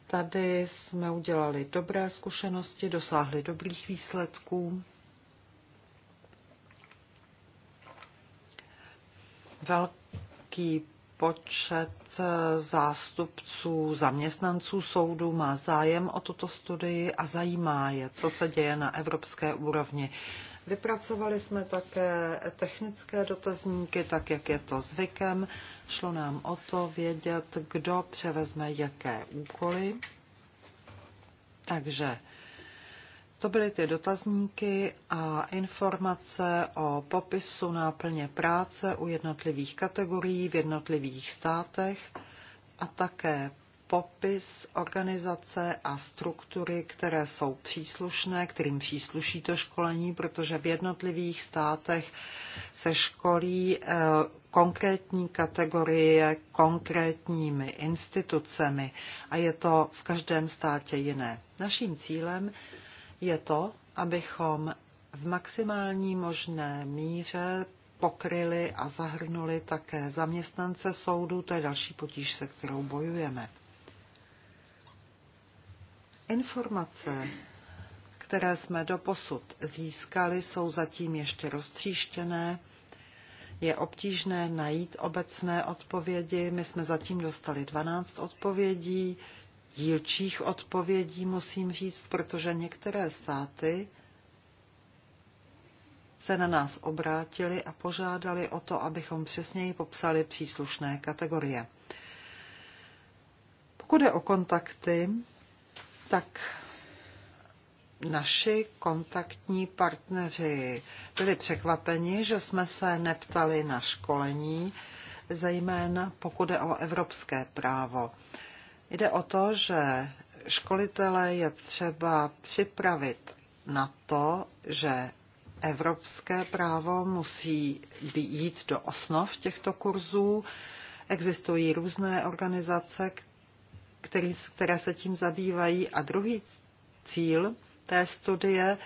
Tady jsme udělali dobré zkušenosti, dosáhli dobrých výsledků. Velký počet eh, zástupců zaměstnanců soudu má zájem o tuto studii a zajímá je, co se děje na evropské úrovni. Vypracovali jsme také technické dotazníky, tak jak je to zvykem. Šlo nám o to vědět, kdo převezme jaké úkoly. Takže to byly ty dotazníky a informace o popisu náplně práce u jednotlivých kategorií v jednotlivých státech a také popis organizace a struktury, které jsou příslušné, kterým přísluší to školení, protože v jednotlivých státech se školí eh, konkrétní kategorie konkrétními institucemi a je to v každém státě jiné. Naším cílem je to, abychom v maximální možné míře pokryli a zahrnuli také zaměstnance soudu, to je další potíž, se kterou bojujeme. Informace, které jsme doposud získali, jsou zatím ještě roztříštěné. Je obtížné najít obecné odpovědi. My jsme zatím dostali 12 odpovědí, dílčích odpovědí, musím říct, protože některé státy se na nás obrátili a požádali o to, abychom přesněji popsali příslušné kategorie. Pokud je o kontakty, tak naši kontaktní partneři byli překvapeni, že jsme se neptali na školení, zejména pokud je o evropské právo. Jde o to, že školitele je třeba připravit na to, že evropské právo musí jít do osnov těchto kurzů. Existují různé organizace, které se tím zabývají. A druhý cíl té studie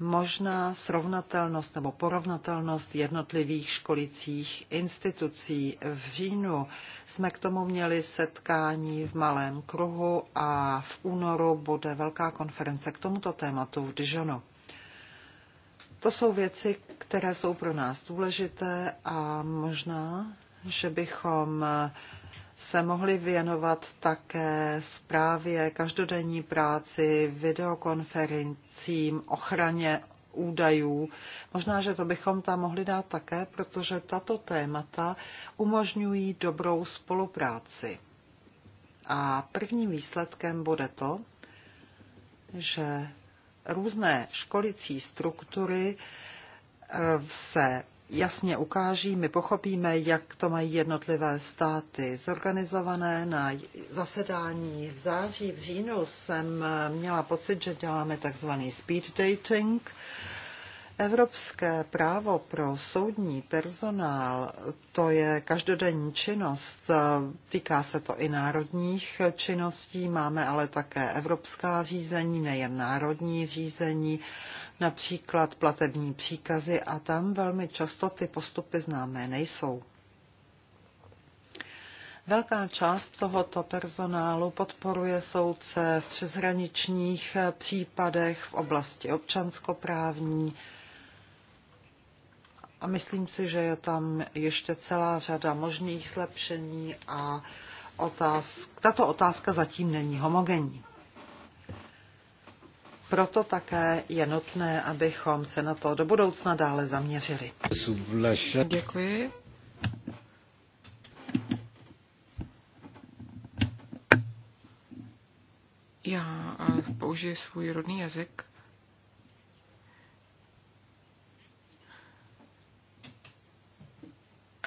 možná srovnatelnost nebo porovnatelnost jednotlivých školicích institucí. V říjnu jsme k tomu měli setkání v malém kruhu a v únoru bude velká konference k tomuto tématu v Dijonu. To jsou věci, které jsou pro nás důležité a možná, že bychom se mohli věnovat také zprávě, každodenní práci, videokonferencím, ochraně údajů. Možná, že to bychom tam mohli dát také, protože tato témata umožňují dobrou spolupráci. A prvním výsledkem bude to, že různé školicí struktury se jasně ukáží, my pochopíme, jak to mají jednotlivé státy. Zorganizované na zasedání v září, v říjnu jsem měla pocit, že děláme takzvaný speed dating. Evropské právo pro soudní personál, to je každodenní činnost, týká se to i národních činností, máme ale také evropská řízení, nejen národní řízení například platební příkazy a tam velmi často ty postupy známé nejsou. Velká část tohoto personálu podporuje soudce v přeshraničních případech v oblasti občanskoprávní a myslím si, že je tam ještě celá řada možných zlepšení a otázk, tato otázka zatím není homogenní. Proto také je nutné, abychom se na to do budoucna dále zaměřili. Děkuji. Já použiji svůj rodný jazyk.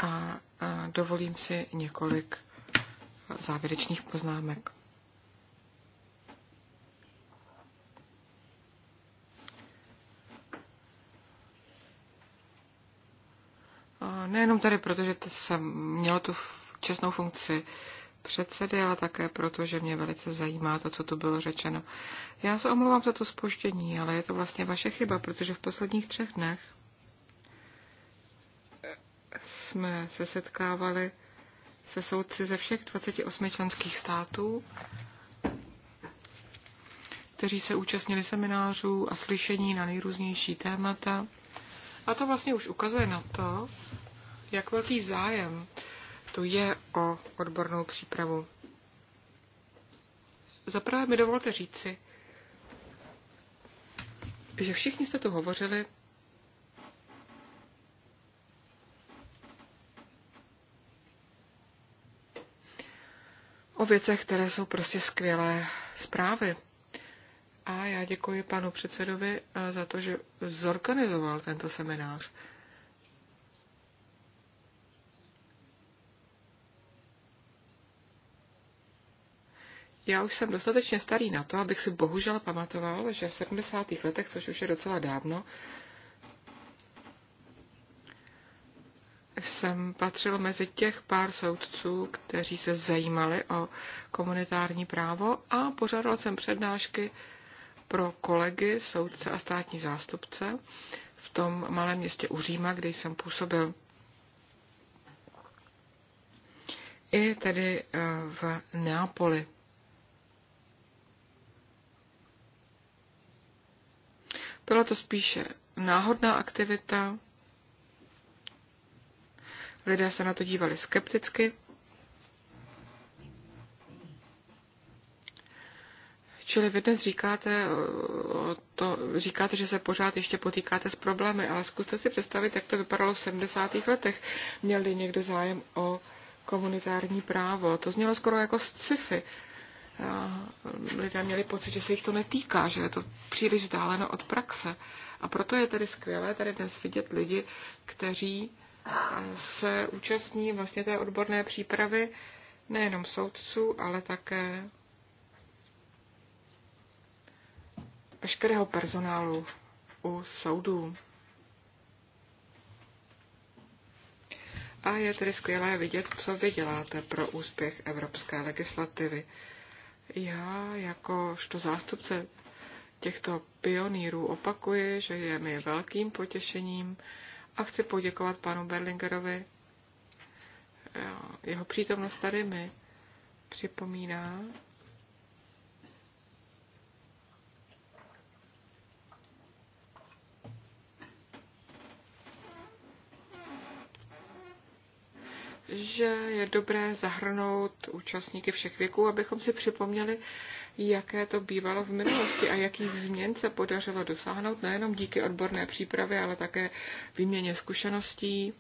A dovolím si několik e, závěrečných poznámek. nejenom tady, protože jsem měla tu čestnou funkci předsedy, ale také proto, že mě velice zajímá to, co tu bylo řečeno. Já se omlouvám za to spoždění, ale je to vlastně vaše chyba, protože v posledních třech dnech jsme se setkávali se soudci ze všech 28 členských států, kteří se účastnili seminářů a slyšení na nejrůznější témata. A to vlastně už ukazuje na to, jak velký zájem tu je o odbornou přípravu. Zaprvé mi dovolte říci, že všichni jste tu hovořili o věcech, které jsou prostě skvělé zprávy. A já děkuji panu předsedovi eh, za to, že zorganizoval tento seminář. já už jsem dostatečně starý na to, abych si bohužel pamatoval, že v 70. letech, což už je docela dávno, jsem patřil mezi těch pár soudců, kteří se zajímali o komunitární právo a pořádal jsem přednášky pro kolegy, soudce a státní zástupce v tom malém městě u Říma, kde jsem působil. I tedy eh, v Neapoli. Byla to spíše náhodná aktivita. Lidé se na to dívali skepticky. Čili vy dnes říkáte, to, říkáte, že se pořád ještě potýkáte s problémy, ale zkuste si představit, jak to vypadalo v 70. letech. Měl někdo zájem o komunitární právo. To znělo skoro jako sci-fi. Eh, lidé měli pocit, že se jich to netýká, že je to příliš vzdáleno od praxe. A proto je tedy skvělé tady dnes vidět lidi, kteří eh, se účastní vlastně té odborné přípravy nejenom soudců, ale také veškerého personálu u soudů. A je tedy skvělé vidět, co vy děláte pro úspěch evropské legislativy. Já jakožto zástupce těchto pionýrů opakuji, že je mi velkým potěšením a chci poděkovat panu Berlingerovi. Jeho přítomnost tady mi připomíná, že je dobré zahrnout účastníky všech věků, abychom si připomněli, jaké to bývalo v minulosti a jakých změn se podařilo dosáhnout nejenom díky odborné přípravě, ale také výměně zkušeností.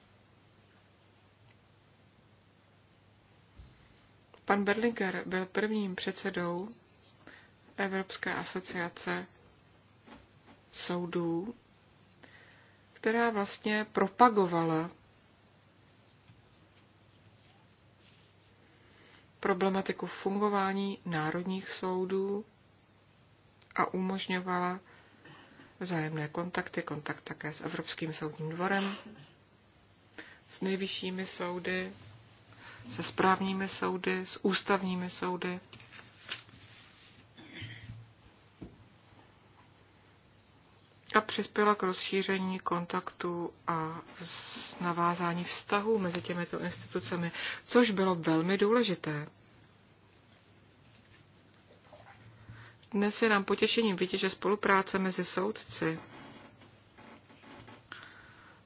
Pan Berlinger byl prvním předsedou Evropské asociace soudů, která vlastně propagovala problematiku fungování národních soudů a umožňovala vzájemné kontakty, kontakt také s Evropským soudním dvorem, s nejvyššími soudy, se správními soudy, s ústavními soudy. a přispěla k rozšíření kontaktu a navázání vztahů mezi těmito institucemi, což bylo velmi důležité. Dnes je nám potěšením vidět, že spolupráce mezi soudci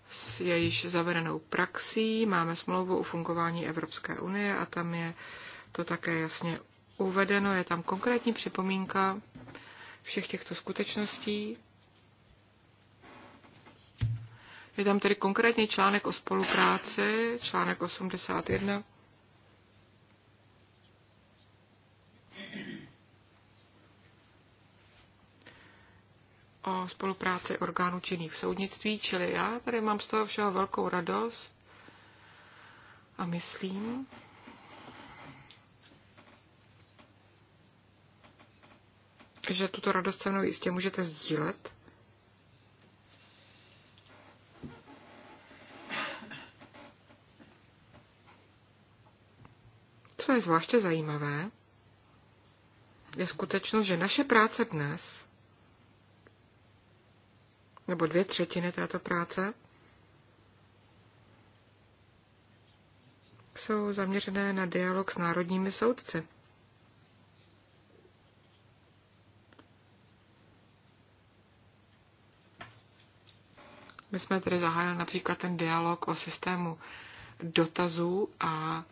s jejíž zavedenou praxí máme smlouvu o fungování Evropské unie a tam je to také jasně uvedeno. Je tam konkrétní připomínka všech těchto skutečností je tam tedy konkrétně článek o spolupráci, článek 81. o spolupráci orgánů činných v soudnictví, čili já tady mám z toho všeho velkou radost a myslím, že tuto radost se mnou jistě můžete sdílet. Co je zvláště zajímavé, je skutečnost, že naše práce dnes, nebo dvě třetiny této práce, jsou zaměřené na dialog s národními soudci. My jsme tedy zahájili například ten dialog o systému dotazů a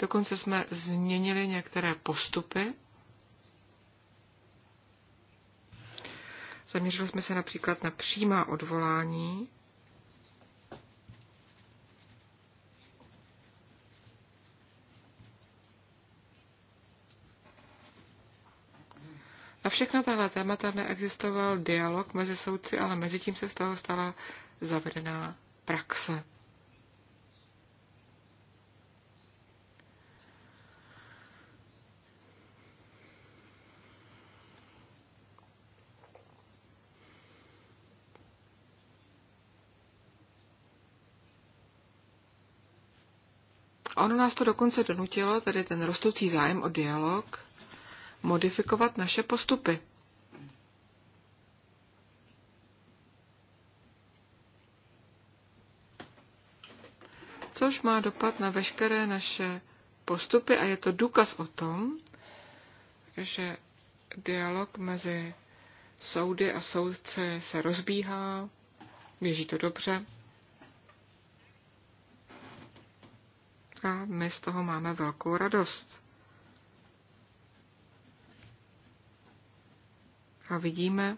Dokonce jsme změnili některé postupy. Zaměřili jsme se například na přímá odvolání. Na všechna tahle témata neexistoval dialog mezi soudci, ale mezi tím se z toho stala zavedená praxe. Ono nás to dokonce donutilo, tedy ten rostoucí zájem o dialog, modifikovat naše postupy. Což má dopad na veškeré naše postupy a je to důkaz o tom, že dialog mezi soudy a soudci se rozbíhá, běží to dobře. a my z toho máme velkou radost. A vidíme,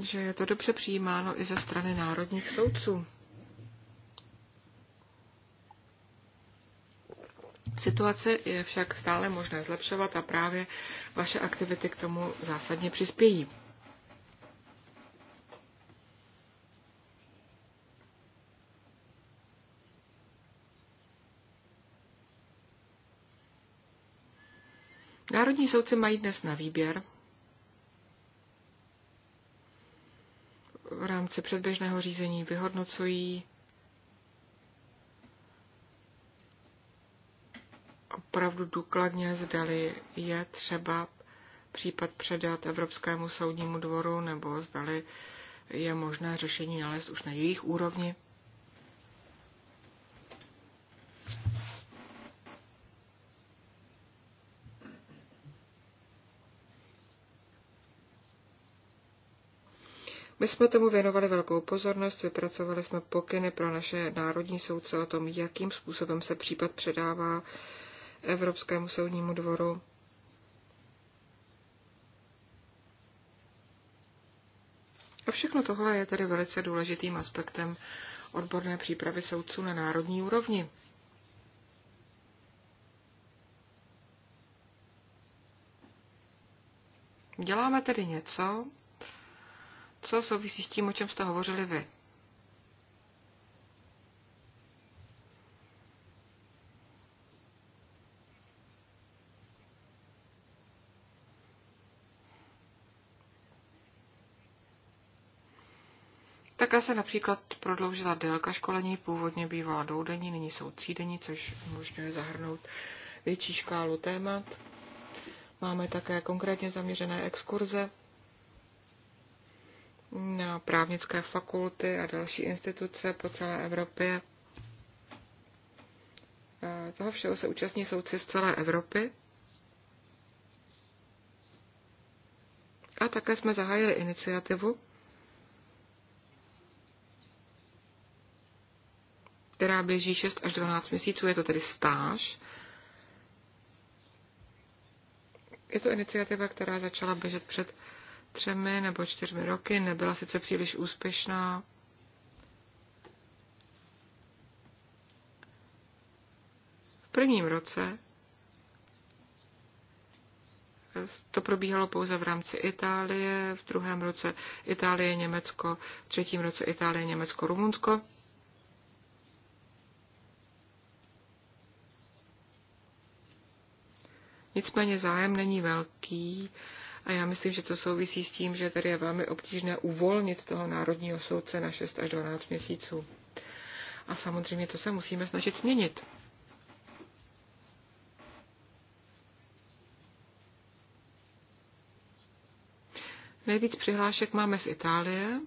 že je to dobře přijímáno i ze strany národních soudců. Situace je však stále možné zlepšovat a právě vaše aktivity k tomu zásadně přispějí. Národní soudci mají dnes na výběr v rámci předběžného řízení vyhodnocují opravdu důkladně, zdali je třeba případ předat Evropskému soudnímu dvoru, nebo zdali je možné řešení nalézt už na jejich úrovni. My jsme tomu věnovali velkou pozornost, vypracovali jsme pokyny pro naše národní soudce o tom, jakým způsobem se případ předává Evropskému soudnímu dvoru. A všechno tohle je tedy velice důležitým aspektem odborné přípravy soudců na národní úrovni. Děláme tedy něco, co souvisí s tím, o čem jste hovořili vy. Také se například prodloužila délka školení, původně bývala doudení, nyní jsou třídení, což umožňuje zahrnout větší škálu témat. Máme také konkrétně zaměřené exkurze, na právnické fakulty a další instituce po celé Evropě. E, toho všeho se účastní soudci z celé Evropy. A také jsme zahájili iniciativu, která běží 6 až 12 měsíců, je to tedy stáž. Je to iniciativa, která začala běžet před třemi nebo čtyřmi roky, nebyla sice příliš úspěšná, v prvním roce to probíhalo pouze v rámci Itálie, v druhém roce Itálie, Německo, v třetím roce Itálie, Německo, Rumunsko. Nicméně zájem není velký a já myslím, že to souvisí s tím, že tady je velmi obtížné uvolnit toho národního soudce na 6 až 12 měsíců. A samozřejmě to se musíme snažit změnit. Nejvíc přihlášek máme z Itálie.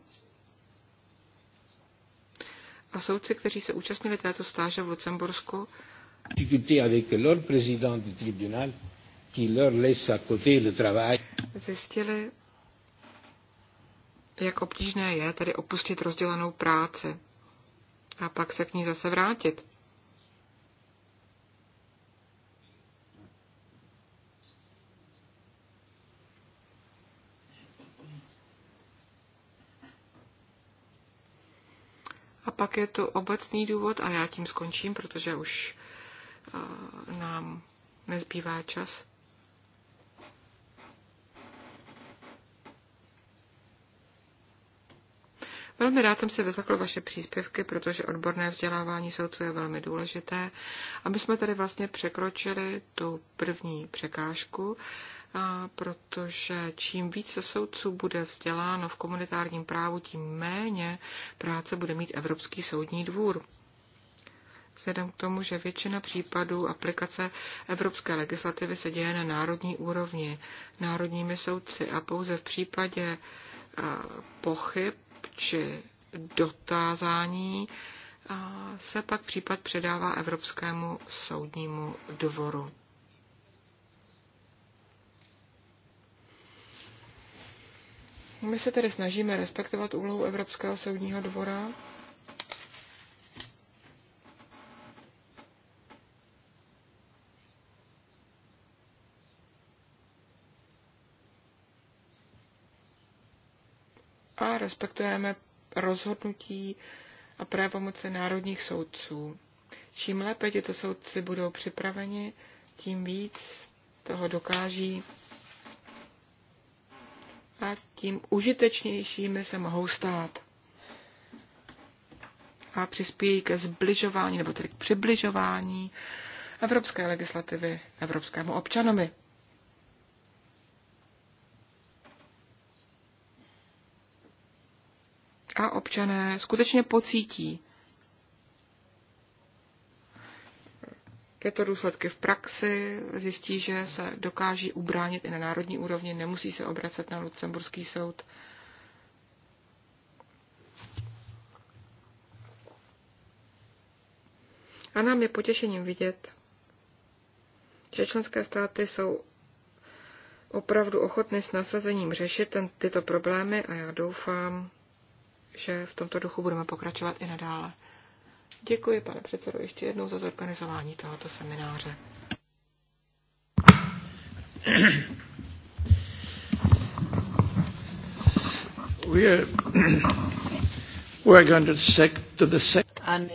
A soudci, kteří se účastnili této stáže v Lucembursku, difficulté avec leur président du tribunal qui leur laisse à côté le travail zjistili, jak obtížné je tedy opustit rozdělenou práci a pak se k ní zase vrátit. A pak je tu obecný důvod a já tím skončím, protože už eh, nám nezbývá čas. Velmi rád jsem si vyslechl vaše příspěvky, protože odborné vzdělávání soudců je velmi důležité. A my jsme tady vlastně překročili tu první překážku, a protože čím více soudců bude vzděláno v komunitárním právu, tím méně práce bude mít Evropský soudní dvůr. Vzhledem k tomu, že většina případů aplikace evropské legislativy se děje na národní úrovni, národními soudci a pouze v případě pochyb či dotázání se pak případ předává Evropskému soudnímu dvoru. My se tedy snažíme respektovat úlohu Evropského soudního dvora respektujeme rozhodnutí a právomoce národních soudců. Čím lépe tyto soudci budou připraveni, tím víc toho dokáží a tím užitečnějšími se mohou stát. A přispějí ke zbližování, nebo tedy k přibližování evropské legislativy evropskému občanovi. občané skutečně pocítí tyto důsledky v praxi, zjistí, že se dokáží ubránit i na národní úrovni, nemusí se obracet na Lucemburský soud. A nám je potěšením vidět, že členské státy jsou opravdu ochotny s nasazením řešit ten, tyto problémy a já doufám, že v tomto duchu budeme pokračovat i nadále. Děkuji, pane předsedo, ještě jednou za zorganizování tohoto semináře. We are, going to, to the second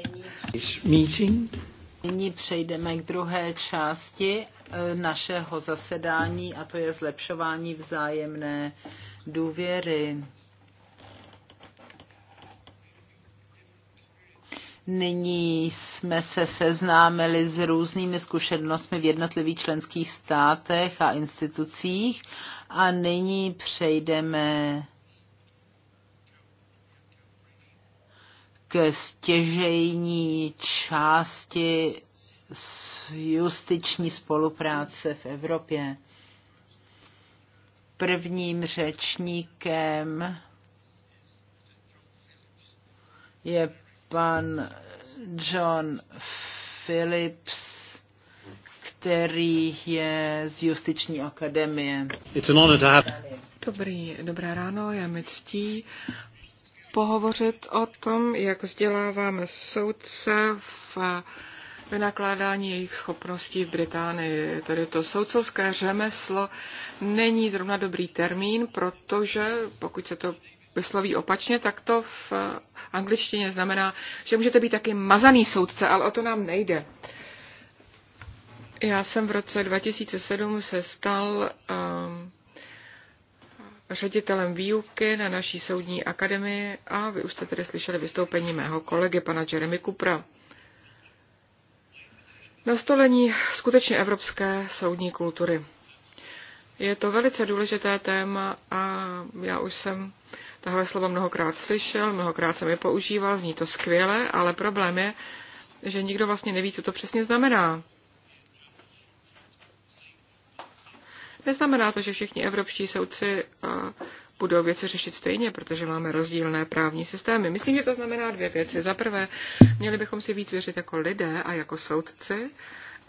meeting. Nyní přejdeme k druhé části e, našeho zasedání a to je zlepšování vzájemné důvěry. Nyní jsme se seznámili s různými zkušenostmi v jednotlivých členských státech a institucích a nyní přejdeme k stěžejní části justiční spolupráce v Evropě. Prvním řečníkem je pan John Phillips, který je z Justiční akademie. It's an honor to have... Dobrý, dobré ráno, já mi ctí pohovořit o tom, jak vzděláváme soudce v vynakládání jejich schopností v Británii. Tedy to soudcovské řemeslo není zrovna dobrý termín, protože pokud se to vysloví opačně, tak to v angličtině znamená, že můžete být taky mazaný soudce, ale o to nám nejde. Já jsem v roce 2007 se stal um, ředitelem výuky na naší soudní akademii a vy už jste tedy slyšeli vystoupení mého kolegy, pana Jeremy Kupra. Nastolení skutečně evropské soudní kultury. Je to velice důležité téma a já už jsem Tahle slova mnohokrát slyšel, mnohokrát jsem je používal, zní to skvěle, ale problém je, že nikdo vlastně neví, co to přesně znamená. Neznamená to, že všichni evropští soudci budou věci řešit stejně, protože máme rozdílné právní systémy. Myslím, že to znamená dvě věci. Za prvé, měli bychom si víc věřit jako lidé a jako soudci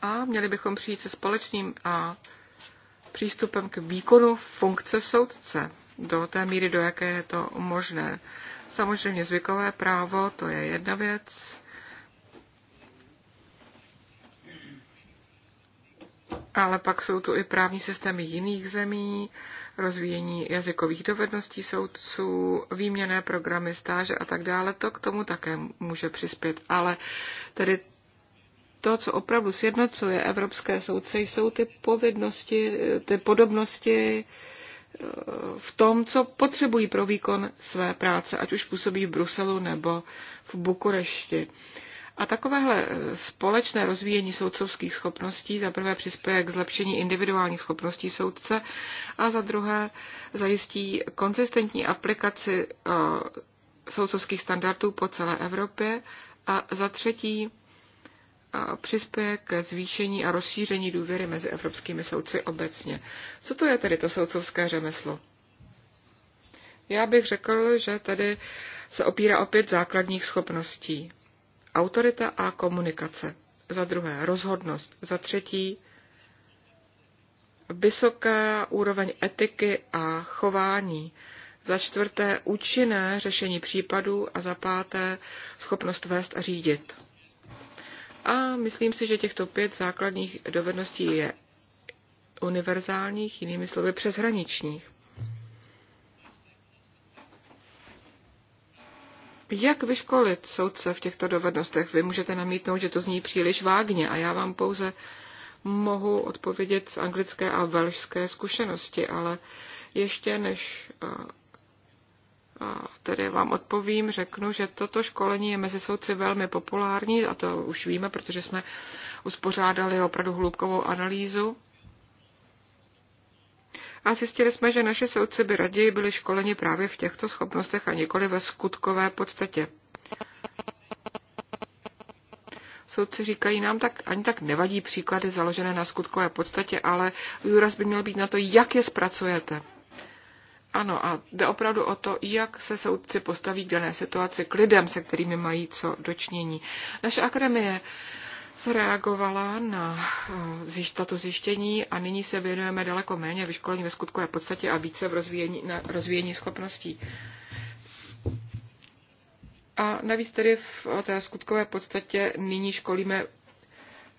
a měli bychom přijít se společným a přístupem k výkonu funkce soudce do té míry, do jaké je to možné. Samozřejmě zvykové právo, to je jedna věc. Ale pak jsou tu i právní systémy jiných zemí, rozvíjení jazykových dovedností soudců, výměné programy, stáže a tak dále. To k tomu také může přispět. Ale tedy to, co opravdu sjednocuje evropské soudce, jsou ty povědnosti, ty podobnosti, v tom, co potřebují pro výkon své práce, ať už působí v Bruselu nebo v Bukurešti. A takovéhle eh, společné rozvíjení soudcovských schopností za prvé přispěje k zlepšení individuálních schopností soudce a za druhé zajistí konzistentní aplikaci eh, soudcovských standardů po celé Evropě a za třetí přispěje k zvýšení a rozšíření důvěry mezi evropskými soudci obecně. Co to je tedy to soudcovské řemeslo? Já bych řekl, že tady se opírá o pět základních schopností. Autorita a komunikace. Za druhé, rozhodnost. Za třetí, vysoká úroveň etiky a chování, za čtvrté účinné řešení případů a za páté schopnost vést a řídit. A myslím si, že těchto pět základních dovedností je univerzálních, jinými slovy přeshraničních. Jak vyškolit soudce v těchto dovednostech? Vy můžete namítnout, že to zní příliš vágně a já vám pouze mohu odpovědět z anglické a velšské zkušenosti, ale ještě než eh, tedy vám odpovím, řeknu, že toto školení je mezi soudci velmi populární, a to už víme, protože jsme uspořádali opravdu hloubkovou analýzu. A zjistili jsme, že naše soudci by raději byli školeni právě v těchto schopnostech a nikoli ve skutkové podstatě. Soudci říkají nám, tak ani tak nevadí příklady založené na skutkové podstatě, ale důraz by měl být na to, jak je zpracujete. Ano, a jde opravdu o to, jak se soudci postaví k dané situaci, k lidem, se kterými mají co dočnění. Naše akademie reagovala na eh, tato zjištění a nyní se věnujeme daleko méně vyškolení ve skutkové podstatě a více v rozvíjení, na rozvíjení schopností. A navíc tedy v té skutkové podstatě nyní školíme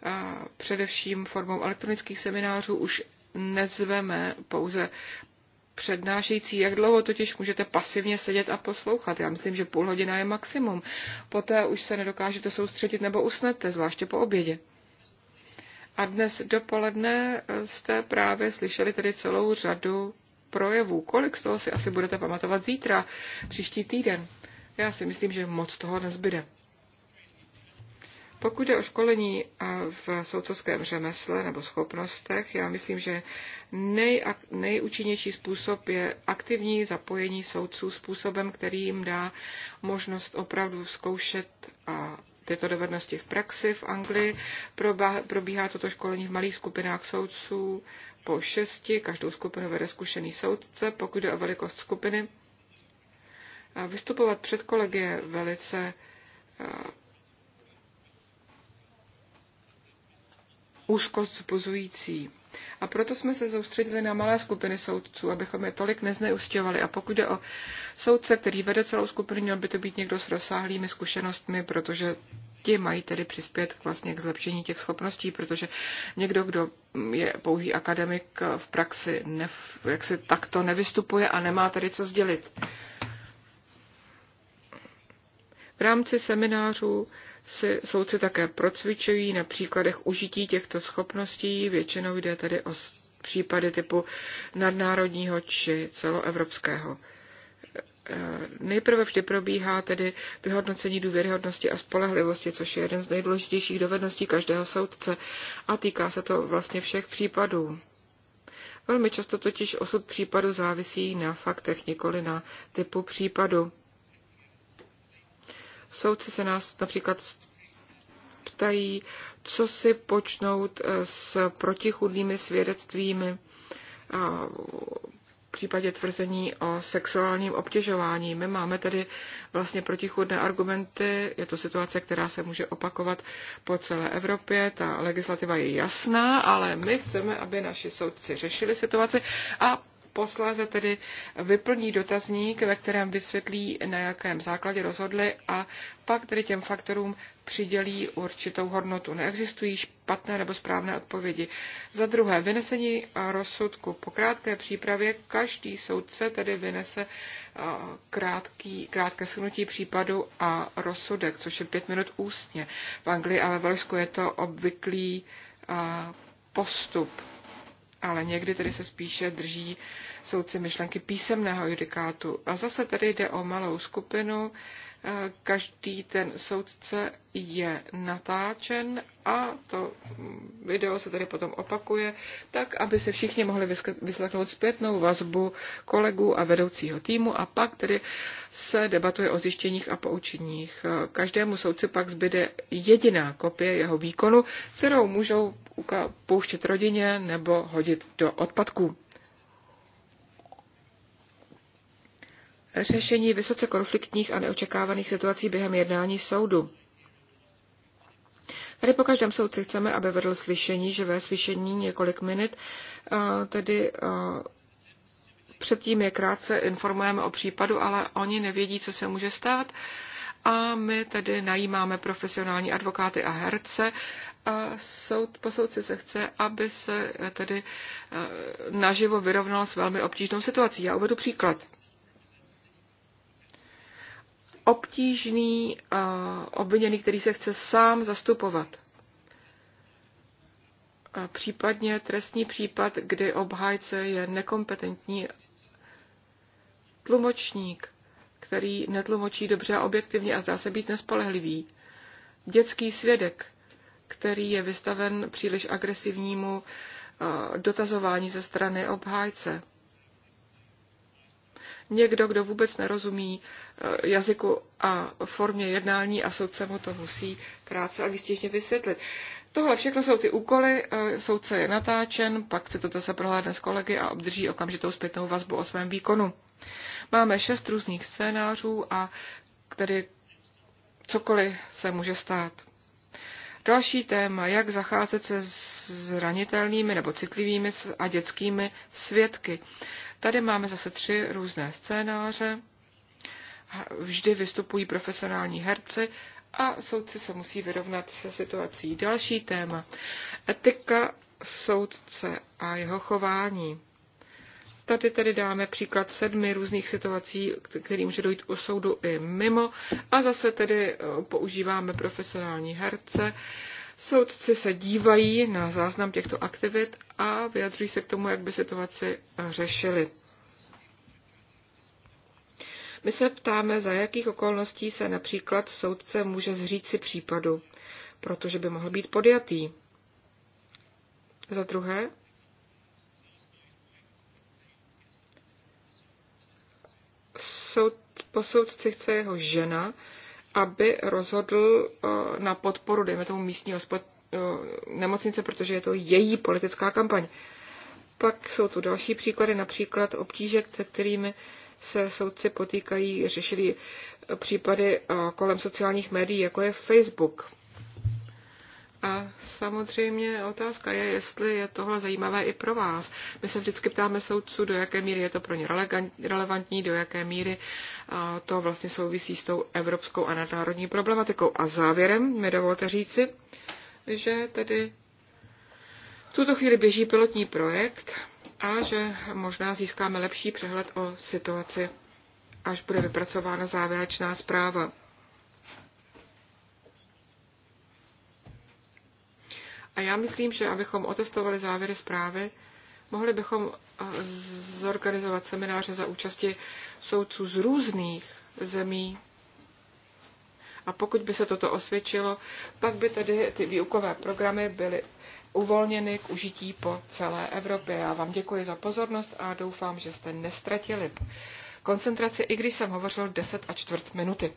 eh, především formou elektronických seminářů už nezveme pouze přednášející, jak dlouho totiž můžete pasivně sedět a poslouchat. Já myslím, že půl hodina je maximum. Poté už se nedokážete soustředit nebo usnete, zvláště po obědě. A dnes dopoledne jste právě slyšeli tedy celou řadu projevů. Kolik z toho si asi budete pamatovat zítra, příští týden? Já si myslím, že moc toho nezbyde. Pokud je o školení eh, v soudcovském řemesle nebo schopnostech, já myslím, že nej, nejúčinnější způsob je aktivní zapojení soudců způsobem, který jim dá možnost opravdu zkoušet a tyto dovednosti v praxi. V Anglii probíhá toto školení v malých skupinách soudců po šesti. Každou skupinu vede zkušený soudce, pokud jde o velikost skupiny. Eh, vystupovat před kolegy je velice eh, úzkost zbuzující. A proto jsme se soustředili na malé skupiny soudců, abychom je tolik nezneustěvali. A pokud jde o soudce, který vede celou skupinu, měl by to být někdo s rozsáhlými zkušenostmi, protože ti mají tedy přispět vlastně k zlepšení těch schopností, protože někdo, kdo je pouhý akademik v praxi, ne, jak se takto nevystupuje a nemá tady co sdělit. V rámci seminářů si soudci také procvičují na příkladech užití těchto schopností. Většinou jde tedy o případy typu nadnárodního či celoevropského. Eh, nejprve vždy probíhá tedy vyhodnocení důvěryhodnosti a spolehlivosti, což je jeden z nejdůležitějších dovedností každého soudce a týká se to vlastně všech případů. Velmi často totiž osud případu závisí na faktech, nikoli na typu případu. Soudci se nás například ptají, co si počnout eh, s protichudnými svědectvími v případě tvrzení o sexuálním obtěžování. My máme tedy vlastně protichudné argumenty, je to situace, která se může opakovat po celé Evropě, ta legislativa je jasná, ale my chceme, aby naši soudci řešili situaci a posléze tedy vyplní dotazník, ve kterém vysvětlí, na jakém základě rozhodli a pak tedy těm faktorům přidělí určitou hodnotu. Neexistují špatné nebo správné odpovědi. Za druhé, vynesení rozsudku. Po krátké přípravě každý soudce tedy vynese krátký, krátké shrnutí případu a rozsudek, což je pět minut ústně. V Anglii a ve Velsku je to obvyklý postup ale někdy tedy se spíše drží soudci myšlenky písemného judikátu. A zase tady jde o malou skupinu Eh, každý ten soudce je natáčen a to video se tady potom opakuje, tak aby se všichni mohli vyslechnout zpětnou vazbu kolegů a vedoucího týmu a pak tedy se debatuje o zjištěních a poučeních. Eh, každému soudci pak zbyde jediná kopie jeho výkonu, kterou můžou pouštět rodině nebo hodit do odpadků. řešení vysoce konfliktních a neočekávaných situací během jednání soudu. Tady po každém soudci chceme, aby vedl slyšení, že ve slyšení několik minut, tedy předtím je krátce informujeme o případu, ale oni nevědí, co se může stát. A my tedy najímáme profesionální advokáty a herce a soud, po soudci se chce, aby se tedy naživo vyrovnal s velmi obtížnou situací. Já uvedu příklad obtížný obviněný, který se chce sám zastupovat. Případně trestní případ, kdy obhájce je nekompetentní tlumočník, který netlumočí dobře a objektivně a zdá se být nespolehlivý. Dětský svědek, který je vystaven příliš agresivnímu dotazování ze strany obhájce někdo, kdo vůbec nerozumí eh, jazyku a formě jednání a soudce mu to musí krátce a výstěžně vysvětlit. Tohle všechno jsou ty úkoly, eh, soudce je natáčen, pak se to se prohlédne s kolegy a obdrží okamžitou zpětnou vazbu o svém výkonu. Máme šest různých scénářů a tedy cokoliv se může stát. Další téma, jak zacházet se zranitelnými nebo citlivými a dětskými svědky. Tady máme zase tři různé scénáře. Vždy vystupují profesionální herci a soudci se musí vyrovnat se situací. Další téma, etika soudce a jeho chování. Tady tedy dáme příklad sedmi různých situací, kterým může dojít u soudu i mimo. A zase tedy eh, používáme profesionální herce. Soudci se dívají na záznam těchto aktivit a vyjadřují se k tomu, jak by situaci eh, řešili. My se ptáme, za jakých okolností se například soudce může zříci případu, protože by mohl být podjatý. Za druhé, soud, po soudci chce jeho žena, aby rozhodl eh, na podporu, dejme tomu, místní hospod, eh, nemocnice, protože je to její politická kampaň. Pak jsou tu další příklady, například obtíže, se kterými se soudci potýkají, řešili případy eh, kolem sociálních médií, jako je Facebook. A samozřejmě otázka je, jestli je tohle zajímavé i pro vás. My se vždycky ptáme soudců, do jaké míry je to pro ně relevantní, do jaké míry to vlastně souvisí s tou evropskou a nadnárodní problematikou. A závěrem mi dovolte říci, že tedy v tuto chvíli běží pilotní projekt a že možná získáme lepší přehled o situaci, až bude vypracována závěrečná zpráva. A já myslím, že abychom otestovali závěry zprávy, mohli bychom eh, zorganizovat semináře za účasti soudců z různých zemí. A pokud by se toto osvědčilo, pak by tedy ty výukové programy byly uvolněny k užití po celé Evropě. Já vám děkuji za pozornost a doufám, že jste nestratili koncentraci, i když jsem hovořil 10 a čtvrt minuty.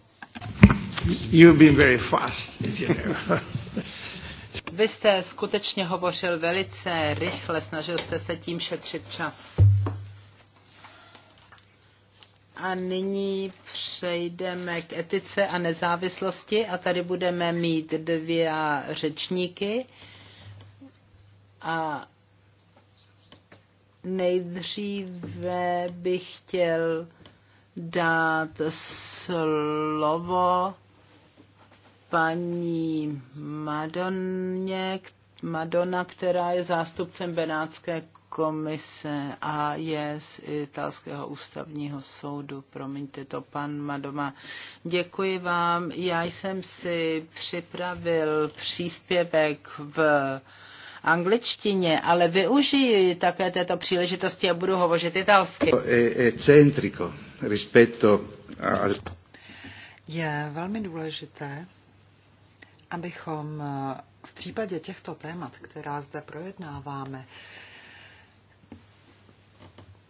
You've been very fast, you know. Vy jste skutečně hovořil velice rychle, snažil jste se tím šetřit čas. A nyní přejdeme k etice a nezávislosti a tady budeme mít dvě řečníky. A nejdříve bych chtěl dát slovo paní Madonně, Madonna, která je zástupcem Benátské komise a je z italského ústavního soudu. Promiňte to, pan Madoma. Děkuji vám. Já jsem si připravil příspěvek v angličtině, ale využiji také této příležitosti a budu hovořit italsky. E, e je velmi důležité, abychom eh, v případě těchto témat, která zde projednáváme,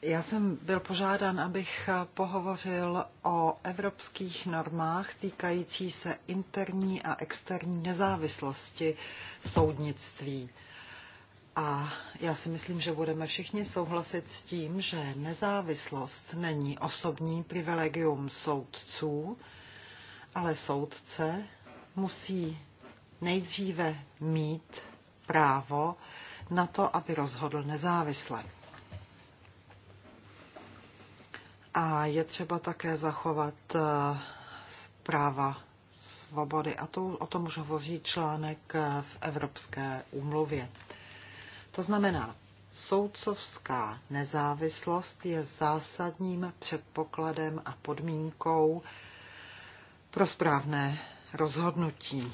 já jsem byl požádán, abych eh, pohovořil o evropských normách týkající se interní a externí nezávislosti soudnictví. A já si myslím, že budeme všichni souhlasit s tím, že nezávislost není osobní privilegium soudců, ale soudce musí nejdříve mít právo na to, aby rozhodl nezávisle. A je třeba také zachovat eh, práva svobody. A to, o tom už hovoří článek eh, v Evropské úmluvě. To znamená, soudcovská nezávislost je zásadním předpokladem a podmínkou pro správné rozhodnutí.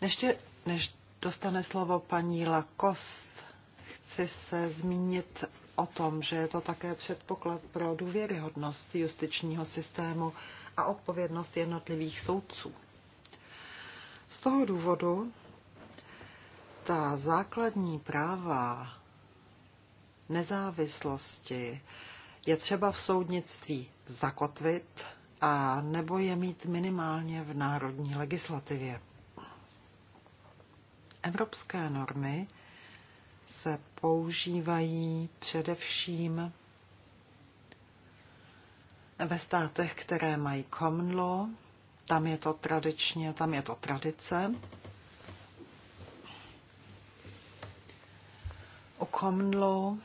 Než, tě, než dostane slovo paní Lakost, chci se zmínit o tom, že je to také předpoklad pro důvěryhodnost justičního systému a odpovědnost jednotlivých soudců. Z toho důvodu ta základní práva nezávislosti je třeba v soudnictví zakotvit a nebo je mít minimálně v národní legislativě. Evropské normy se používají především ve státech, které mají common law, tam je to tradičně, tam je to tradice. U common law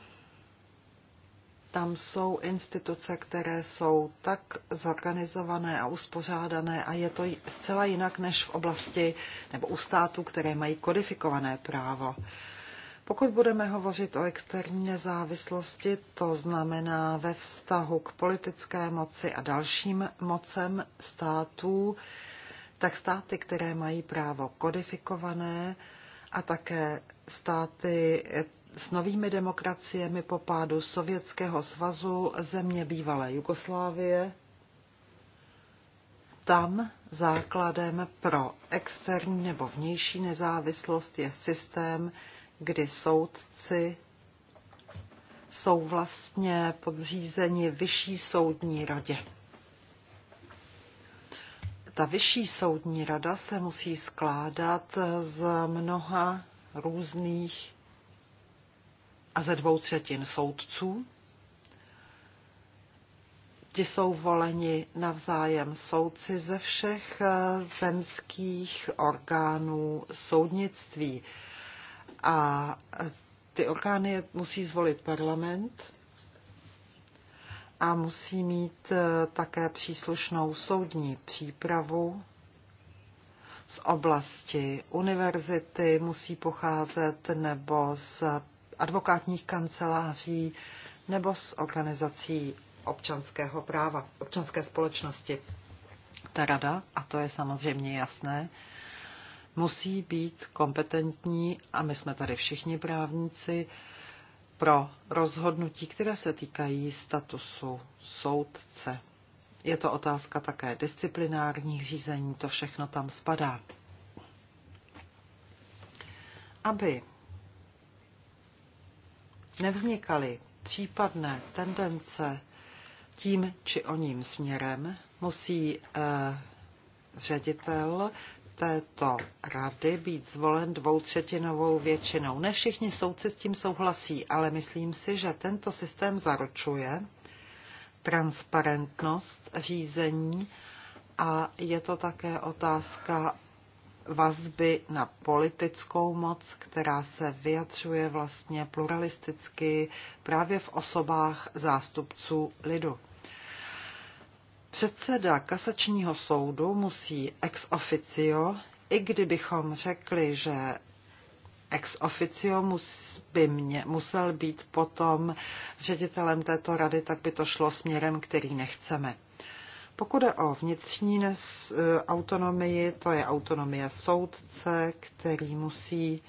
tam jsou instituce, které jsou tak zorganizované a uspořádané a je to zcela jinak než v oblasti nebo u států, které mají kodifikované právo. Pokud budeme hovořit o externí nezávislosti, to znamená ve vztahu k politické moci a dalším mocem států, tak státy, které mají právo kodifikované a také státy s novými demokraciemi po pádu Sovětského svazu země bývalé Jugoslávie. Tam základem pro externí nebo vnější nezávislost je systém, kdy soudci jsou vlastně podřízeni vyšší soudní radě. Ta vyšší soudní rada se musí skládat z mnoha různých a ze dvou třetin soudců. Ti jsou voleni navzájem soudci ze všech eh, zemských orgánů soudnictví. A eh, ty orgány musí zvolit parlament a musí mít eh, také příslušnou soudní přípravu z oblasti univerzity, musí pocházet nebo z advokátních kanceláří nebo s organizací občanského práva, občanské společnosti. Ta rada, a to je samozřejmě jasné, musí být kompetentní, a my jsme tady všichni právníci, pro rozhodnutí, které se týkají statusu soudce. Je to otázka také disciplinárních řízení, to všechno tam spadá. Aby nevznikaly případné tendence tím či ním směrem, musí eh, ředitel této rady být zvolen dvoutřetinovou většinou. Ne všichni soudci s tím souhlasí, ale myslím si, že tento systém zaručuje transparentnost řízení a je to také otázka vazby na politickou moc, která se vyjadřuje vlastně pluralisticky právě v osobách zástupců lidu. Předseda kasačního soudu musí ex officio, i kdybychom řekli, že ex officio by mě, musel být potom ředitelem této rady, tak by to šlo směrem, který nechceme. Pokud je o vnitřní e, autonomii, to je autonomie soudce, který musí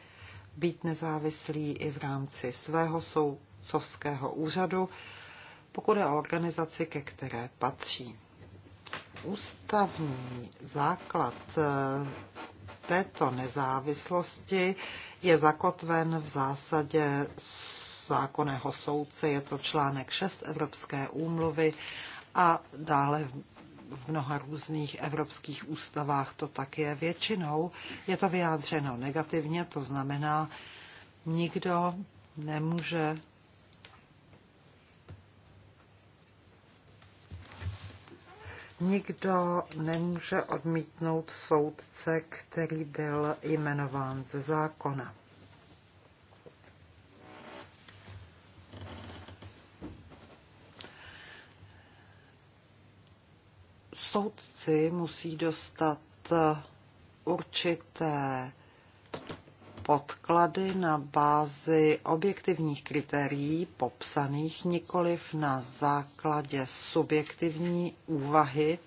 být nezávislý i v rámci svého soudcovského úřadu, pokud je o organizaci, ke které patří. Ústavní základ e, této nezávislosti je zakotven v zásadě zákonného soudce, je to článek 6 Evropské úmluvy a dále v mnoha různých evropských ústavách to tak je. Většinou je to vyjádřeno negativně, to znamená, nikdo nemůže Nikdo nemůže odmítnout soudce, který byl jmenován ze zákona. soudci musí dostat eh, určité podklady na bázi objektivních kritérií popsaných nikoliv na základě subjektivní úvahy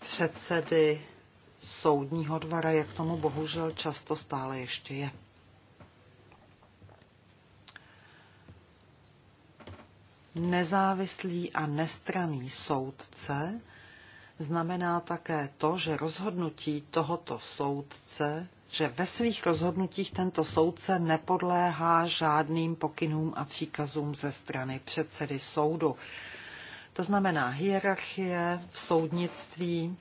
předsedy soudního dvora, jak tomu bohužel často stále ještě je. nezávislý a nestraný soudce znamená také to, že rozhodnutí tohoto soudce, že ve svých rozhodnutích tento soudce nepodléhá žádným pokynům a příkazům ze strany předsedy soudu. To znamená hierarchie v soudnictví,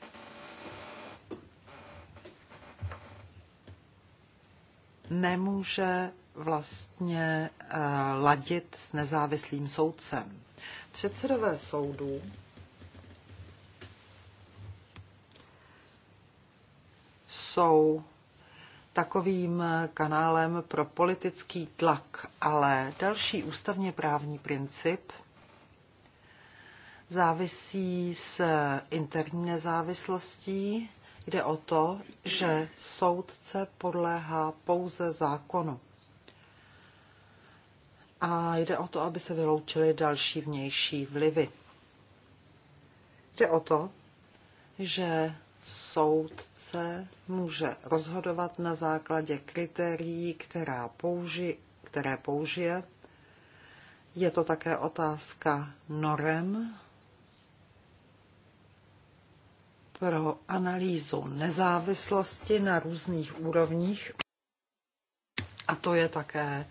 nemůže vlastně eh, ladit s nezávislým soudcem. Předsedové soudů jsou takovým eh, kanálem pro politický tlak, ale další ústavně právní princip závisí s interní nezávislostí, jde o to, že soudce podléhá pouze zákonu a jde o to, aby se vyloučily další vnější vlivy. Jde o to, že soudce může rozhodovat na základě kritérií, která použi, které použije. Je to také otázka norem pro analýzu nezávislosti na různých úrovních. A to je také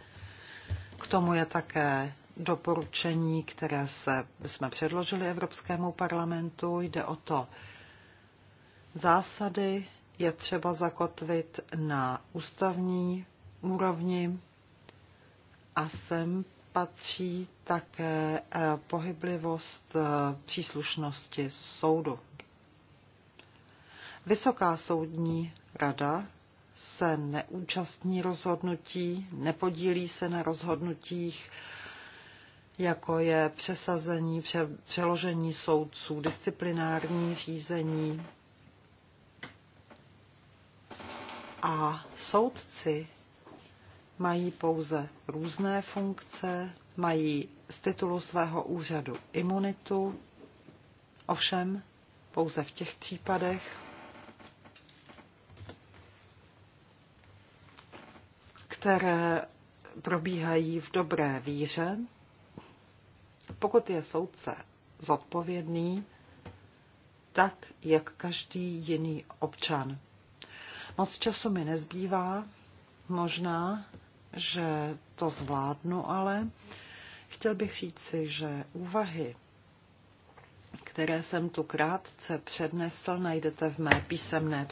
k tomu je také doporučení, které se, jsme předložili Evropskému parlamentu. Jde o to, zásady je třeba zakotvit na ústavní úrovni a sem patří také eh, pohyblivost eh, příslušnosti soudu. Vysoká soudní rada se neúčastní rozhodnutí, nepodílí se na rozhodnutích, jako je přesazení, pře- přeložení soudců, disciplinární řízení. A soudci mají pouze různé funkce, mají z titulu svého úřadu imunitu, ovšem pouze v těch případech, které probíhají v dobré víře, pokud je soudce zodpovědný, tak jak každý jiný občan. Moc času mi nezbývá, možná, že to zvládnu, ale chtěl bych říci, že úvahy, které jsem tu krátce přednesl, najdete v mé písemné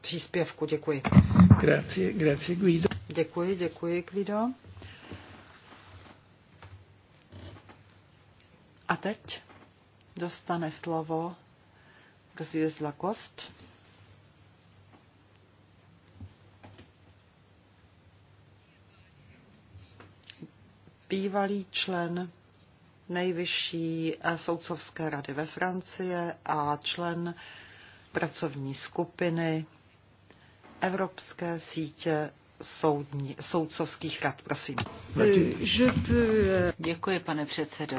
příspěvku. Děkuji. Grazie, grazie Guido. Děkuji, děkuji Guido. A teď dostane slovo Gzius Lacoste. Bývalý člen nejvyšší eh, soudcovské rady ve Francie a člen pracovní skupiny Evropské sítě soudní, soudcovských rad. Prosím. Eh, eh, Děkuji, pane předsedo.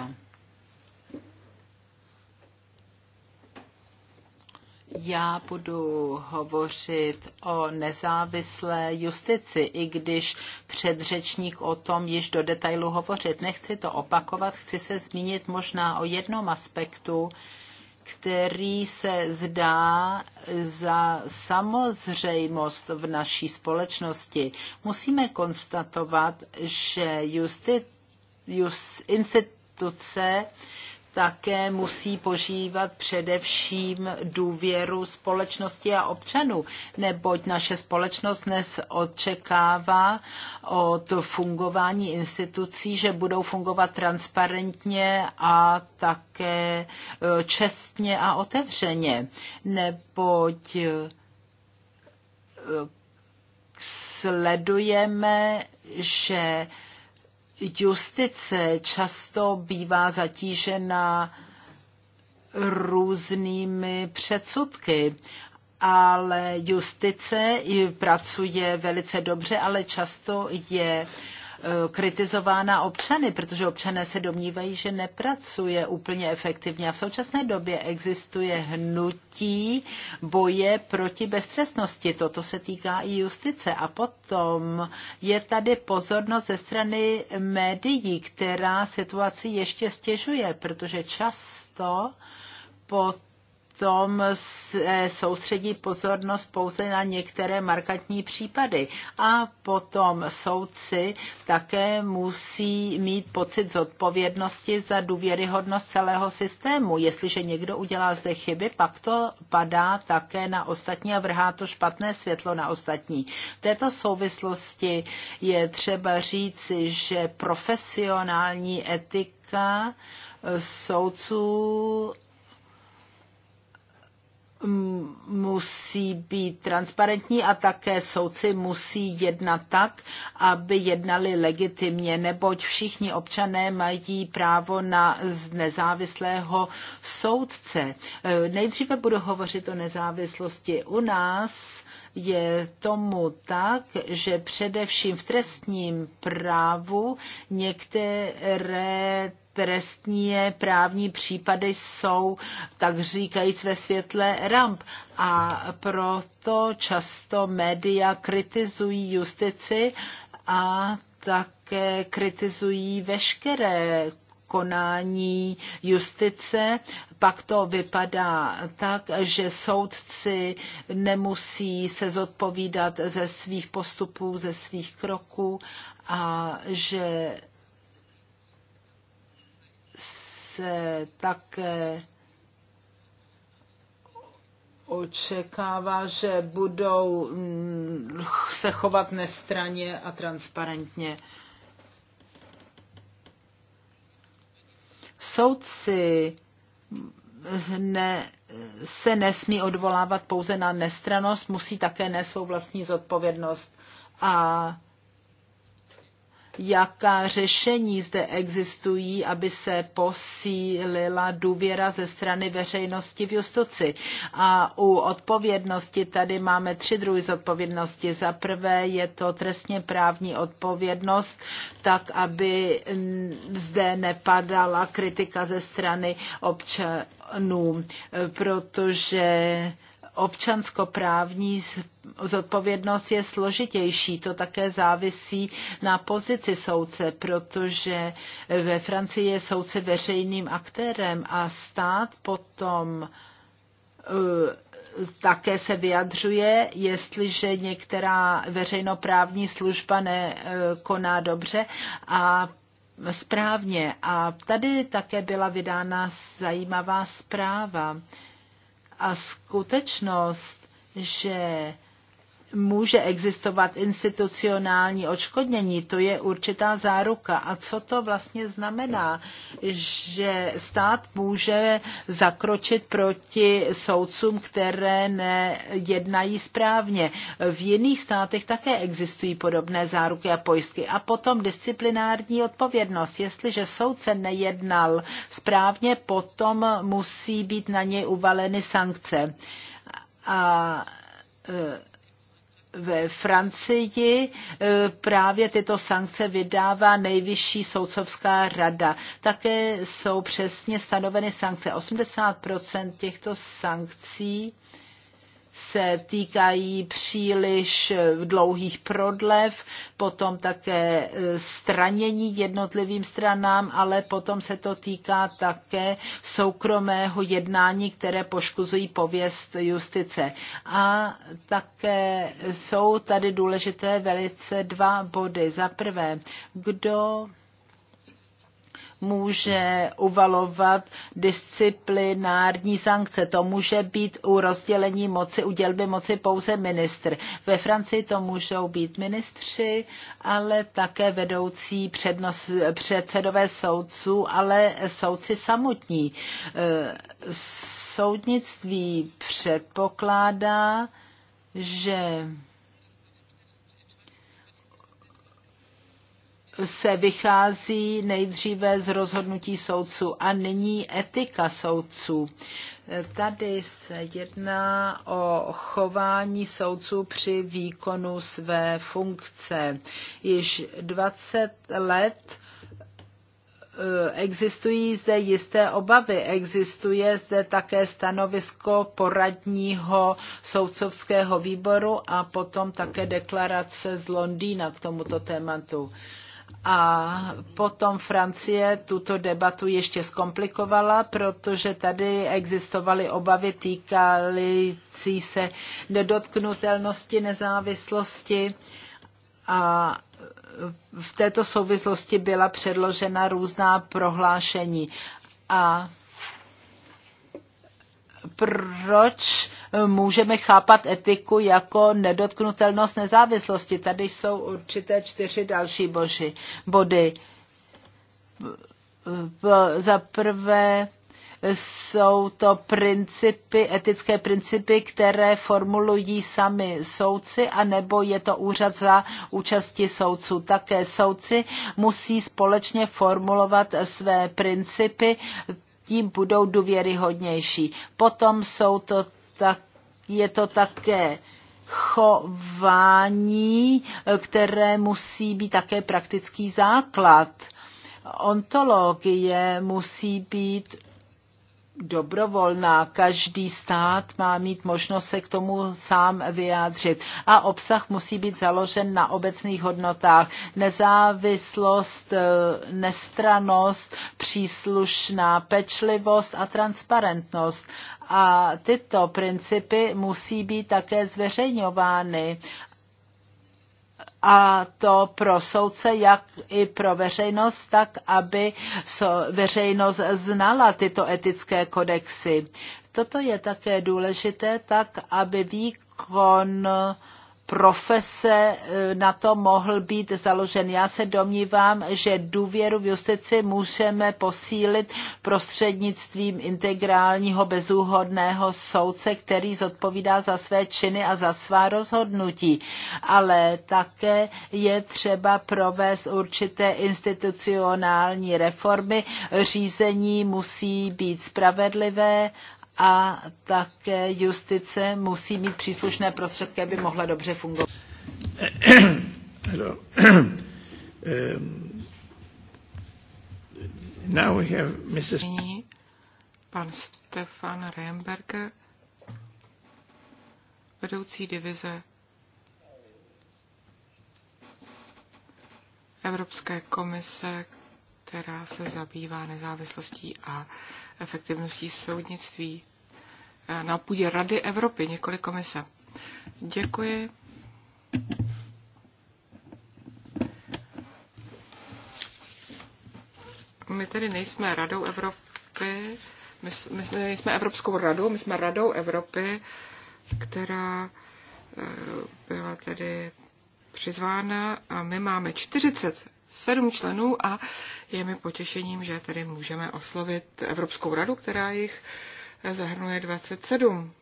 Já budu hovořit o nezávislé justici, i když předřečník o tom již do detailu hovořit. Nechci to opakovat, chci se zmínit možná o jednom aspektu, který se zdá za samozřejmost v naší společnosti. Musíme konstatovat, že justi, just, instituce také musí požívat především důvěru společnosti a občanů, neboť naše společnost dnes očekává od fungování institucí, že budou fungovat transparentně a také eh, čestně a otevřeně, neboť eh, sledujeme, že justice často bývá zatížena různými předsudky ale justice pracuje velice dobře, ale často je Eh, kritizována občany, protože občané se domnívají, že nepracuje úplně efektivně. A v současné době existuje hnutí boje proti beztrestnosti. Toto se týká i justice. A potom je tady pozornost ze strany médií, která situaci ještě stěžuje, protože často pod potom se soustředí pozornost pouze na některé markantní případy. A potom soudci také musí mít pocit zodpovědnosti za důvěryhodnost celého systému. Jestliže někdo udělá zde chyby, pak to padá také na ostatní a vrhá to špatné světlo na ostatní. V této souvislosti je třeba říci, že profesionální etika soudců musí být transparentní a také soudci musí jednat tak, aby jednali legitimně, neboť všichni občané mají právo na nezávislého soudce. E, nejdříve budu hovořit o nezávislosti. U nás je tomu tak, že především v trestním právu některé trestní právní případy jsou, tak říkajíc, ve světle ramp. A proto často média kritizují justici a také kritizují veškeré konání justice, pak to vypadá tak, že soudci nemusí se zodpovídat ze svých postupů, ze svých kroků a že se také očekává, že budou mm, se chovat nestraně a transparentně. Soudci ne, se nesmí odvolávat pouze na nestranost, musí také nést svou vlastní zodpovědnost. A jaká řešení zde existují, aby se posílila důvěra ze strany veřejnosti v justici. A u odpovědnosti tady máme tři druhy zodpovědnosti. Za prvé je to trestně právní odpovědnost, tak aby zde nepadala kritika ze strany občanů, protože občanskoprávní zodpovědnost je složitější. To také závisí na pozici soudce, protože ve Francii je soudce veřejným aktérem a stát potom eh, také se vyjadřuje, jestliže některá veřejnoprávní služba nekoná dobře a správně. A tady také byla vydána zajímavá zpráva. A skutečnost, že může existovat institucionální odškodnění, to je určitá záruka. A co to vlastně znamená? Že stát může zakročit proti soudcům, které nejednají správně. V jiných státech také existují podobné záruky a pojistky. A potom disciplinární odpovědnost. Jestliže soudce nejednal správně, potom musí být na něj uvaleny sankce. A e, ve Francii e, právě tyto sankce vydává nejvyšší soudcovská rada. Také jsou přesně stanoveny sankce. 80% těchto sankcí se týkají příliš dlouhých prodlev, potom také e, stranění jednotlivým stranám, ale potom se to týká také soukromého jednání, které poškozují pověst justice. A také jsou tady důležité velice dva body. Za prvé, kdo může uvalovat disciplinární sankce. To může být u rozdělení moci, u dělby moci pouze ministr. Ve Francii to můžou být ministři, ale také vedoucí přednos, předsedové soudců, ale soudci samotní. E, soudnictví předpokládá, že se vychází nejdříve z rozhodnutí soudců a není etika soudců. Tady se jedná o chování soudců při výkonu své funkce. Již 20 let eh, existují zde jisté obavy. Existuje zde také stanovisko poradního soudcovského výboru a potom také deklarace z Londýna k tomuto tématu. A potom Francie tuto debatu ještě zkomplikovala, protože tady existovaly obavy týkající se nedotknutelnosti, nezávislosti a v této souvislosti byla předložena různá prohlášení. A proč můžeme chápat etiku jako nedotknutelnost nezávislosti. Tady jsou určité čtyři další boži, body. Za prvé, jsou to principy, etické principy, které formulují sami soudci, anebo je to úřad za účasti soudců. Také soudci musí společně formulovat své principy, tím budou důvěryhodnější. Potom jsou to tak, je to také chování, které musí být také praktický základ. Ontologie musí být dobrovolná. Každý stát má mít možnost se k tomu sám vyjádřit. A obsah musí být založen na obecných hodnotách. Nezávislost, e, nestranost, příslušná pečlivost a transparentnost a tyto principy musí být také zveřejňovány a to pro soudce, jak i pro veřejnost, tak aby veřejnost znala tyto etické kodexy. Toto je také důležité, tak aby výkon uh, profese eh, na to mohl být založen. Já se domnívám, že důvěru v justici můžeme posílit prostřednictvím integrálního bezúhodného soudce, který zodpovídá za své činy a za svá rozhodnutí. Ale také je třeba provést určité institucionální reformy. Řízení musí být spravedlivé a také justice musí mít příslušné prostředky, aby mohla dobře fungovat. Um, now we have Mrs. Pan Stefan Remberger, vedoucí divize Evropské komise, která se zabývá nezávislostí a efektivností soudnictví eh, na půdě Rady Evropy, nikoli komise. Děkuji. My tedy nejsme Radou Evropy, my, my nejsme Evropskou radou, my jsme Radou Evropy, která eh, byla tedy přizvána a my máme 40 sedm členů a je mi potěšením, že tedy můžeme oslovit Evropskou radu, která jich eh, zahrnuje 27.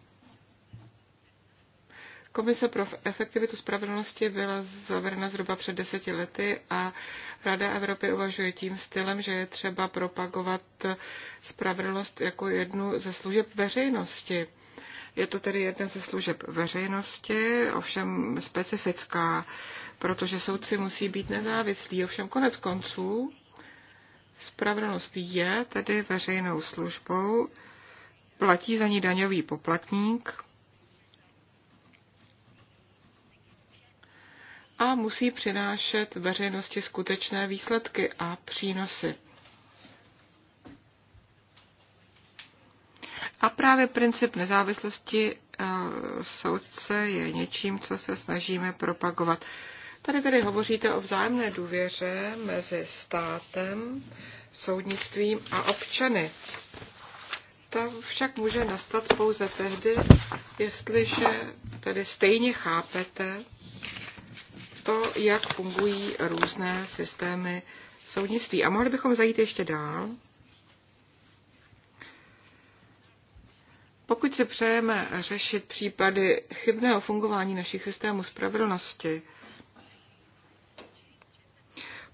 Komise pro efektivitu spravedlnosti byla zavedena zhruba před deseti lety a Rada Evropy uvažuje tím stylem, že je třeba propagovat spravedlnost jako jednu ze služeb veřejnosti. Je to tedy jedna ze služeb veřejnosti, ovšem specifická, protože soudci musí být nezávislí. Ovšem konec konců spravedlnost je tedy veřejnou službou, platí za ní daňový poplatník a musí přinášet veřejnosti skutečné výsledky a přínosy. A právě princip nezávislosti eh, soudce je něčím, co se snažíme propagovat. Tady tedy hovoříte o vzájemné důvěře mezi státem, soudnictvím a občany. Ta však může nastat pouze tehdy, jestliže tedy stejně chápete to, jak fungují různé systémy soudnictví. A mohli bychom zajít ještě dál Pokud si přejeme řešit případy chybného fungování našich systémů spravedlnosti,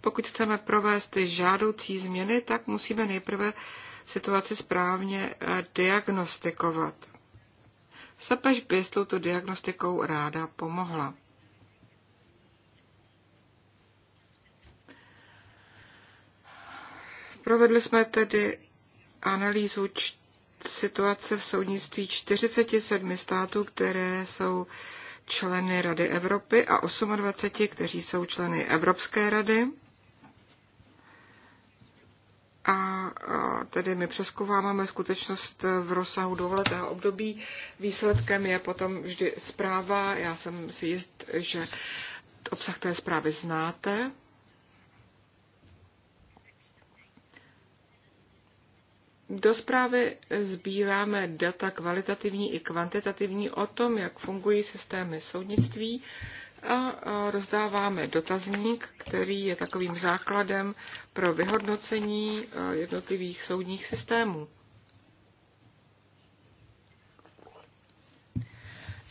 pokud chceme provést ty žádoucí změny, tak musíme nejprve situaci správně eh, diagnostikovat. Sapež s tu diagnostikou ráda pomohla. Provedli jsme tedy analýzu čtyř situace v soudnictví 47 států, které jsou členy Rady Evropy a 28, kteří jsou členy Evropské rady. A tedy my přeskoumáváme skutečnost v rozsahu dvouletého období. Výsledkem je potom vždy zpráva. Já jsem si jist, že obsah té zprávy znáte. Do zprávy sbíráme data kvalitativní i kvantitativní o tom, jak fungují systémy soudnictví a rozdáváme dotazník, který je takovým základem pro vyhodnocení jednotlivých soudních systémů.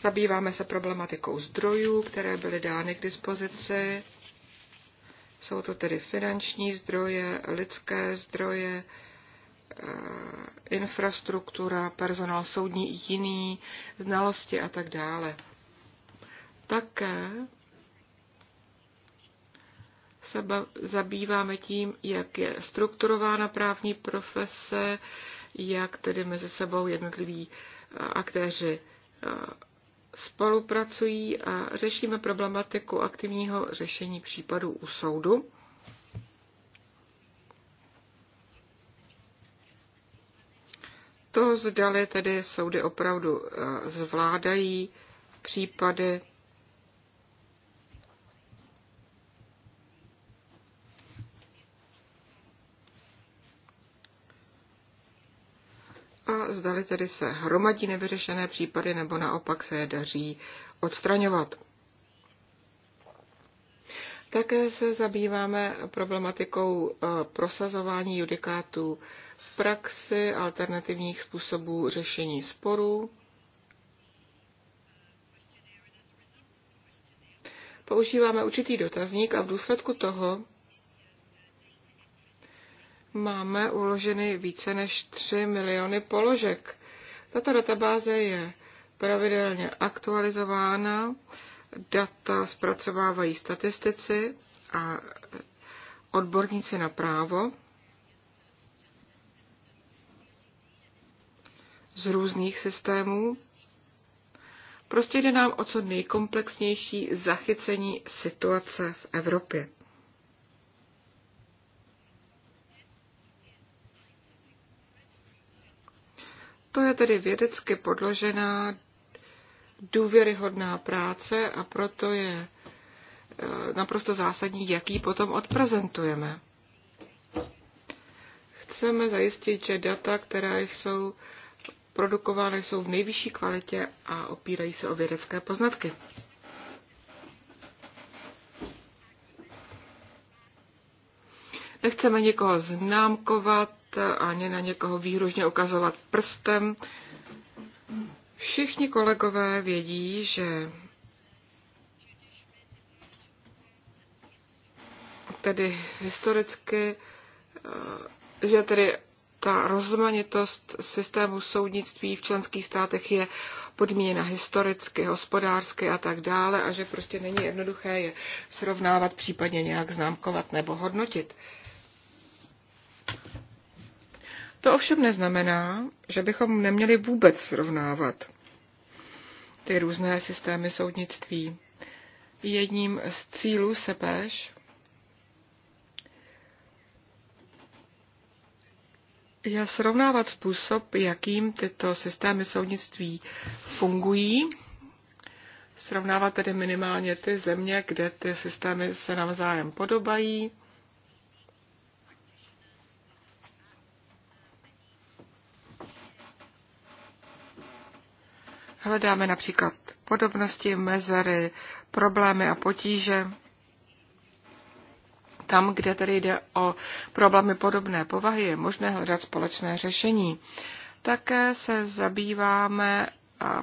Zabýváme se problematikou zdrojů, které byly dány k dispozici. Jsou to tedy finanční zdroje, lidské zdroje, Eh, infrastruktura, personál soudní, i jiný, znalosti a tak dále. Také se zabýváme tím, jak je strukturována právní profese, jak tedy mezi sebou jednotliví eh, aktéři eh, spolupracují a řešíme problematiku aktivního řešení případů u soudu. to, zdali tedy soudy opravdu eh, zvládají případy a zdali tedy se hromadí nevyřešené případy nebo naopak se je daří odstraňovat. Také se zabýváme problematikou eh, prosazování judikátů praxi alternativních způsobů řešení sporů. Používáme určitý dotazník a v důsledku toho máme uloženy více než 3 miliony položek. Tato databáze je pravidelně aktualizována, data zpracovávají statistici a odborníci na právo. z různých systémů. Prostě jde nám o co nejkomplexnější zachycení situace v Evropě. To je tedy vědecky podložená důvěryhodná práce a proto je e, naprosto zásadní, jaký potom odprezentujeme. Chceme zajistit, že data, která jsou produkovány jsou v nejvyšší kvalitě a opírají se o vědecké poznatky. Nechceme někoho známkovat ani na někoho výhružně ukazovat prstem. Všichni kolegové vědí, že tedy historicky, eh, že tedy ta rozmanitost systému soudnictví v členských státech je podmíněna historicky, hospodářsky a tak dále a že prostě není jednoduché je srovnávat, případně nějak známkovat nebo hodnotit. To ovšem neznamená, že bychom neměli vůbec srovnávat ty různé systémy soudnictví. Jedním z cílů SEPEŠ je srovnávat způsob, jakým tyto systémy soudnictví fungují, srovnávat tedy minimálně ty země, kde ty systémy se navzájem podobají, Hledáme například podobnosti, mezery, problémy a potíže. Tam, kde tedy jde o problémy podobné povahy, je možné hledat společné řešení. Také se zabýváme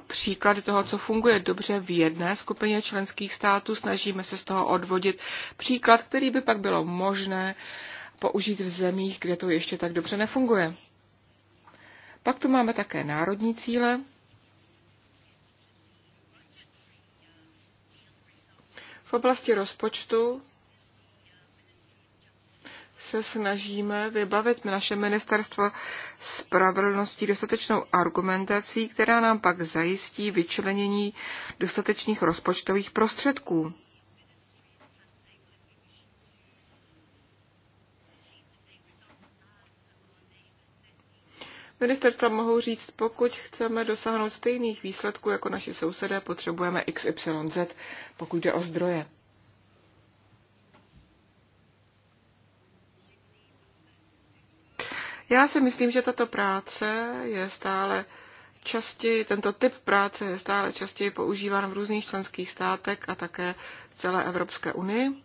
příklady toho, co funguje dobře v jedné skupině členských států. Snažíme se z toho odvodit příklad, který by pak bylo možné použít v zemích, kde to ještě tak dobře nefunguje. Pak tu máme také národní cíle. V oblasti rozpočtu se snažíme vybavit naše ministerstvo spravedlností dostatečnou argumentací, která nám pak zajistí vyčlenění dostatečných rozpočtových prostředků. Ministerstva mohou říct, pokud chceme dosáhnout stejných výsledků jako naši sousedé, potřebujeme XYZ, pokud jde o zdroje. Já si myslím, že tato práce je stále častěji, tento typ práce je stále častěji používán v různých členských státech a také v celé Evropské unii.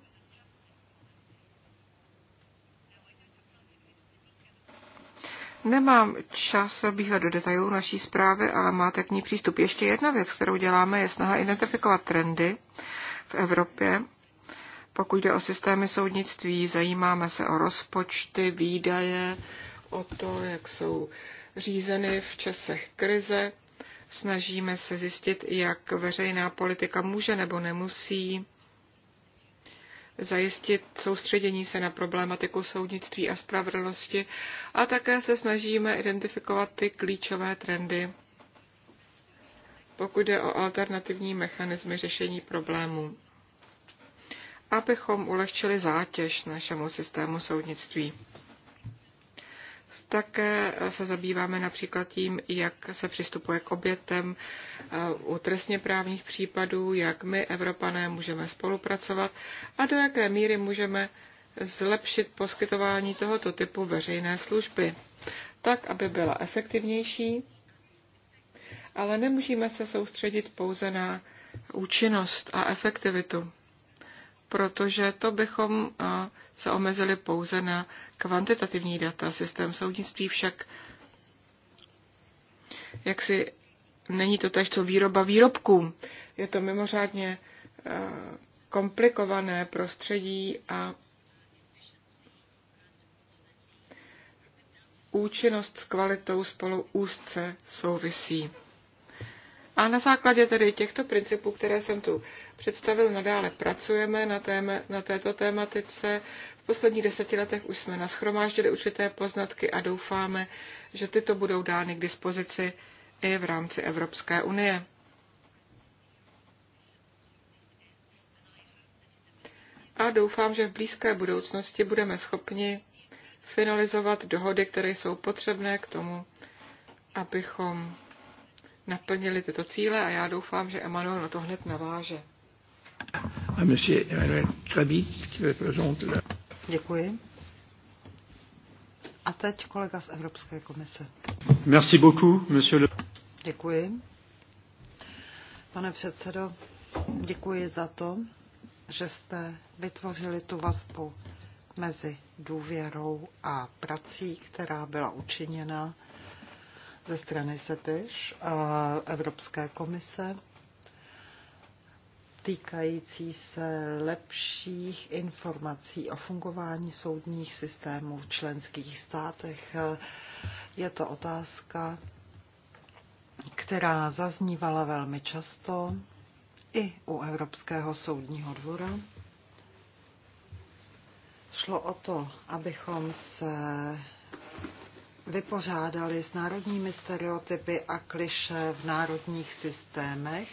Nemám čas bíhat do detailů naší zprávy, ale máte k ní přístup. Ještě jedna věc, kterou děláme, je snaha identifikovat trendy v Evropě. Pokud jde o systémy soudnictví, zajímáme se o rozpočty, výdaje, o to, jak jsou řízeny v časech krize. Snažíme se zjistit, jak veřejná politika může nebo nemusí zajistit soustředění se na problematiku soudnictví a spravedlnosti a také se snažíme identifikovat ty klíčové trendy, pokud jde o alternativní mechanismy řešení problémů, abychom ulehčili zátěž našemu systému soudnictví. Také se zabýváme například tím, jak se přistupuje k obětem eh, u trestně právních případů, jak my, Evropané, můžeme spolupracovat a do jaké míry můžeme zlepšit poskytování tohoto typu veřejné služby, tak, aby byla efektivnější, ale nemůžeme se soustředit pouze na účinnost a efektivitu protože to bychom eh, se omezili pouze na kvantitativní data. Systém soudnictví však jaksi není to tež, co výroba výrobků. Je to mimořádně eh, komplikované prostředí a účinnost s kvalitou spolu úzce souvisí. A na základě tedy těchto principů, které jsem tu představil, nadále pracujeme na, téme, na této tématice. V posledních deseti letech už jsme nashromáždili určité poznatky a doufáme, že tyto budou dány k dispozici i v rámci Evropské unie. A doufám, že v blízké budoucnosti budeme schopni finalizovat dohody, které jsou potřebné k tomu, abychom naplnili tyto cíle a já doufám, že Emanuel na to hned naváže. A monsieur Emmanuel Krabit, qui Děkuji. A teď kolega z Evropské komise. Merci beaucoup, monsieur le... Děkuji. Pane předsedo, děkuji za to, že jste vytvořili tu vazbu mezi důvěrou a prací, která byla učiněna ze strany SETIŠ a Evropské komise týkající se lepších informací o fungování soudních systémů v členských státech. Je to otázka, která zaznívala velmi často i u Evropského soudního dvora. Šlo o to, abychom se vypořádali s národními stereotypy a kliše v národních systémech.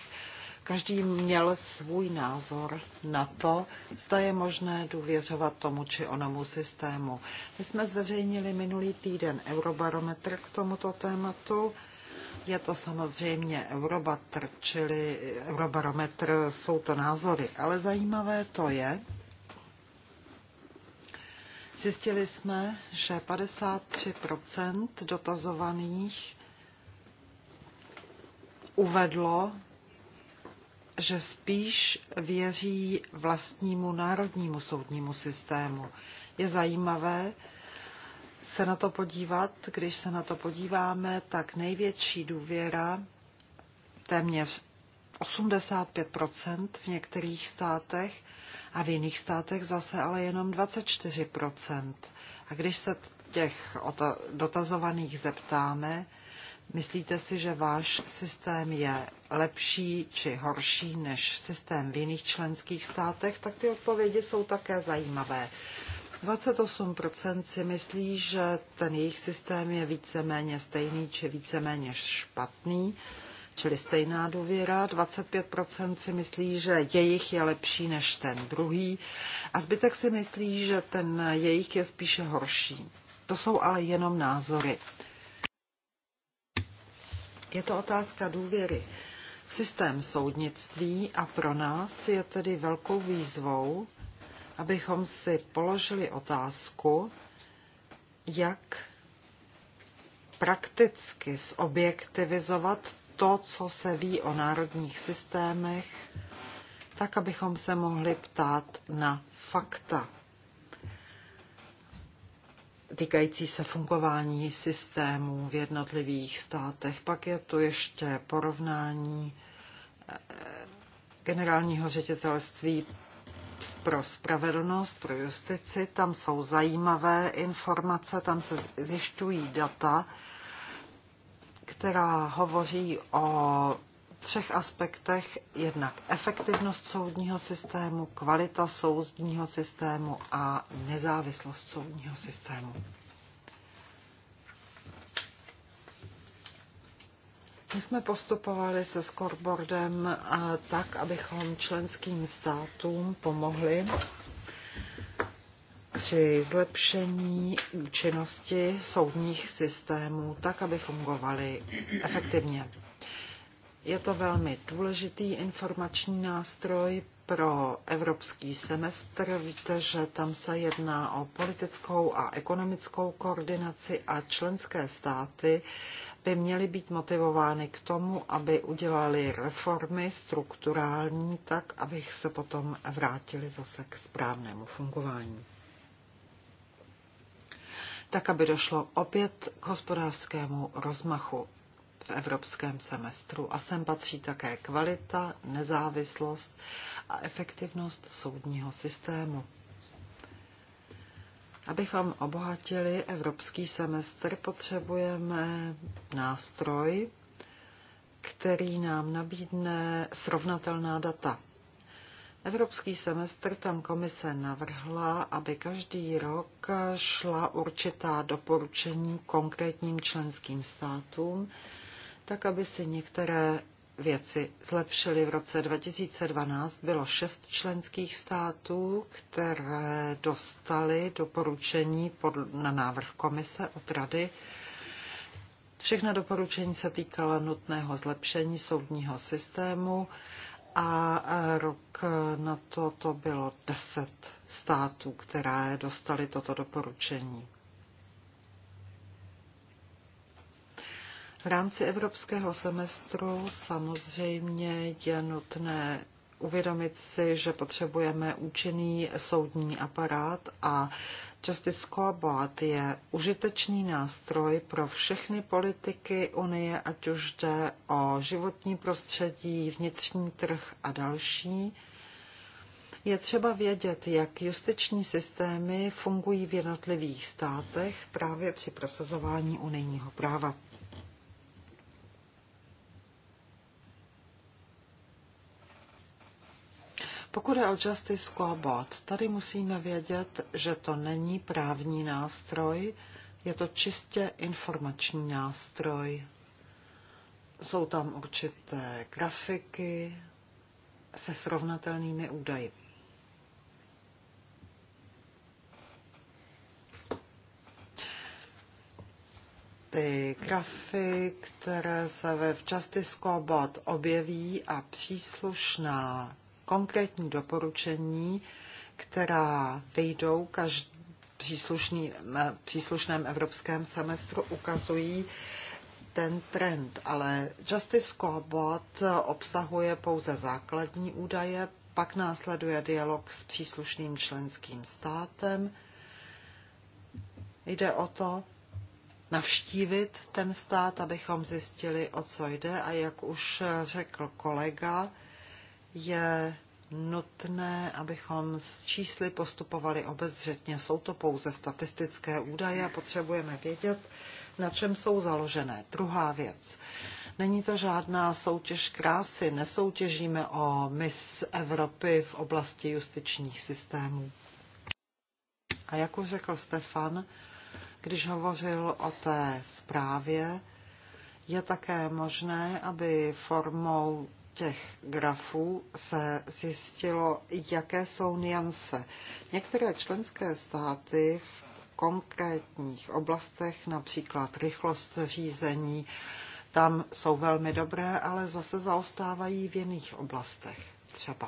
Každý měl svůj názor na to, zda je možné důvěřovat tomu či onomu systému. My jsme zveřejnili minulý týden Eurobarometr k tomuto tématu. Je to samozřejmě Eurobarometr, čili Eurobarometr jsou to názory, ale zajímavé to je, Zjistili jsme, že 53 dotazovaných uvedlo, že spíš věří vlastnímu národnímu soudnímu systému. Je zajímavé se na to podívat. Když se na to podíváme, tak největší důvěra, téměř 85 v některých státech, a v jiných státech zase ale jenom 24 A když se těch dotazovaných zeptáme, myslíte si, že váš systém je lepší či horší než systém v jiných členských státech, tak ty odpovědi jsou také zajímavé. 28% si myslí, že ten jejich systém je víceméně stejný či víceméně špatný. Čili stejná důvěra, 25% si myslí, že jejich je lepší než ten druhý a zbytek si myslí, že ten jejich je spíše horší. To jsou ale jenom názory. Je to otázka důvěry. V systém soudnictví a pro nás je tedy velkou výzvou, abychom si položili otázku, jak prakticky zobjektivizovat to, co se ví o národních systémech, tak abychom se mohli ptát na fakta týkající se fungování systémů v jednotlivých státech. Pak je to ještě porovnání eh, generálního ředitelství pro spravedlnost, pro justici. Tam jsou zajímavé informace, tam se zjišťují data, která hovoří o třech aspektech, jednak efektivnost soudního systému, kvalita soudního systému a nezávislost soudního systému. My jsme postupovali se scoreboardem eh, tak, abychom členským státům pomohli při zlepšení účinnosti soudních systémů tak, aby fungovaly efektivně. Je to velmi důležitý informační nástroj pro evropský semestr. Víte, že tam se jedná o politickou a ekonomickou koordinaci a členské státy by měly být motivovány k tomu, aby udělali reformy strukturální, tak abych se potom vrátili zase k správnému fungování tak aby došlo opět k hospodářskému rozmachu v evropském semestru. A sem patří také kvalita, nezávislost a efektivnost soudního systému. Abychom obohatili evropský semestr, potřebujeme nástroj, který nám nabídne srovnatelná data Evropský semestr tam komise navrhla, aby každý rok šla určitá doporučení konkrétním členským státům, tak aby si některé věci zlepšily. V roce 2012 bylo šest členských států, které dostali doporučení pod na návrh komise od Rady. Všechna doporučení se týkala nutného zlepšení soudního systému a rok na to to bylo deset států, které dostali toto doporučení. V rámci evropského semestru samozřejmě je nutné uvědomit si, že potřebujeme účinný soudní aparát a Justice Scoreboard je užitečný nástroj pro všechny politiky Unie, ať už jde o životní prostředí, vnitřní trh a další. Je třeba vědět, jak justiční systémy fungují v jednotlivých státech právě při prosazování unijního práva. Pokud je o Justice Scoreboard, tady musíme vědět, že to není právní nástroj, je to čistě informační nástroj. Jsou tam určité grafiky se srovnatelnými údaji. ty grafy, které se ve Justice Scoreboard objeví a příslušná konkrétní doporučení, která vyjdou každý příslušný, příslušném evropském semestru, ukazují ten trend. Ale Justice Scoreboard obsahuje pouze základní údaje, pak následuje dialog s příslušným členským státem. Jde o to, navštívit ten stát, abychom zjistili, o co jde. A jak už řekl kolega, je nutné, abychom s čísly postupovali obezřetně. Jsou to pouze statistické údaje a potřebujeme vědět, na čem jsou založené. Druhá věc. Není to žádná soutěž krásy, nesoutěžíme o mis Evropy v oblasti justičních systémů. A jak už řekl Stefan, když hovořil o té zprávě, je také možné, aby formou těch grafů se zjistilo, jaké jsou niance. Některé členské státy v konkrétních oblastech, například rychlost řízení, tam jsou velmi dobré, ale zase zaostávají v jiných oblastech třeba.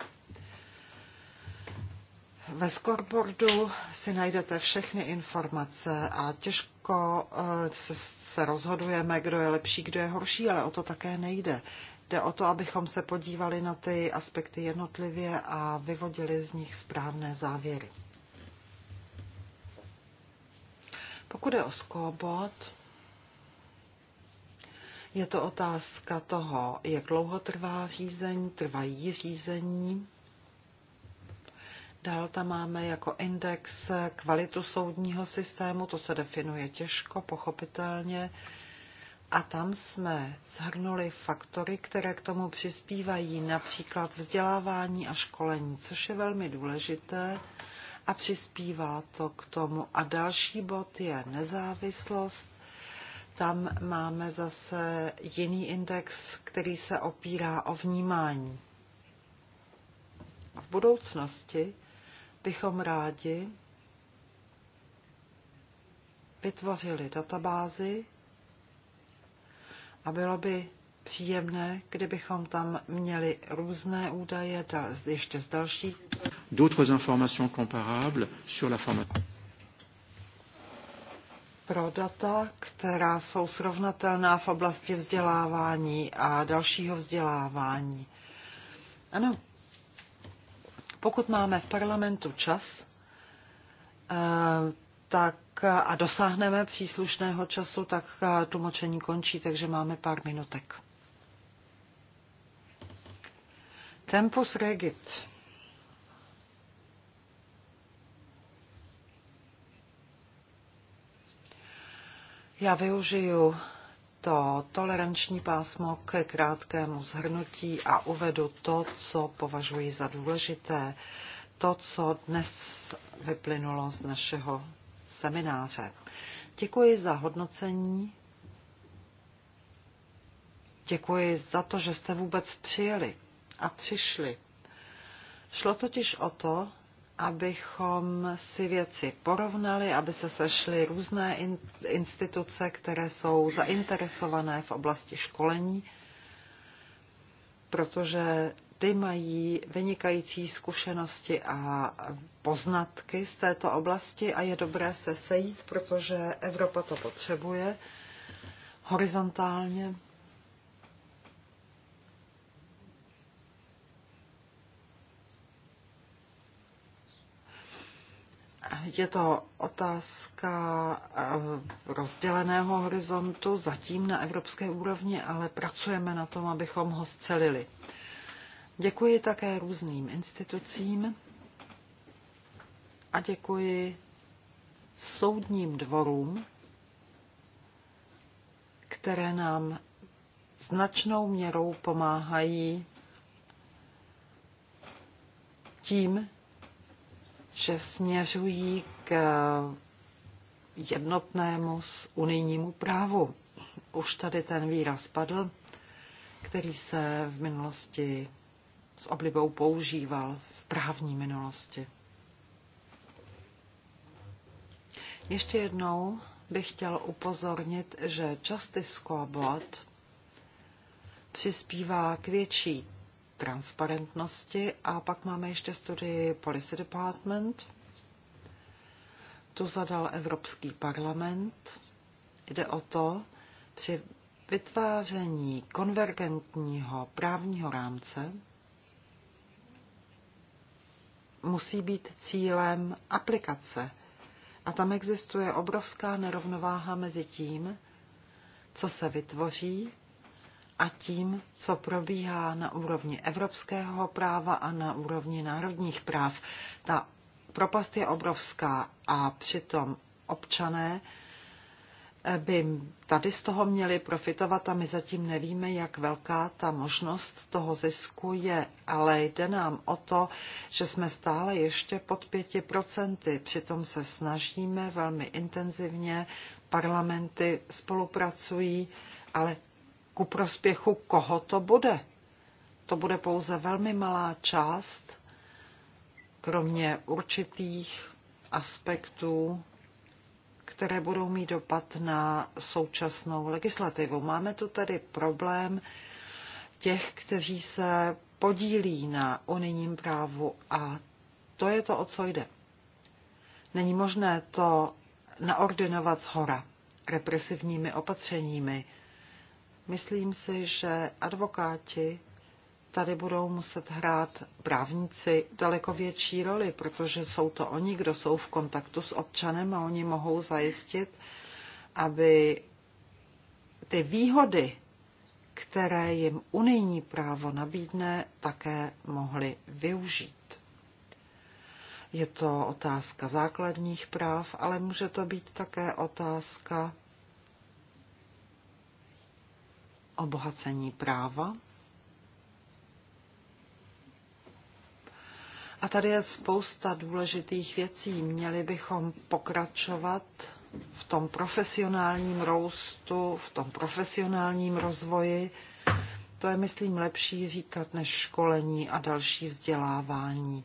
Ve scoreboardu si najdete všechny informace a těžko eh, se rozhodujeme, kdo je lepší, kdo je horší, ale o to také nejde. Jde o to, abychom se podívali na ty aspekty jednotlivě a vyvodili z nich správné závěry. Pokud je o skobot, je to otázka toho, jak dlouho trvá řízení, trvají řízení. Dál tam máme jako index kvalitu soudního systému, to se definuje těžko, pochopitelně. A tam jsme zhrnuli faktory, které k tomu přispívají, například vzdělávání a školení, což je velmi důležité a přispívá to k tomu. A další bod je nezávislost. Tam máme zase jiný index, který se opírá o vnímání. V budoucnosti bychom rádi vytvořili databázi, a bylo by příjemné, kdybychom tam měli různé údaje, ještě z dalších. D'autres informations comparables sur la formation. Pro data, která jsou srovnatelná v oblasti vzdělávání a dalšího vzdělávání. Ano, pokud máme v parlamentu čas, eh, tak a dosáhneme příslušného času, tak tlumočení končí, takže máme pár minutek. Tempus regit. Já využiju to toleranční pásmo k krátkému zhrnutí a uvedu to, co považuji za důležité, to, co dnes vyplynulo z našeho semináře. Děkuji za hodnocení. Děkuji za to, že jste vůbec přijeli a přišli. Šlo totiž o to, abychom si věci porovnali, aby se sešly různé in, instituce, které jsou zainteresované v oblasti školení, protože ty mají vynikající zkušenosti a poznatky z této oblasti a je dobré se sejít, protože Evropa to potřebuje horizontálně. Je to otázka eh, rozděleného horizontu, zatím na evropské úrovni, ale pracujeme na tom, abychom ho zcelili. Děkuji také různým institucím a děkuji soudním dvorům, které nám značnou měrou pomáhají tím, že směřují k jednotnému s unijnímu právu. Už tady ten výraz padl, který se v minulosti s oblibou používal v právní minulosti. Ještě jednou bych chtěl upozornit, že Justice Scoreboard přispívá k větší transparentnosti a pak máme ještě studii Policy Department. Tu zadal Evropský parlament. Jde o to, při vytváření konvergentního právního rámce musí být cílem aplikace. A tam existuje obrovská nerovnováha mezi tím, co se vytvoří a tím, co probíhá na úrovni evropského práva a na úrovni národních práv. Ta propast je obrovská a přitom občané by tady z toho měli profitovat a my zatím nevíme, jak velká ta možnost toho zisku je, ale jde nám o to, že jsme stále ještě pod 5%, přitom se snažíme velmi intenzivně, parlamenty spolupracují, ale ku prospěchu koho to bude? To bude pouze velmi malá část, kromě určitých aspektů které budou mít dopad na současnou legislativu. Máme tu tedy problém těch, kteří se podílí na unijním právu a to je to, o co jde. Není možné to naordinovat z hora represivními opatřeními. Myslím si, že advokáti tady budou muset hrát právníci daleko větší roli, protože jsou to oni, kdo jsou v kontaktu s občanem a oni mohou zajistit, aby ty výhody, které jim unijní právo nabídne, také mohli využít. Je to otázka základních práv, ale může to být také otázka obohacení práva A tady je spousta důležitých věcí. Měli bychom pokračovat v tom profesionálním růstu, v tom profesionálním rozvoji. To je, myslím, lepší říkat než školení a další vzdělávání,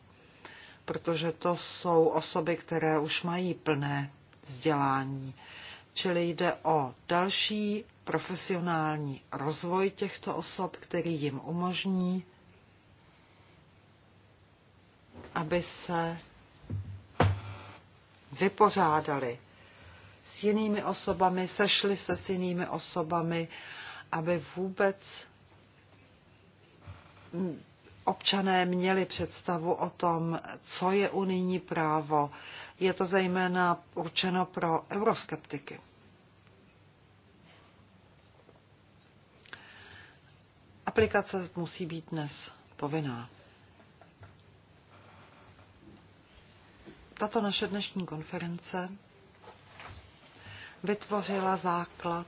protože to jsou osoby, které už mají plné vzdělání. Čili jde o další profesionální rozvoj těchto osob, který jim umožní aby se vypořádali s jinými osobami, sešli se s jinými osobami, aby vůbec občané měli představu o tom, co je unijní právo. Je to zejména určeno pro euroskeptiky. Aplikace musí být dnes povinná. tato naše dnešní konference vytvořila základ.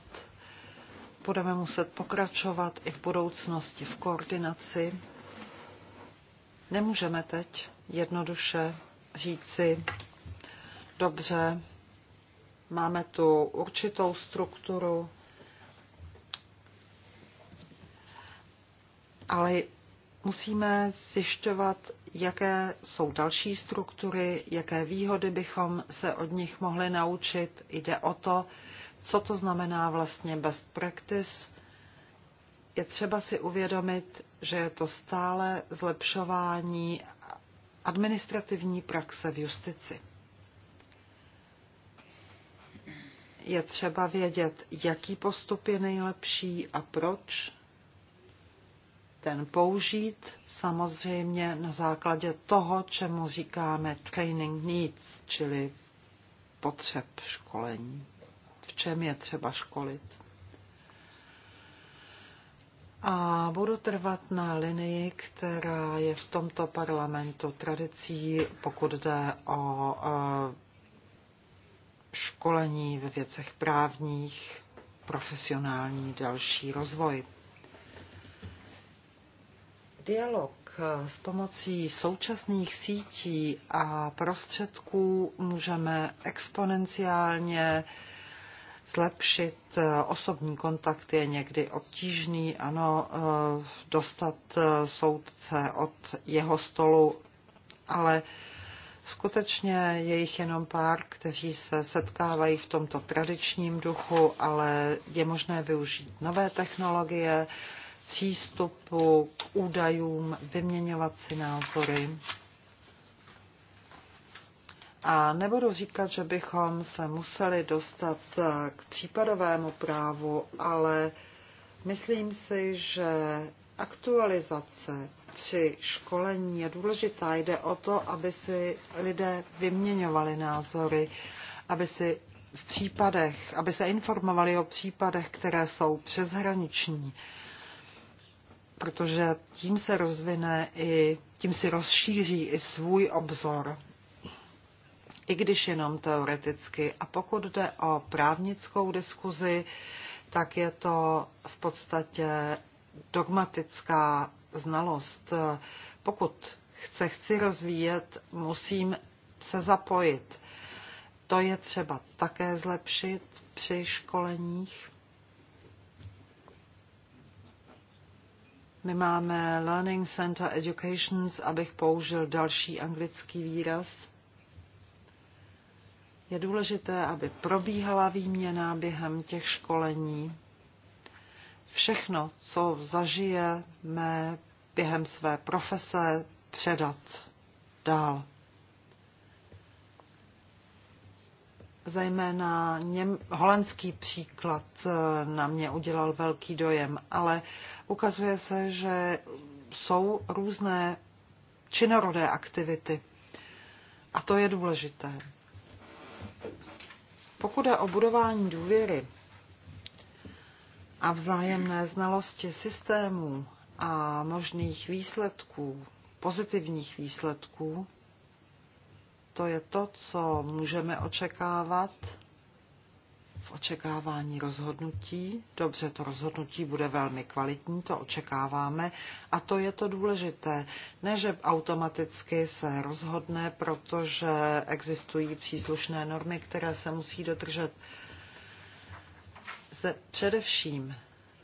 Budeme muset pokračovat i v budoucnosti v koordinaci. Nemůžeme teď jednoduše říci, dobře, máme tu určitou strukturu, ale musíme zjišťovat, jaké jsou další struktury, jaké výhody bychom se od nich mohli naučit. Jde o to, co to znamená vlastně best practice. Je třeba si uvědomit, že je to stále zlepšování administrativní praxe v justici. Je třeba vědět, jaký postup je nejlepší a proč ten použít, samozřejmě na základě toho, čemu říkáme training needs, čili potřeb školení. V čem je třeba školit? A budu trvat na linii, která je v tomto parlamentu tradicí, pokud jde o školení ve věcech právních, profesionální další rozvoj. Dialog eh, s pomocí současných sítí a prostředků můžeme exponenciálně zlepšit. Eh, osobní kontakt je někdy obtížný, ano, eh, dostat soudce od jeho stolu, ale skutečně je jich jenom pár, kteří se setkávají v tomto tradičním duchu, ale je možné využít nové technologie, přístupu k údajům, vyměňovat si názory. A nebudu říkat, že bychom se museli dostat eh, k případovému právu, ale myslím si, že aktualizace při školení je důležitá. Jde o to, aby si lidé vyměňovali názory, aby si v případech, aby se informovali o případech, které jsou přeshraniční protože tím se rozvine i, tím si rozšíří i svůj obzor, i když jenom teoreticky. A pokud jde o právnickou diskuzi, tak je to v podstatě dogmatická znalost. Pokud chce, chci rozvíjet, musím se zapojit. To je třeba také zlepšit při školeních. My máme Learning Center Educations, abych použil další anglický výraz. Je důležité, aby probíhala výměna během těch školení. Všechno, co zažijeme během své profese, předat dál. zejména něm, holandský příklad eh, na mě udělal velký dojem, ale ukazuje se, že jsou různé činorodé aktivity. A to je důležité. Pokud je o budování důvěry a vzájemné znalosti systémů a možných výsledků, pozitivních výsledků, to je to, co můžeme očekávat v očekávání rozhodnutí. Dobře, to rozhodnutí bude velmi kvalitní, to očekáváme a to je to důležité. Ne, že automaticky se rozhodne, protože existují příslušné normy, které se musí dodržet. Se především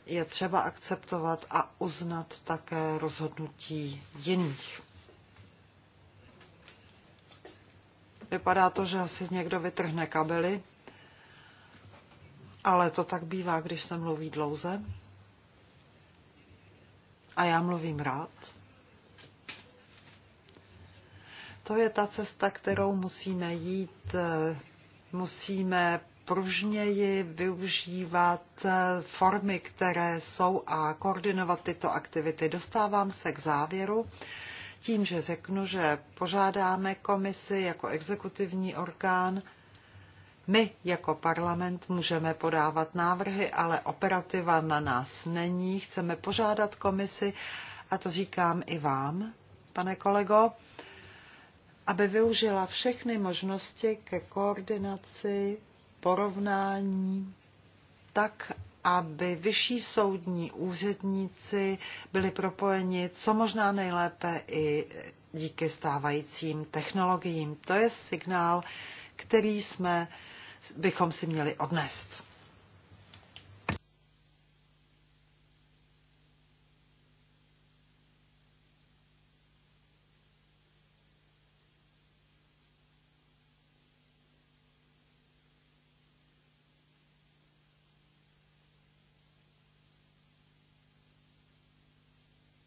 je třeba akceptovat a uznat také rozhodnutí jiných. Vypadá to, že asi někdo vytrhne kabely, ale to tak bývá, když se mluví dlouze. A já mluvím rád. To je ta cesta, kterou musíme jít. Musíme pružněji využívat formy, které jsou a koordinovat tyto aktivity. Dostávám se k závěru tím, že řeknu, že požádáme komisi jako exekutivní orgán, my jako parlament můžeme podávat návrhy, ale operativa na nás není. Chceme požádat komisi, a to říkám i vám, pane kolego, aby využila všechny možnosti ke koordinaci, porovnání, tak, aby vyšší soudní úředníci byli propojeni co možná nejlépe i díky stávajícím technologiím. To je signál, který jsme, bychom si měli odnést.